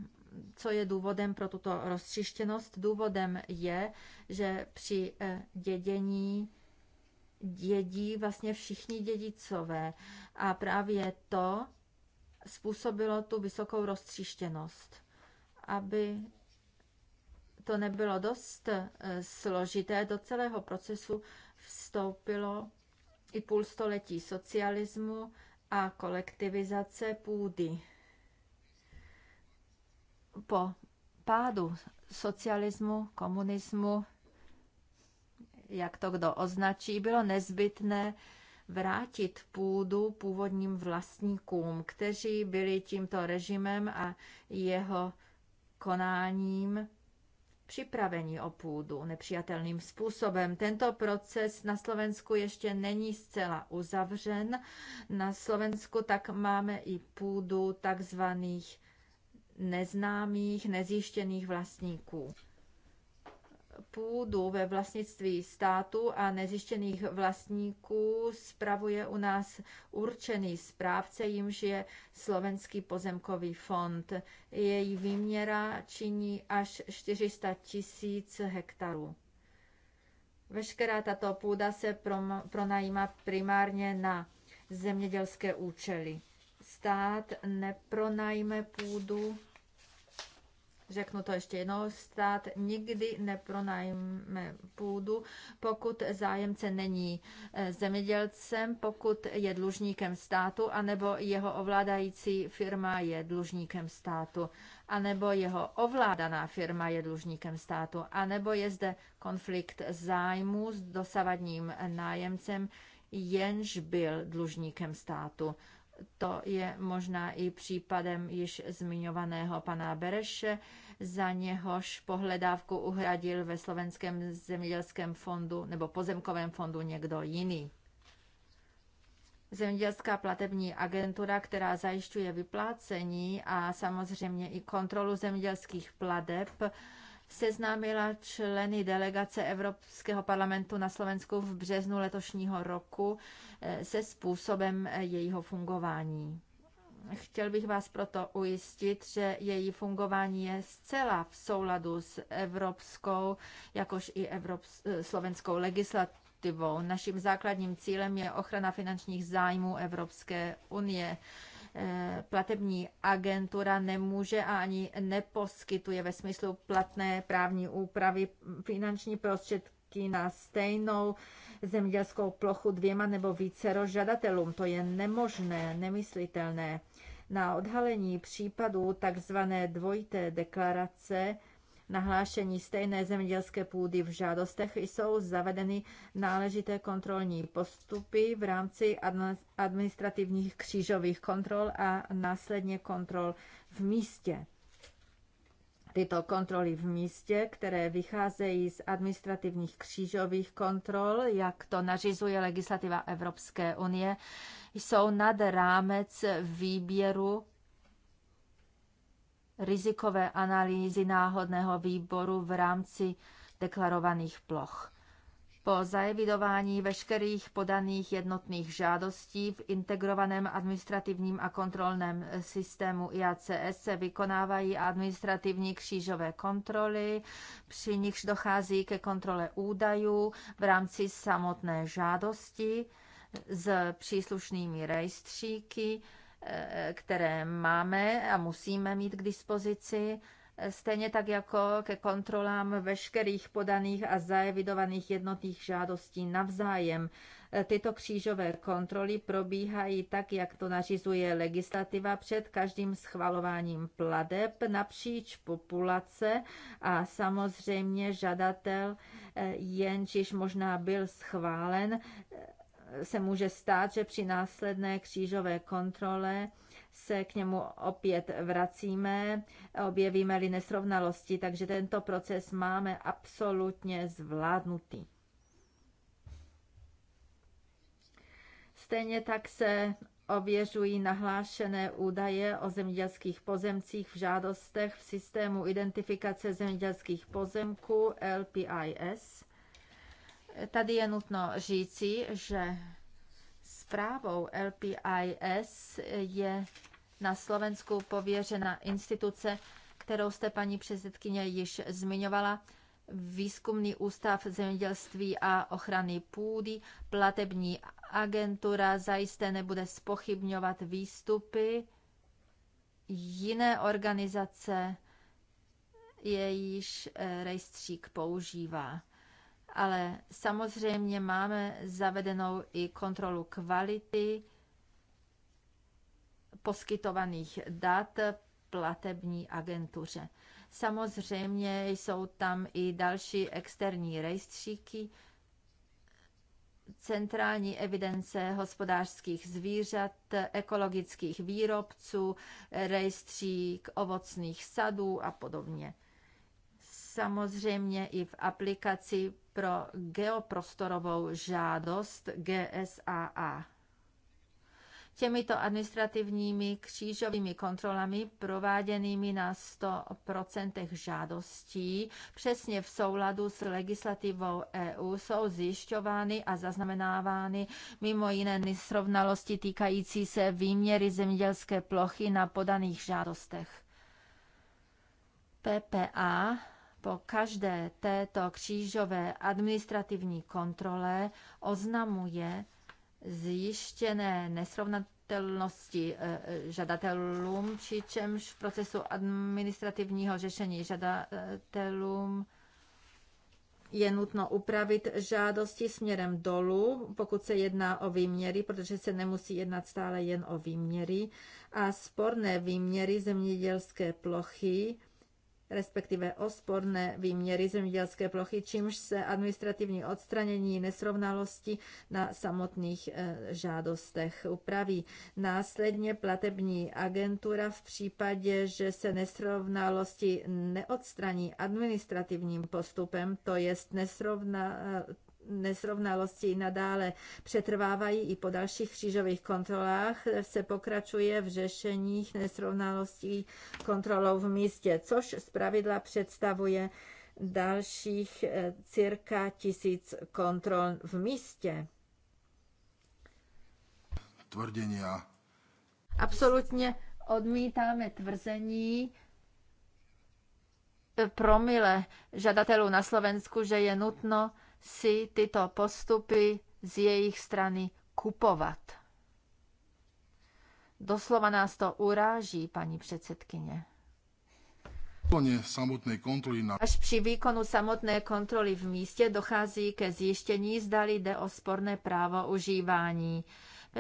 co je důvodem pro tuto rozčištěnost? Důvodem je, že při eh, dědění dědí vlastně všichni dědicové a právě to způsobilo tu vysokou roztříštěnost. Aby to nebylo dost eh, složité, do celého procesu vstoupilo i půl století socialismu a kolektivizace půdy po pádu socialismu, komunismu, jak to kdo označí, bylo nezbytné vrátit půdu původním vlastníkům, kteří byli tímto režimem a jeho konáním připraveni o půdu nepřijatelným způsobem. Tento proces na Slovensku ještě není zcela uzavřen. Na Slovensku tak máme i půdu takzvaných neznámých, nezjištěných vlastníků. Půdu ve vlastnictví státu a nezjištěných vlastníků spravuje u nás určený správce, jimž je Slovenský pozemkový fond. Její výměra činí až 400 tisíc hektarů. Veškerá tato půda se pronajímá primárně na zemědělské účely stát nepronajme půdu, řeknu to ještě jednou, stát nikdy nepronajme půdu, pokud zájemce není eh, zemědělcem, pokud je dlužníkem státu, anebo jeho ovládající firma je dlužníkem státu, anebo jeho ovládaná firma je dlužníkem státu, anebo je zde konflikt zájmu s dosavadním nájemcem, jenž byl dlužníkem státu. To je možná i případem již zmiňovaného pana Bereše, za něhož pohledávku uhradil ve Slovenském zemědělském fondu nebo pozemkovém fondu někdo jiný. Zemědělská platební agentura, která zajišťuje vyplácení a samozřejmě i kontrolu zemědělských plateb, seznámila členy delegace Evropského parlamentu na Slovensku v březnu letošního roku eh, se způsobem eh, jejího fungování. Chtěl bych vás proto ujistit, že její fungování je zcela v souladu s evropskou, jakož i evrops- eh, slovenskou legislativou legislativou. Naším základním cílem je ochrana finančních zájmů Evropské unie. Eh, platební agentura nemůže a ani neposkytuje ve smyslu platné právní úpravy finanční prostředky na stejnou zemědělskou plochu dvěma nebo více žadatelům. To je nemožné, nemyslitelné. Na odhalení případů takzvané dvojité deklarace nahlášení stejné zemědělské půdy v žádostech jsou zavedeny náležité kontrolní postupy v rámci administrativních křížových kontrol a následně kontrol v místě. Tyto kontroly v místě, které vycházejí z administrativních křížových kontrol, jak to nařizuje legislativa Evropské unie, jsou nad rámec výběru rizikové analýzy náhodného výboru v rámci deklarovaných ploch. Po zaevidování veškerých podaných jednotných žádostí v integrovaném administrativním a kontrolném systému IACS se vykonávají administrativní křížové kontroly, při nichž dochází ke kontrole údajů v rámci samotné žádosti s příslušnými rejstříky, které máme a musíme mít k dispozici, stejně tak jako ke kontrolám veškerých podaných a zaevidovaných jednotných žádostí navzájem. Tyto křížové kontroly probíhají tak, jak to nařizuje legislativa před každým schvalováním pladeb napříč populace a samozřejmě žadatel, jenž již možná byl schválen, se může stát, že při následné křížové kontrole se k němu opět vracíme, objevíme-li nesrovnalosti, takže tento proces máme absolutně zvládnutý. Stejně tak se ověřují nahlášené údaje o zemědělských pozemcích v žádostech v systému identifikace zemědělských pozemků LPIS. Tady je nutno říci, že zprávou LPIS je na Slovensku pověřena instituce, kterou jste, paní předsedkyně, již zmiňovala, Výzkumný ústav zemědělství a ochrany půdy, platební agentura zajisté nebude spochybňovat výstupy jiné organizace, jejíž eh, rejstřík používá ale samozřejmě máme zavedenou i kontrolu kvality poskytovaných dat platební agentuře. Samozřejmě jsou tam i další externí rejstříky, centrální evidence hospodářských zvířat, ekologických výrobců, rejstřík ovocných sadů a podobně. Samozřejmě i v aplikaci pro geoprostorovou žádost GSAA. Těmito administrativními křížovými kontrolami prováděnými na 100% žádostí přesně v souladu s legislativou EU jsou zjišťovány a zaznamenávány mimo jiné nesrovnalosti týkající se výměry zemědělské plochy na podaných žádostech. PPA po každé této křížové administrativní kontrole oznamuje zjištěné nesrovnatelnosti e, e, žadatelům, přičemž v procesu administrativního řešení žadatelům je nutno upravit žádosti směrem dolů, pokud se jedná o výměry, protože se nemusí jednat stále jen o výměry, a sporné výměry zemědělské plochy respektive osporné výměry zemědělské plochy, čímž se administrativní odstranění nesrovnalosti na samotných eh, žádostech upraví. Následně platební agentura v případě, že se nesrovnalosti neodstraní administrativním postupem, to jest nesrovna, eh, nesrovnalosti nadále přetrvávají i po dalších křížových kontrolách, se pokračuje v řešeních nesrovnalostí kontrolou v místě, což pravidla představuje dalších eh, cirka tisíc kontrol v místě. Tvrdení Absolutně odmítáme tvrzení, eh, promile žadatelů na Slovensku, že je nutno si tyto postupy z jejich strany kupovat. Doslova nás to uráží, paní předsedkyně. Až při výkonu samotné kontroly v místě dochází ke zjištění, zdali jde o sporné právo užívání.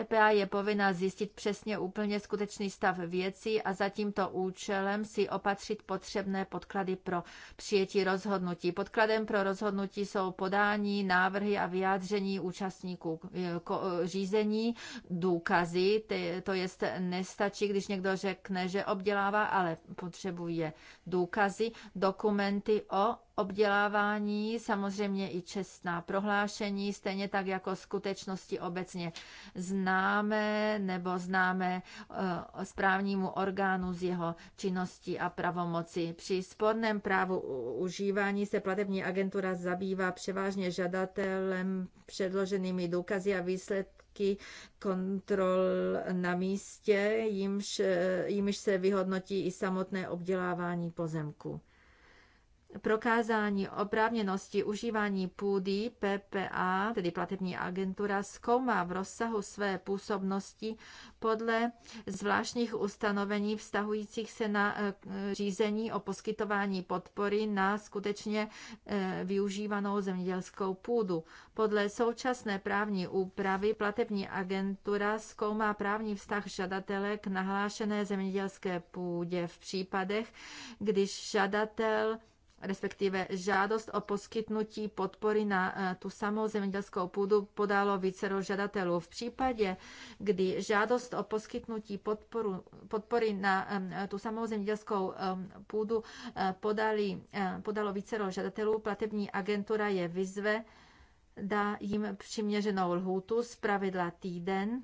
PPA je povinna zjistit přesně úplně skutečný stav věcí a za tímto účelem si opatřit potřebné podklady pro přijetí rozhodnutí. Podkladem pro rozhodnutí jsou podání, návrhy a vyjádření účastníků eh, eh, řízení, důkazy, to je nestačí, když někdo řekne, že obdělává, ale potřebuje důkazy, dokumenty o obdělávání, samozřejmě i čestná prohlášení, stejně tak jako skutečnosti obecně známe nebo známe eh, správnímu orgánu z jeho činnosti a pravomoci. Při sporném právu užívání se platební agentura zabývá převážně žadatelem předloženými důkazy a výsledky kontrol na místě, jimž, eh, jimž se vyhodnotí i samotné obdělávání pozemku prokázání oprávněnosti užívání půdy PPA, tedy platební agentura, zkoumá v rozsahu své působnosti podle zvláštních ustanovení vztahujících se na eh, řízení o poskytování podpory na skutečně eh, využívanou zemědělskou půdu. Podle současné právní úpravy platební agentura zkoumá právní vztah žadatele k nahlášené zemědělské půdě v případech, když žadatel respektive žádost o poskytnutí podpory na eh, tu samou zemědělskou půdu podalo vícero žadatelů. V případě, kdy žádost o poskytnutí podporu, podpory na eh, tu samou zemědělskou eh, půdu podali, podalo vícero žadatelů, platební agentura je vyzve, dá jim přiměřenou lhůtu, pravidla týden,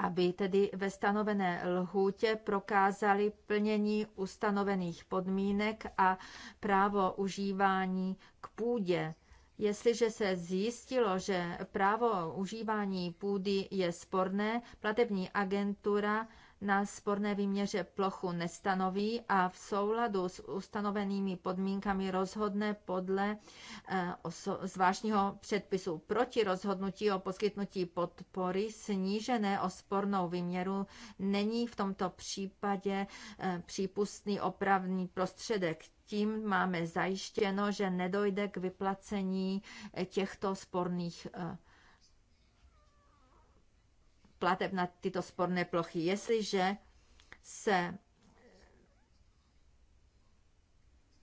aby tedy ve stanovené lhůtě prokázali plnění ustanovených podmínek a právo užívání k půdě. Jestliže se zjistilo, že právo užívání půdy je sporné, platební agentura na sporné výměře plochu nestanoví a v souladu s ustanovenými podmínkami rozhodne podle eh, zvláštního předpisu proti rozhodnutí o poskytnutí podpory snížené o spornou výměru není v tomto případě eh, přípustný opravný prostředek. Tím máme zajištěno, že nedojde k vyplacení eh, těchto sporných plateb na tyto sporné plochy. Jestliže se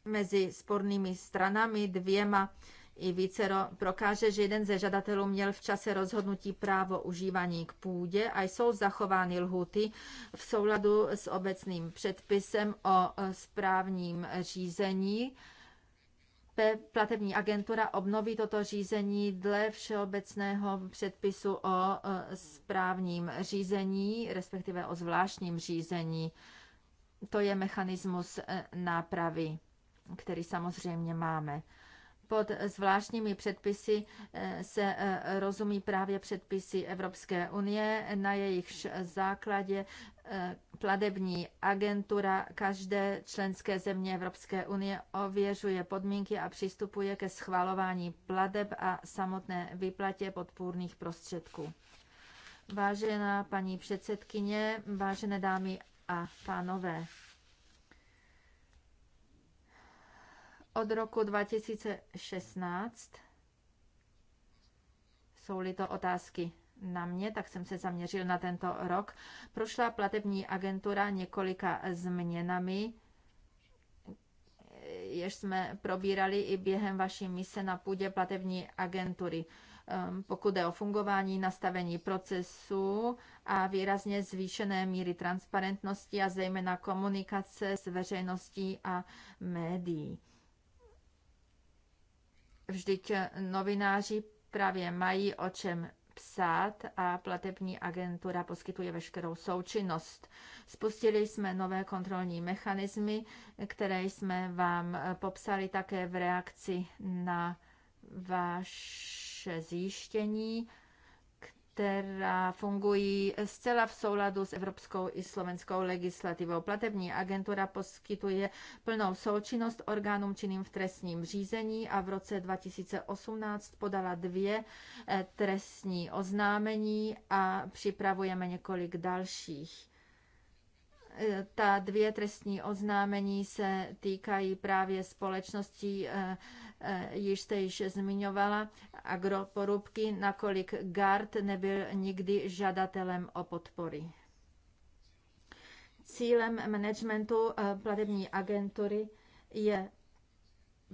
mezi spornými stranami dvěma i vícero prokáže, že jeden ze žadatelů měl v čase rozhodnutí právo užívání k půdě a jsou zachovány lhuty v souladu s obecným předpisem o e, správním řízení platební agentura obnoví toto řízení dle všeobecného předpisu o správním řízení, respektive o zvláštním řízení. To je mechanismus e, nápravy, který samozřejmě máme. Pod zvláštními předpisy eh, se eh, rozumí právě předpisy Evropské unie, na jejichž základě eh, platební agentura každé členské země Evropské unie ověřuje podmínky a přistupuje ke schvalování plateb a samotné vyplatě podpůrných prostředků. Vážená paní předsedkyně, vážené dámy a pánové, od roku 2016. Jsou-li to otázky na mě, tak jsem se zaměřil na tento rok. Prošla platební agentura několika změnami, jež jsme probírali i během vaší mise na půdě platební agentury. Ehm, pokud jde o fungování, nastavení procesu a výrazně zvýšené míry transparentnosti a zejména komunikace s veřejností a médií. Vždyť novináři právě mají o čem psát a platební agentura poskytuje veškerou součinnost. Spustili jsme nové kontrolní mechanismy, které jsme vám popsali také v reakci na vaše zjištění která fungují zcela v souladu s evropskou i slovenskou legislativou. Platební agentura poskytuje plnou součinnost orgánům činným v trestním řízení a v roce 2018 podala dvě eh, trestní oznámení a připravujeme několik dalších. Ta dvě trestní oznámení se týkají právě společností, eh, eh, již jste již zmiňovala, agroporubky, nakolik Gard nebyl nikdy žadatelem o podpory. Cílem managementu eh, platební agentury je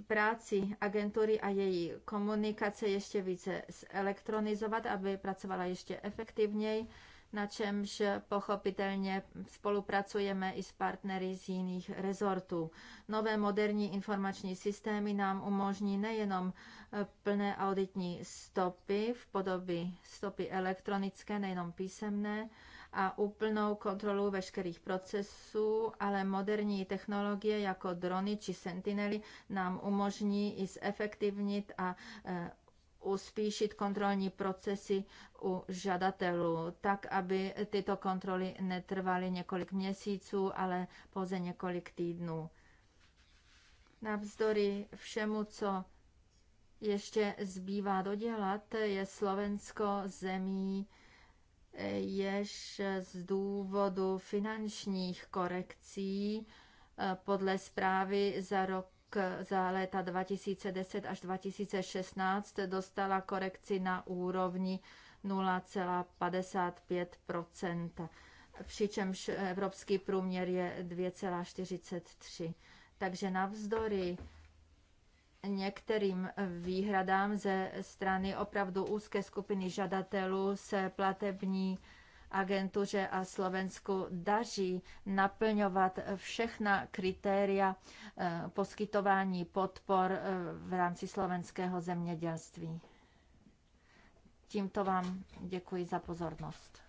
práci agentury a její komunikace ještě více zelektronizovat, aby pracovala ještě efektivněji na čemž pochopitelně spolupracujeme i s partnery z jiných rezortů. Nové moderní informační systémy nám umožní nejenom eh, plné auditní stopy v podobě stopy elektronické, nejenom písemné, a úplnou kontrolu veškerých procesů, ale moderní technologie jako drony či sentinely nám umožní i zefektivnit a eh, uspíšit kontrolní procesy u žadatelů, tak aby tyto kontroly netrvaly několik měsíců, ale pouze několik týdnů. Navzdory všemu, co ještě zbývá dodělat, je Slovensko zemí, jež z důvodu finančních korekcí eh, podle zprávy za rok za léta 2010 až 2016 dostala korekci na úrovni 0,55 přičemž evropský průměr je 2,43. Takže navzdory některým výhradám ze strany opravdu úzké skupiny žadatelů se platební agentuře a Slovensku daří naplňovat všechna kritéria eh, poskytování podpor eh, v rámci slovenského zemědělství. Tímto vám děkuji za pozornost.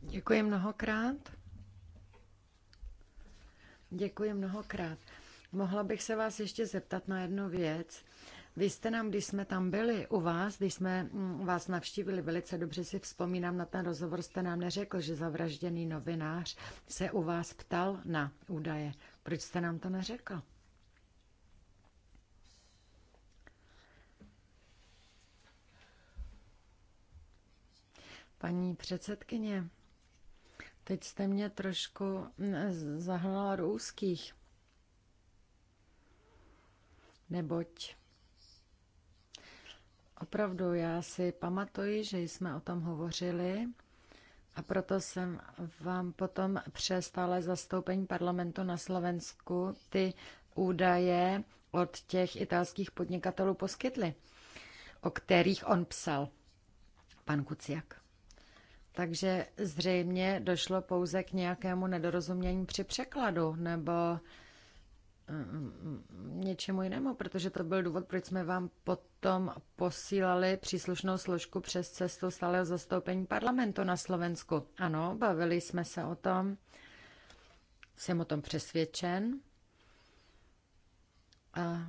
Děkuji mnohokrát. Děkuji mnohokrát. Mohla bych se vás ještě zeptat na jednu věc. Vy jste nám, když jsme tam byli u vás, když jsme mm, vás navštívili, velice dobře si vzpomínám na ten rozhovor, jste nám neřekl, že zavražděný novinář se u vás ptal na údaje. Proč jste nám to neřekl? Paní předsedkyně, teď jste mě trošku mm, zahnala růzkých. neboť Opravdu, já si pamatuji, že jsme o tom hovořili a proto jsem vám potom přestala zastoupení parlamentu na Slovensku ty údaje od těch italských podnikatelů poskytli, o kterých on psal, pan Kuciak. Takže zřejmě došlo pouze k nějakému nedorozumění při překladu, nebo Eh, něčemu jinému, protože to byl důvod, proč jsme vám potom posílali příslušnou složku přes cestu stáleho zastoupení parlamentu na Slovensku. Ano, bavili jsme se o tom, jsem o tom přesvědčen. A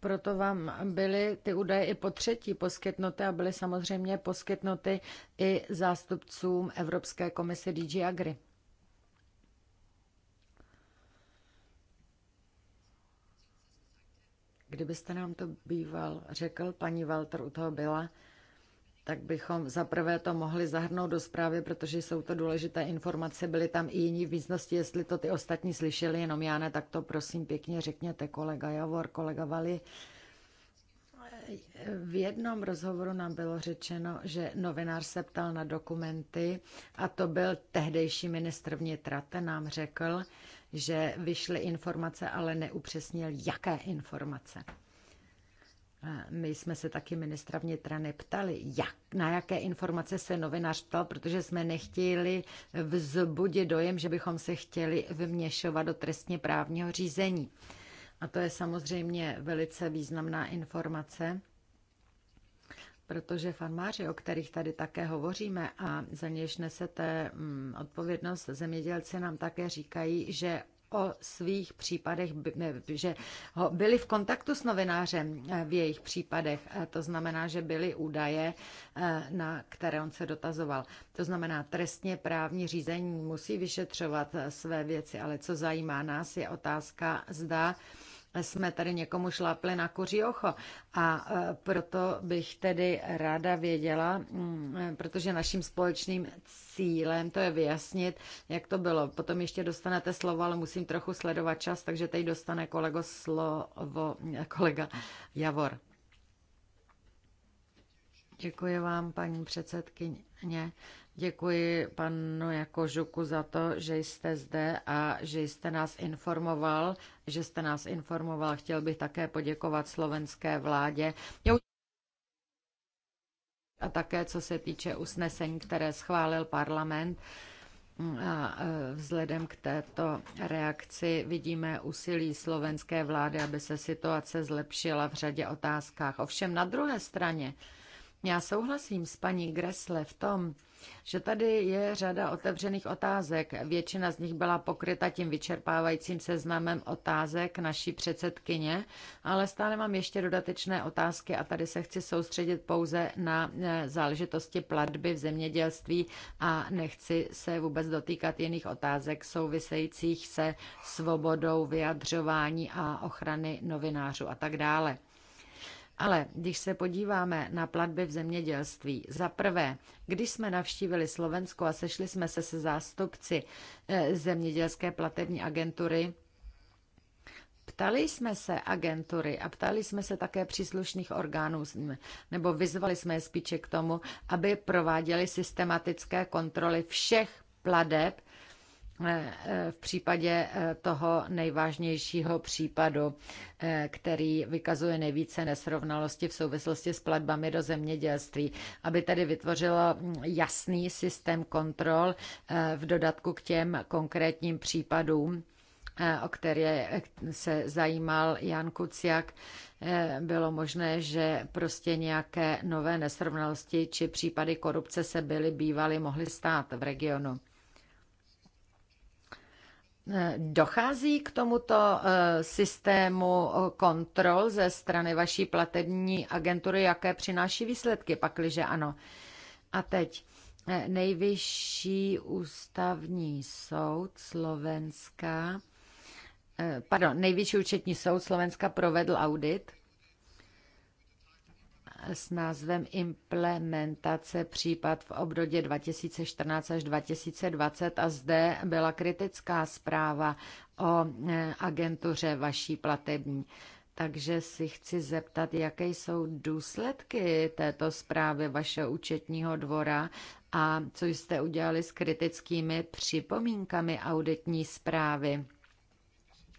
proto vám byly ty údaje i po třetí poskytnuty a byly samozřejmě poskytnuty i zástupcům Evropské komise DG Agri. Kdybyste nám to býval řekl, paní Walter u toho byla, tak bychom zaprvé to mohli zahrnout do zprávy, protože jsou to důležité informace, byli tam i jiní v místnosti, jestli to ty ostatní slyšeli, jenom já ne, tak to prosím pěkně řekněte kolega Javor, kolega Vali. V jednom rozhovoru nám bylo řečeno, že novinář se ptal na dokumenty a to byl tehdejší ministr vnitra, ten nám řekl, že vyšly informace, ale neupřesnil, jaké informace. My jsme se taky ministra vnitra neptali, jak, na jaké informace se novinář ptal, protože jsme nechtěli vzbudit dojem, že bychom se chtěli vměšovat do trestně právního řízení. A to je samozřejmě velice významná informace protože farmáři, o kterých tady také hovoříme a za něž nesete mm, odpovědnost, zemědělci nám také říkají, že o svých případech, že byli v kontaktu s novinářem eh, v jejich případech. Eh, to znamená, že byly údaje, eh, na které on se dotazoval. To znamená, trestně právní řízení musí vyšetřovat své věci, ale co zajímá nás je otázka, zda jsme tady někomu šlápli na kuří ocho. A e, proto bych tedy ráda věděla, mm, e, protože naším společným cílem to je vyjasnit, jak to bylo. Potom ještě dostanete slovo, ale musím trochu sledovat čas, takže teď dostane kolego slovo, kolega Javor. Děkuji vám, paní předsedkyně. Děkuji panu Žuku za to, že jste zde a že jste nás informoval, že jste nás informoval. Chtěl bych také poděkovat slovenské vládě. A také, co se týče usnesení, které schválil parlament, mm, a e, vzhledem k této reakci vidíme úsilí slovenské vlády, aby se situace zlepšila v řadě otázkách. Ovšem na druhé straně, já souhlasím s paní Gresle v tom, že tady je řada otevřených otázek. Většina z nich byla pokryta tím vyčerpávajícím seznamem otázek naší předsedkyně, ale stále mám ještě dodatečné otázky a tady se chci soustředit pouze na e, záležitosti platby v zemědělství a nechci se vůbec dotýkat jiných otázek souvisejících se svobodou vyjadřování a ochrany novinářů a tak dále. Ale když se podíváme na platby v zemědělství, za prvé, když jsme navštívili Slovensko a sešli jsme se se zástupci eh, zemědělské platební agentury, Ptali jsme se agentury a ptali jsme se také příslušných orgánů, nebo vyzvali jsme je spíše k tomu, aby prováděli systematické kontroly všech pladeb Eh, v případě eh, toho nejvážnějšího případu, eh, který vykazuje nejvíce nesrovnalosti v souvislosti s platbami do zemědělství, aby tedy vytvořilo hm, jasný systém kontrol v dodatku k těm konkrétním případům, o které se zajímal Jan Kuciak, bylo možné, že prostě nějaké nové nesrovnalosti či případy korupce se byly bývaly mohly stát v regionu. Dochází k tomuto eh, systému eh, kontrol ze strany vaší platební agentury, jaké přináší výsledky, pakliže ano. A teď eh, nejvyšší ústavní soud Slovenska, pardon, nejvyšší účetní soud Slovenska provedl audit s názvem Implementace případ v období 2014 až 2020 a zde byla kritická zpráva o e, agentuře vaší platební. Takže si chci zeptat, jaké jsou důsledky této zprávy vašeho účetního dvora a co jste udělali s kritickými připomínkami auditní zprávy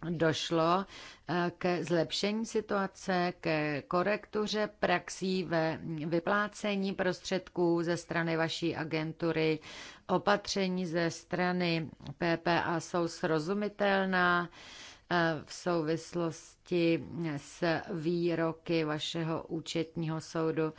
došlo eh, ke zlepšení situace, ke korektuře praxí ve vyplácení prostředků ze strany vaší agentury. Opatření ze strany PPA jsou srozumitelná eh, v souvislosti s výroky vašeho účetního soudu.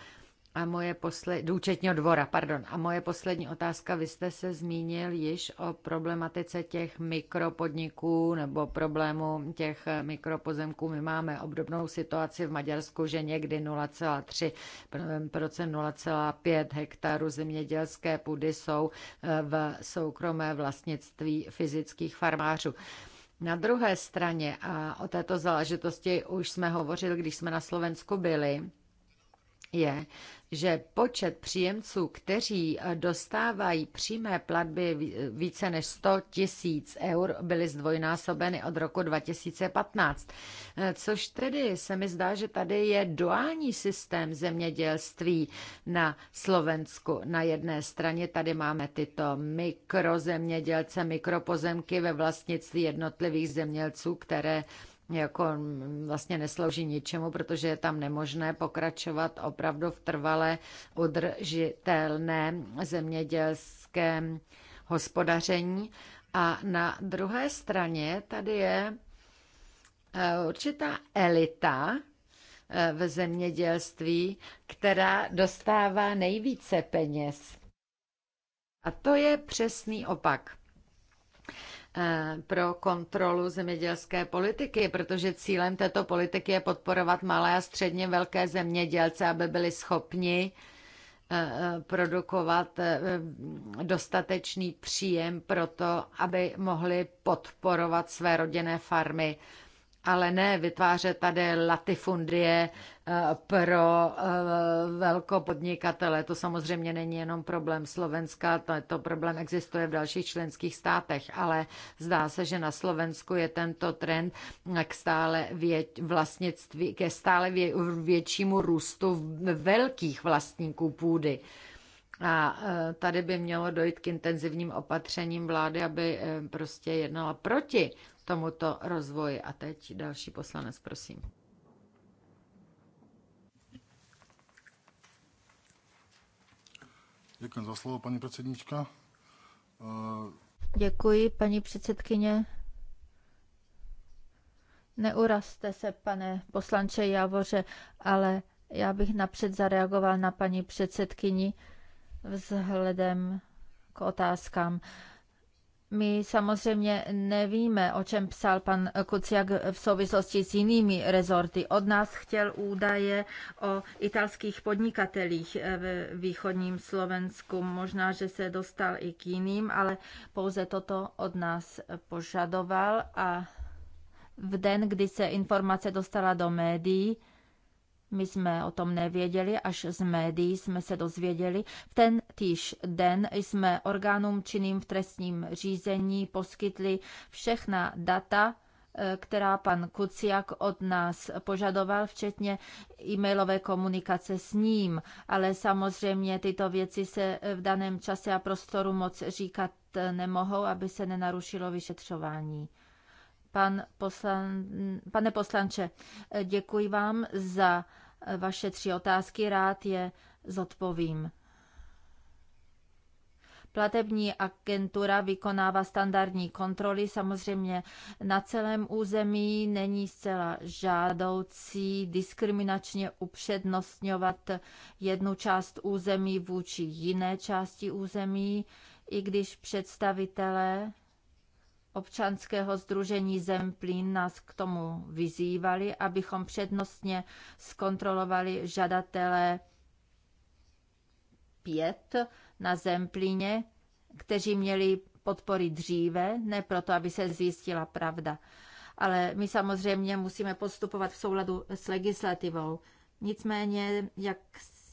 A moje poslední, účetního dvora, pardon. A moje poslední otázka, vy jste se zmínil již o problematice těch mikropodniků nebo problému těch mikropozemků. My máme obdobnou situaci v Maďarsku, že někdy 0,3%, 0,5 hektaru zemědělské půdy jsou eh, v soukromé vlastnictví fyzických farmářů. Na druhé straně, a o této záležitosti už jsme hovořili, když jsme na Slovensku byli, je, že počet příjemců, kteří eh, dostávají přímé platby více než 100 tisíc eur, byly zdvojnásobeny od roku 2015. Eh, což tedy se mi zdá, že tady je duální systém zemědělství na Slovensku. Na jedné straně tady máme tyto mikrozemědělce, mikropozemky ve vlastnictví jednotlivých zemědělců, které jako mm, vlastně neslouží ničemu, protože je tam nemožné pokračovat opravdu v trvale udržitelné zemědělském hospodaření. A na druhé straně tady je eh, určitá elita eh, v zemědělství, která dostává nejvíce peněz. A to je přesný opak. Eh, pro kontrolu zemědělské politiky, protože cílem této politiky je podporovat malé a středně velké zemědělce, aby byli schopni eh, eh, produkovat dostatečný příjem pro to, aby mohli podporovat své rodinné farmy, ale ne vytvářet tady latifundie pro eh, velkopodnikatele. To samozřejmě není jenom problém Slovenska, to, to problém existuje v dalších členských státech, ale zdá se, že na Slovensku je tento trend k stále vě, vlastnictví, ke stále vě, většímu růstu velkých vlastníků půdy. A eh, tady by mělo dojít k intenzivním opatřením vlády, aby eh, prostě jednala proti tomuto rozvoji. A teď další poslanec, prosím. Děkuji za slovo, paní předsednička. Děkuji, paní předsedkyně. Neurazte se, pane poslanče Javoře, ale já bych napřed zareagoval na paní předsedkyni vzhledem k otázkám. My samozřejmě nevíme, o čem psal pan Kuciak v souvislosti s jinými rezorty. Od nás chtěl údaje o italských podnikatelích v východním Slovensku. Možná, že se dostal i k jiným, ale pouze toto od nás požadoval a v den, kdy se informace dostala do médií, my jsme o tom nevěděli, až z médií jsme se dozvěděli. V ten týž den jsme orgánům činným v trestním řízení poskytli všechna data, eh, která pan Kuciak od nás požadoval, včetně e-mailové komunikace s ním. Ale samozřejmě tyto věci se eh, v daném čase a prostoru moc říkat eh, nemohou, aby se nenarušilo vyšetřování. Pan poslan, pane poslanče, děkuji vám za vaše tři otázky, rád je zodpovím. Platební agentura vykonává standardní kontroly, samozřejmě na celém území není zcela žádoucí diskriminačně upřednostňovat jednu část území vůči jiné části území, i když představitelé občanského združení Zemplín nás k tomu vyzývali, abychom přednostně zkontrolovali žadatele pět na Zemplíně, kteří měli podpory dříve, ne proto, aby se zjistila pravda. Ale my samozřejmě musíme postupovat v souladu s legislativou. Nicméně, jak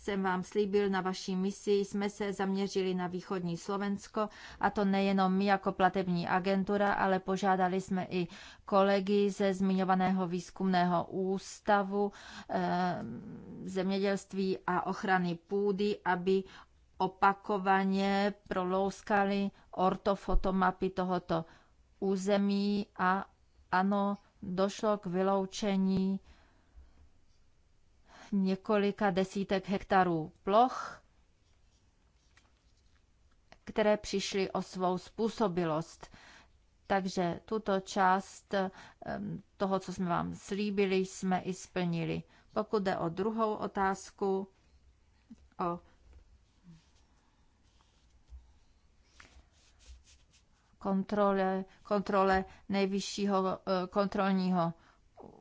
jsem vám slíbil na vaší misi, jsme se zaměřili na východní Slovensko a to nejenom my jako platební agentura, ale požádali jsme i kolegy ze zmiňovaného výzkumného ústavu eh, zemědělství a ochrany půdy, aby opakovaně prolouskali ortofotomapy tohoto území a ano, došlo k vyloučení několika desítek hektarů ploch, které přišly o svou způsobilost. Takže tuto část toho, co jsme vám slíbili, jsme i splnili. Pokud jde o druhou otázku, o kontrole, kontrole nejvyššího e, kontrolního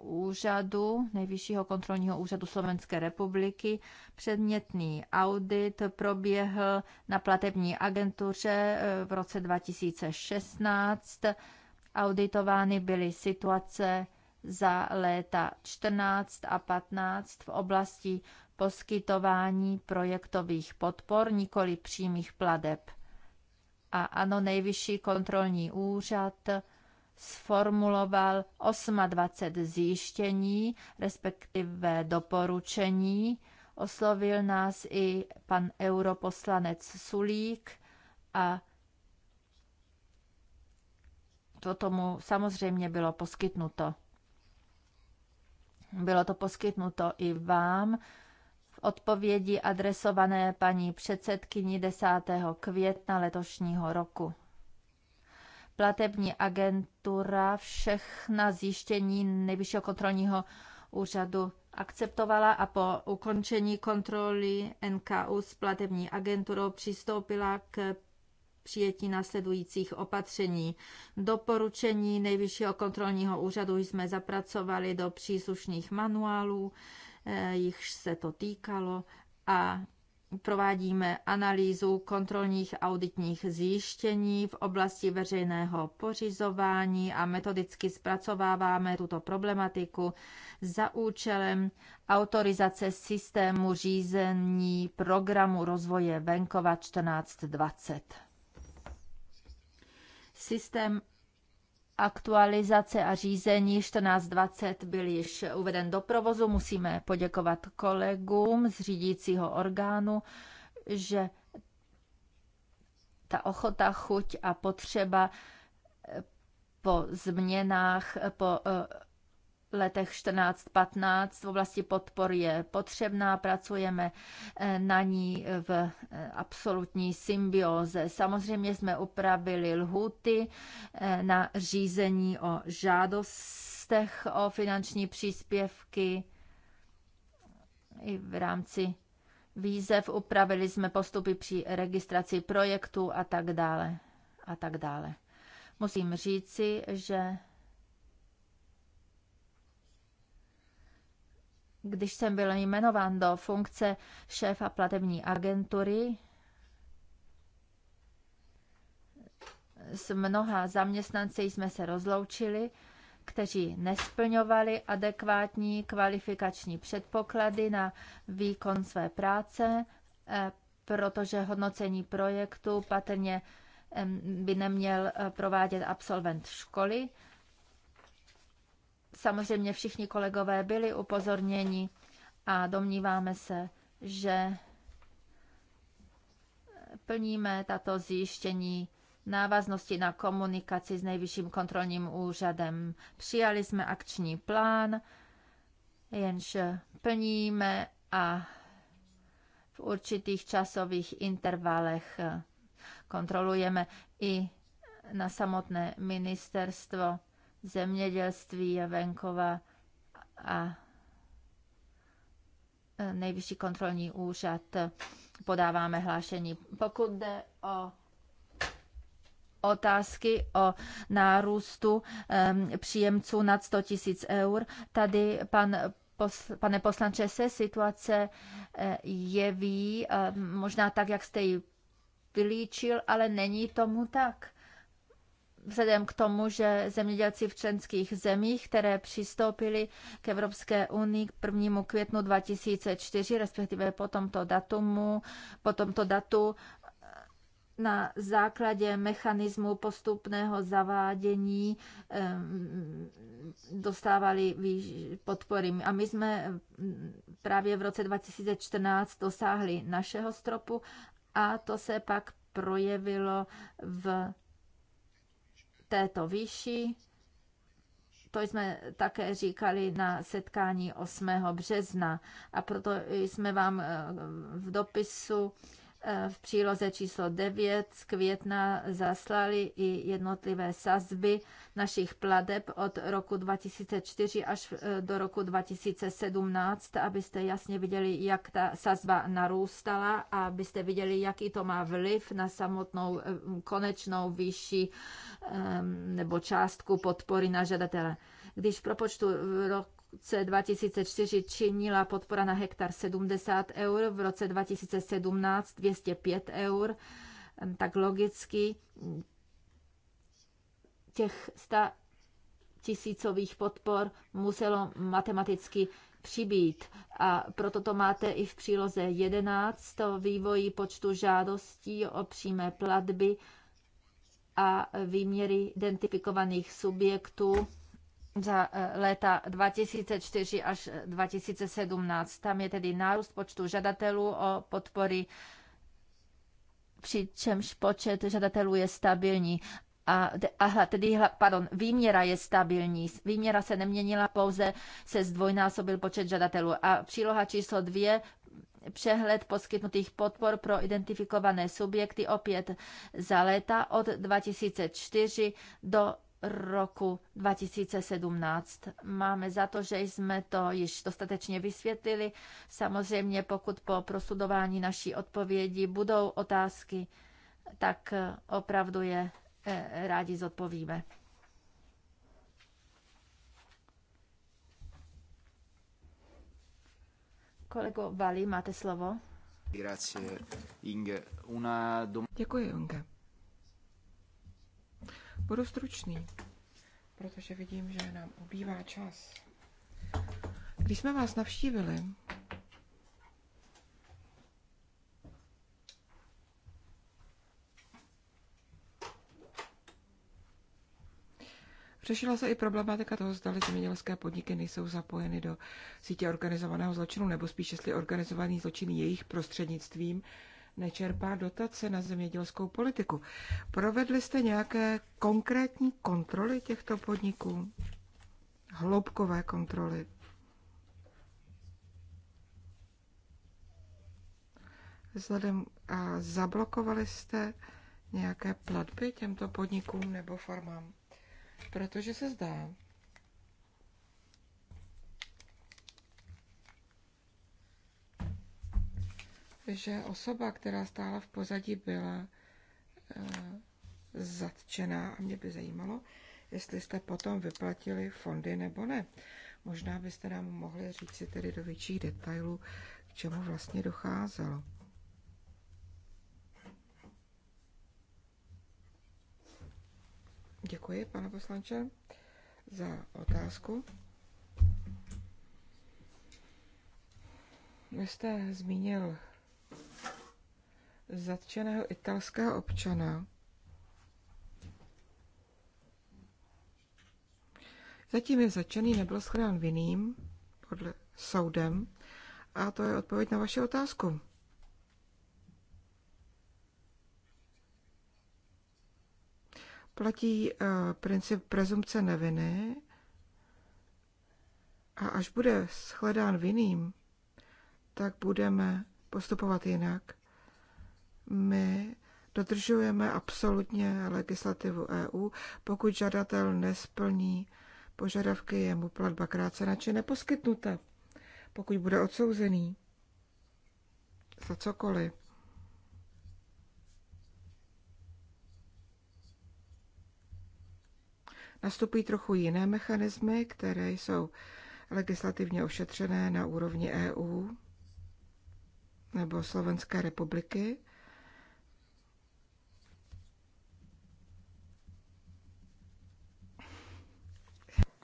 úřadu, Nejvyššího kontrolního úřadu Slovenské republiky. Předmětný audit proběhl na platební agentuře eh, v roce 2016. Auditovány byly situace za léta 14 a 15 v oblasti poskytování projektových podpor, nikoli přímých pladeb. A ano, nejvyšší kontrolní úřad sformuloval 28 zjištění, respektive doporučení. Oslovil nás i pan europoslanec Sulík a to tomu samozřejmě bylo poskytnuto. Bylo to poskytnuto i vám v odpovědi adresované paní předsedkyni 10. května letošního roku platební agentura všechna zjištění nejvyššího kontrolního úřadu akceptovala a po ukončení kontroly NKU s platební agenturou přistoupila k přijetí následujících opatření. Doporučení Nejvyššího kontrolního úřadu jsme zapracovali do příslušných manuálů, eh, jichž se to týkalo a provádíme analýzu kontrolních auditních zjištění v oblasti veřejného pořizování a metodicky zpracováváme tuto problematiku za účelem autorizace systému řízení programu rozvoje venkova 1420. Systém aktualizace a řízení 1420 byl již uveden do provozu. Musíme poděkovat kolegům z řídícího orgánu, že ta ochota, chuť a potřeba po změnách, po eh, letech 14-15 v oblasti podpor je potřebná, pracujeme eh, na ní eh, v eh, absolutní symbioze. Samozřejmě jsme upravili lhuty na řízení o žádostech o finanční příspěvky i v rámci výzev, upravili jsme postupy při registraci projektu a tak dále. A tak dále. Musím říci, že Když jsem byl jmenován do funkce šéfa platební agentury, s mnoha zaměstnanci jsme se rozloučili, kteří nesplňovali adekvátní kvalifikační předpoklady na výkon své práce, eh, protože hodnocení projektu patrně by neměl eh, provádět absolvent školy. Samozřejmě všichni kolegové byli upozorněni a domníváme se, že plníme tato zjištění návaznosti na komunikaci s nejvyšším kontrolním úřadem. Přijali jsme akční plán, jenž plníme a v určitých časových intervalech kontrolujeme i na samotné ministerstvo zemědělství a venkova a nejvyšší kontrolní úřad podáváme hlášení. Pokud jde o otázky o nárůstu um, příjemců nad 100 tisíc eur, tady pan pos, Pane poslanče, se situace eh, jeví eh, možná tak, jak jste ji vylíčil, ale není tomu tak vzhledem k tomu, že zemědělci v členských zemích, které přistoupili k Evropské unii k 1. květnu 2004, respektive po tomto, datumu, po tomto datu, na základě mechanismu postupného zavádění dostávali podpory. A my jsme právě v roce 2014 dosáhli našeho stropu a to se pak projevilo v této výši. To jsme také říkali na setkání 8. března a proto jsme vám eh, v dopisu Eh, v příloze číslo 9 z května zaslali i jednotlivé sazby našich pladeb od roku 2004 až eh, do roku 2017, abyste jasně viděli, jak ta sazba narůstala a abyste viděli, jaký to má vliv na samotnou eh, konečnou výši nebo částku podpory na žadatele. Když v propočtu v roku roce 2004 činila podpora na hektar 70 eur, v roce 2017 205 eur, tak logicky těch 100 tisícových podpor muselo matematicky přibýt. A proto to máte i v příloze 11 to vývoji počtu žádostí o přímé platby a výměry identifikovaných subjektů za eh, léta 2004 až 2017. Eh, Tam je tedy nárůst počtu žadatelů o podpory, přičemž počet žadatelů je stabilní. A, aha, tedy, pardon, výměra je stabilní. Výměra se neměnila, pouze se zdvojnásobil počet žadatelů. A příloha číslo dvě přehled poskytnutých podpor pro identifikované subjekty opět za léta od 2004 do roku 2017. Máme za to, že jsme to již dostatečně vysvětlili. Samozřejmě, pokud po prosudování naší odpovědi budou otázky, tak eh, opravdu je eh, rádi zodpovíme. Kolego Vali, máte slovo. Děkuji, Inge. Budu stručný, protože vidím, že nám ubývá čas. Když jsme vás navštívili, Řešila se i problematika toho, zda zemědělské podniky nejsou zapojeny do sítě organizovaného zločinu, nebo spíš, jestli organizovaný zločin jejich prostřednictvím nečerpá dotace na zemědělskou politiku. Provedli jste nějaké konkrétní kontroly těchto podniků? Hloubkové kontroly? Vzhledem a zablokovali jste nějaké platby těmto podnikům nebo farmám? Protože se zdá, že osoba, která stála v pozadí, byla eh, zatčená a mě by zajímalo, jestli jste potom vyplatili fondy nebo ne. Možná byste nám mohli říct si tedy do větších detailů, k čemu vlastně docházelo. Děkuji, pane poslanče, za otázku. Vy jste zmínil zatčeného italského občana. Zatím je zatčený, nebyl schrán vinným podle soudem a to je odpověď na vaši otázku. Platí uh, princip prezumce neviny a až bude shledán vinným, tak budeme postupovat jinak. My dodržujeme absolutně legislativu EU. Pokud žadatel nesplní požadavky, je mu platba krátce či neposkytnuta, pokud bude odsouzený za cokoliv. Nastupují trochu jiné mechanismy, které jsou legislativně ošetřené na úrovni EU nebo Slovenské republiky.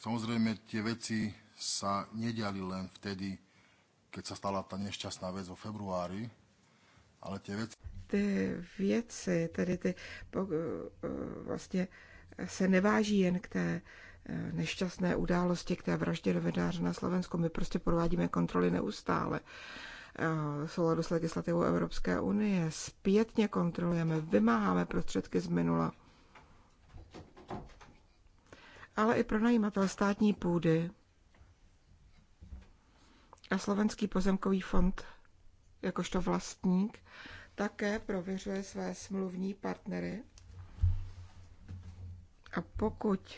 Samozrejme, tie veci sa nediali len vtedy, keď sa stala ta nešťastná vec vo februári, ale ty věci... Ty věci, tedy ty e, vlastně se neváží jen k té e, nešťastné události, k té vraždě novináře na Slovensku. My prostě provádíme kontroly neustále e, souladu s legislativou Evropské unie. Zpětně kontrolujeme, vymáháme prostředky z minula ale i pronajímatel státní půdy a Slovenský pozemkový fond jakožto vlastník také prověřuje své smluvní partnery. A pokud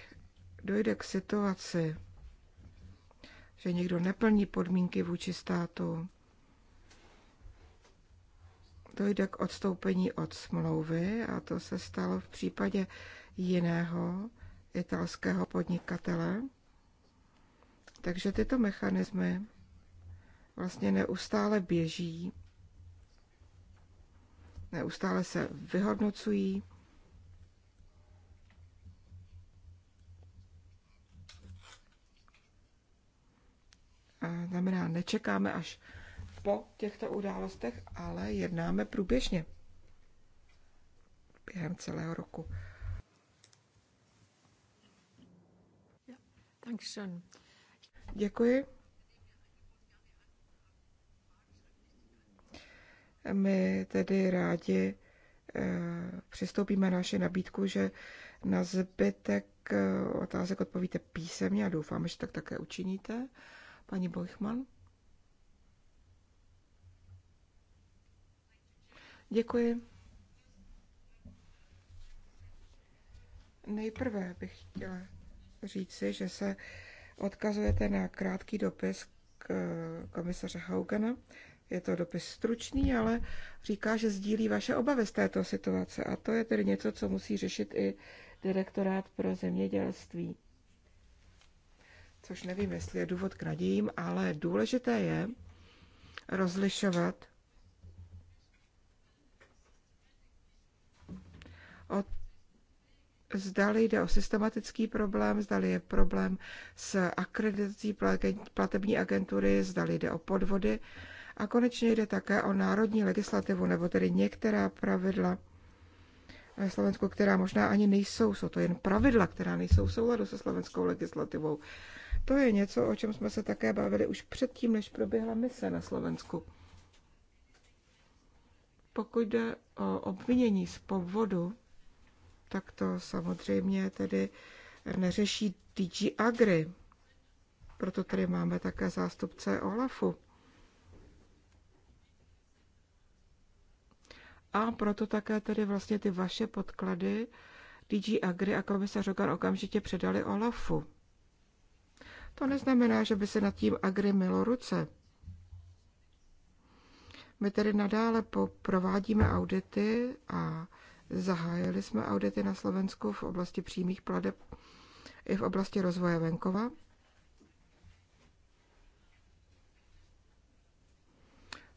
dojde k situaci, že někdo neplní podmínky vůči státu, dojde k odstoupení od smlouvy a to se stalo v případě jiného italského podnikatele. Takže tyto mechanismy vlastně neustále běží, neustále se vyhodnocují. A znamená, nečekáme až po těchto událostech, ale jednáme průběžně během celého roku. Dankeschön. Děkuji. My tedy rádi eh, přistoupíme na naši nabídku, že na zbytek eh, otázek odpovíte písemně a doufáme, že tak také učiníte. Pani Bojchman. Děkuji. Nejprve bych chtěla říci, že se odkazujete na krátký dopis k eh, komisaře Haugena. Je to dopis stručný, ale říká, že sdílí vaše obavy z této situace. A to je tedy něco, co musí řešit i direktorát pro zemědělství. Což nevím, jestli je důvod k nadějím, ale důležité je rozlišovat od zdali jde o systematický problém, zdali je problém s akreditací platební agentury, zdali jde o podvody. A konečně jde také o národní legislativu, nebo tedy některá pravidla ve eh, Slovensku, která možná ani nejsou, jsou to jen pravidla, která nejsou v souladu se slovenskou legislativou. To je něco, o čem jsme se také bavili už předtím, než proběhla mise na Slovensku. Pokud jde o obvinění z povodu, tak to samozřejmě tedy neřeší DG Agri. Proto tady máme také zástupce OLAFu. A proto také tedy vlastně ty vaše podklady DG Agri a komisař Rogan okamžitě předali OLAFu. To neznamená, že by se nad tím Agri milo ruce. My tedy nadále provádíme audity a Zahájili jsme audity na Slovensku v oblasti přímých pladeb i v oblasti rozvoje venkova.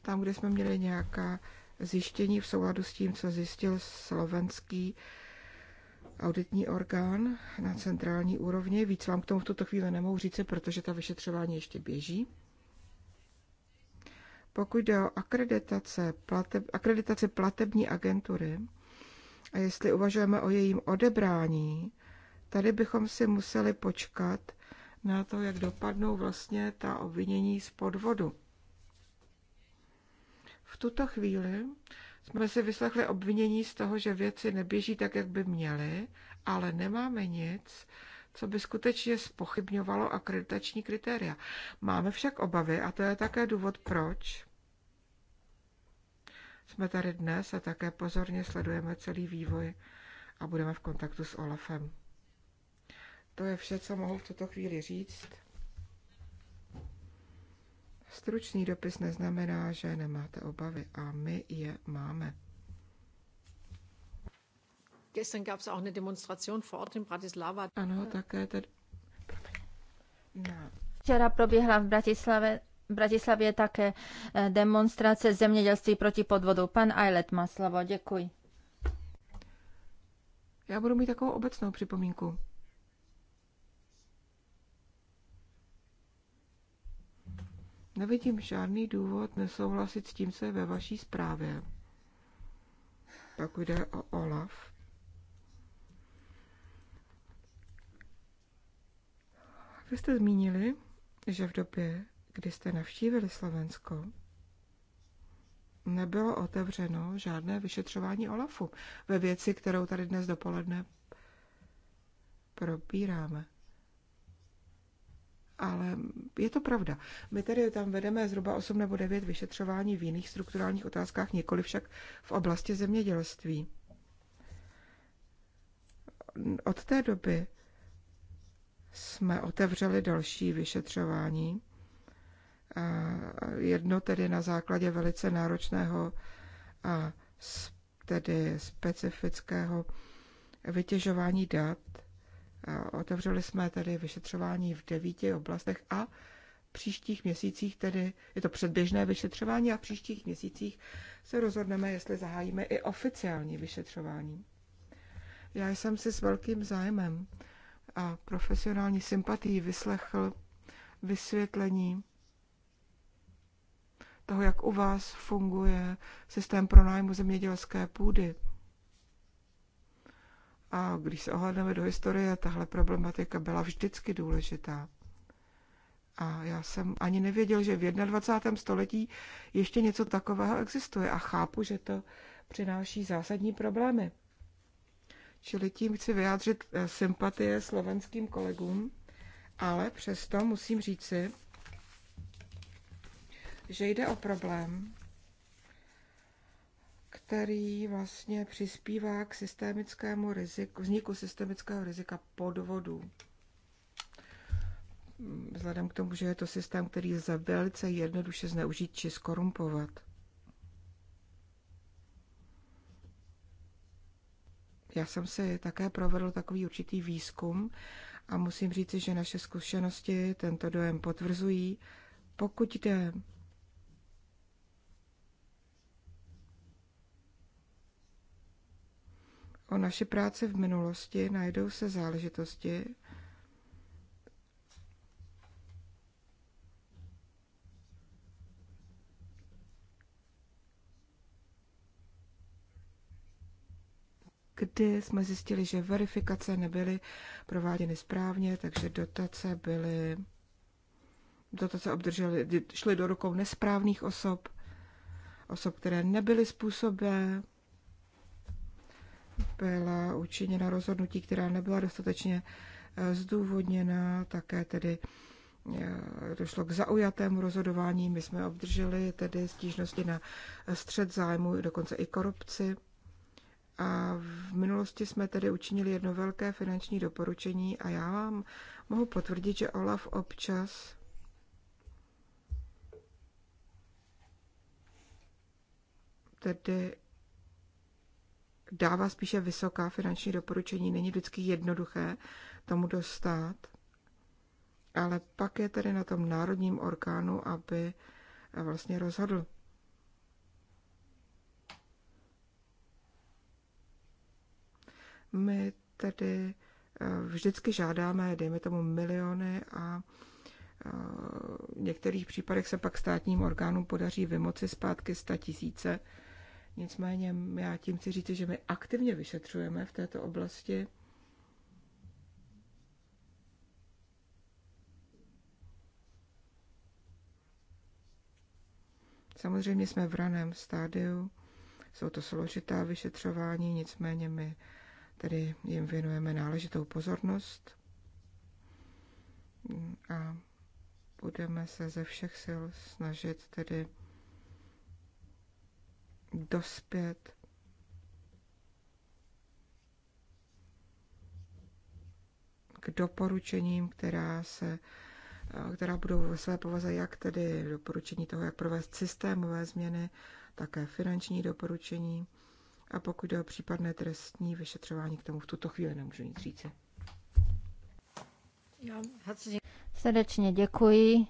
Tam, kde jsme měli nějaká zjištění v souladu s tím, co zjistil slovenský auditní orgán na centrální úrovni. Víc vám k tomu v tuto chvíli nemohu říct, protože ta vyšetřování ještě běží. Pokud jde o akreditace, plateb, akreditace platební agentury, a jestli uvažujeme o jejím odebrání, tady bychom si museli počkat na to, jak dopadnou vlastně ta obvinění z podvodu. V tuto chvíli jsme si vyslechli obvinění z toho, že věci neběží tak, jak by měly, ale nemáme nic, co by skutečně spochybňovalo akreditační kritéria. Máme však obavy, a to je také důvod proč, jsme tady dnes a také pozorně sledujeme celý vývoj a budeme v kontaktu s Olafem. To je vše, co mohu v tuto chvíli říct. Stručný dopis neznamená, že nemáte obavy a my je máme. Gestern gab es auch eine Demonstration vor Ort in Bratislava. Ano, také tady. Včera proběhla v Bratislave Bratislavě také eh, demonstrace zemědělství proti podvodu. Pan Ajlet má slovo, děkuji. Já budu mít takovou obecnou připomínku. Nevidím žádný důvod nesouhlasit s tím, co je ve vaší zprávě. Pak jde o OLAF. Vy jste zmínili, že v době, kdy jste navštívili Slovensko, nebylo otevřeno žádné vyšetřování OLAFu ve věci, kterou tady dnes dopoledne probíráme. Ale je to pravda. My tedy tam vedeme zhruba 8 nebo 9 vyšetřování v jiných strukturálních otázkách, nikoli však v oblasti zemědělství. Od té doby jsme otevřeli další vyšetřování jedno tedy na základě velice náročného a tedy specifického vytěžování dat. Otevřeli jsme tedy vyšetřování v devíti oblastech a v příštích měsících, tedy je to předběžné vyšetřování a v příštích měsících se rozhodneme, jestli zahájíme i oficiální vyšetřování. Já jsem si s velkým zájmem a profesionální sympatií vyslechl vysvětlení toho, jak u vás funguje systém pronájmu zemědělské půdy. A když se ohledneme do historie, tahle problematika byla vždycky důležitá. A já jsem ani nevěděl, že v 21. století ještě něco takového existuje a chápu, že to přináší zásadní problémy. Čili tím chci vyjádřit eh, sympatie slovenským kolegům, ale přesto musím říci, že jde o problém, který vlastně přispívá k systémickému riziku, vzniku systémického rizika podvodů. Vzhledem k tomu, že je to systém, který je velice jednoduše zneužít či skorumpovat. Já jsem si také provedl takový určitý výzkum a musím říci, že naše zkušenosti tento dojem potvrzují. Pokud jde o naše práci v minulosti, najdou se záležitosti, kdy jsme zjistili, že verifikace nebyly prováděny správně, takže dotace byly dotace obdržely šly do rukou nesprávných osob, osob, které nebyly způsobé byla učiněna rozhodnutí, která nebyla dostatečně eh, zdůvodněna, také tedy eh, došlo k zaujatému rozhodování. My jsme obdrželi tedy stížnosti na střed zájmu, dokonce i korupci. A v minulosti jsme tedy učinili jedno velké finanční doporučení a já vám mohu potvrdit, že Olaf občas tedy dává spíše vysoká finanční doporučení. Není vždycky jednoduché tomu dostat, ale pak je tedy na tom národním orgánu, aby vlastně rozhodl. My tedy eh, vždycky žádáme, dejme tomu, miliony a eh, v některých případech se pak státním orgánům podaří vymoci zpátky 100 tisíce Nicméně já tím chci říct, že my aktivně vyšetřujeme v této oblasti. Samozřejmě jsme v raném stádiu, jsou to složitá vyšetřování, nicméně my tedy jim věnujeme náležitou pozornost a budeme se ze všech sil snažit tedy dospět k doporučením, která se která budou ve své povaze jak tedy doporučení toho, jak provést systémové změny, také finanční doporučení. A pokud jde o případné trestní vyšetřování, k tomu v tuto chvíli nemůžu nic říci. Srdečně děkuji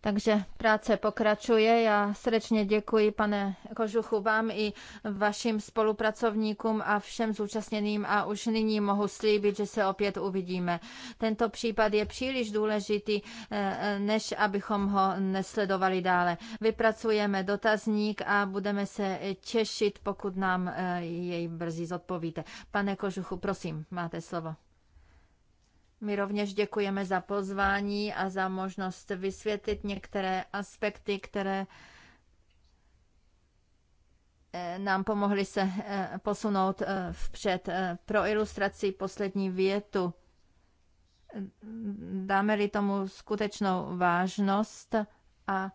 takže práce pokračuje. Já srdečně děkuji, pane Kožuchu, vám i vašim spolupracovníkům a všem zúčastněným a už nyní mohu slíbit, že se opět uvidíme. Tento případ je příliš důležitý, eh, eh, než abychom ho nesledovali dále. Vypracujeme dotazník a budeme se těšit, pokud nám eh, jej brzy zodpovíte. Pane Kožuchu, prosím, máte slovo. My rovněž děkujeme za pozvání a za možnost vysvětlit některé aspekty, které eh, nám pomohly se eh, posunout eh, vpřed. Pro ilustraci poslední větu. Dáme-li tomu skutečnou vážnost a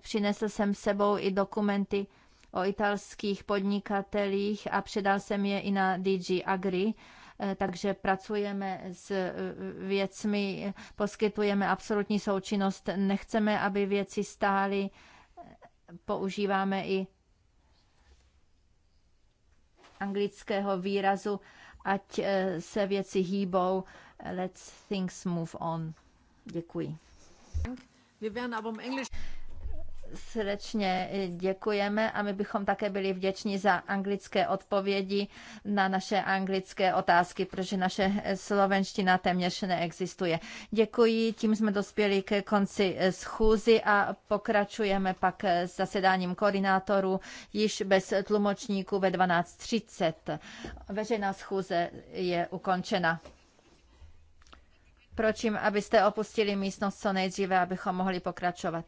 přinesl jsem sebou i dokumenty o italských podnikatelích a předal jsem je i na DG Agri Eh, takže pracujeme s eh, věcmi, poskytujeme absolutní součinnost, nechceme, aby věci stály, eh, používáme i anglického výrazu, ať se věci hýbou, let's things move on. Děkuji srdečně eh, děkujeme a my bychom také byli vděční za anglické odpovědi na naše anglické otázky, protože naše slovenština téměř neexistuje. Děkuji, tím jsme dospěli ke konci eh, schůzy a pokračujeme pak eh, s zasedáním koordinátorů již bez tlumočníků ve 12.30. Veřejná schůze je ukončena proč jim, abyste opustili místnost co nejdříve, abychom mohli pokračovat.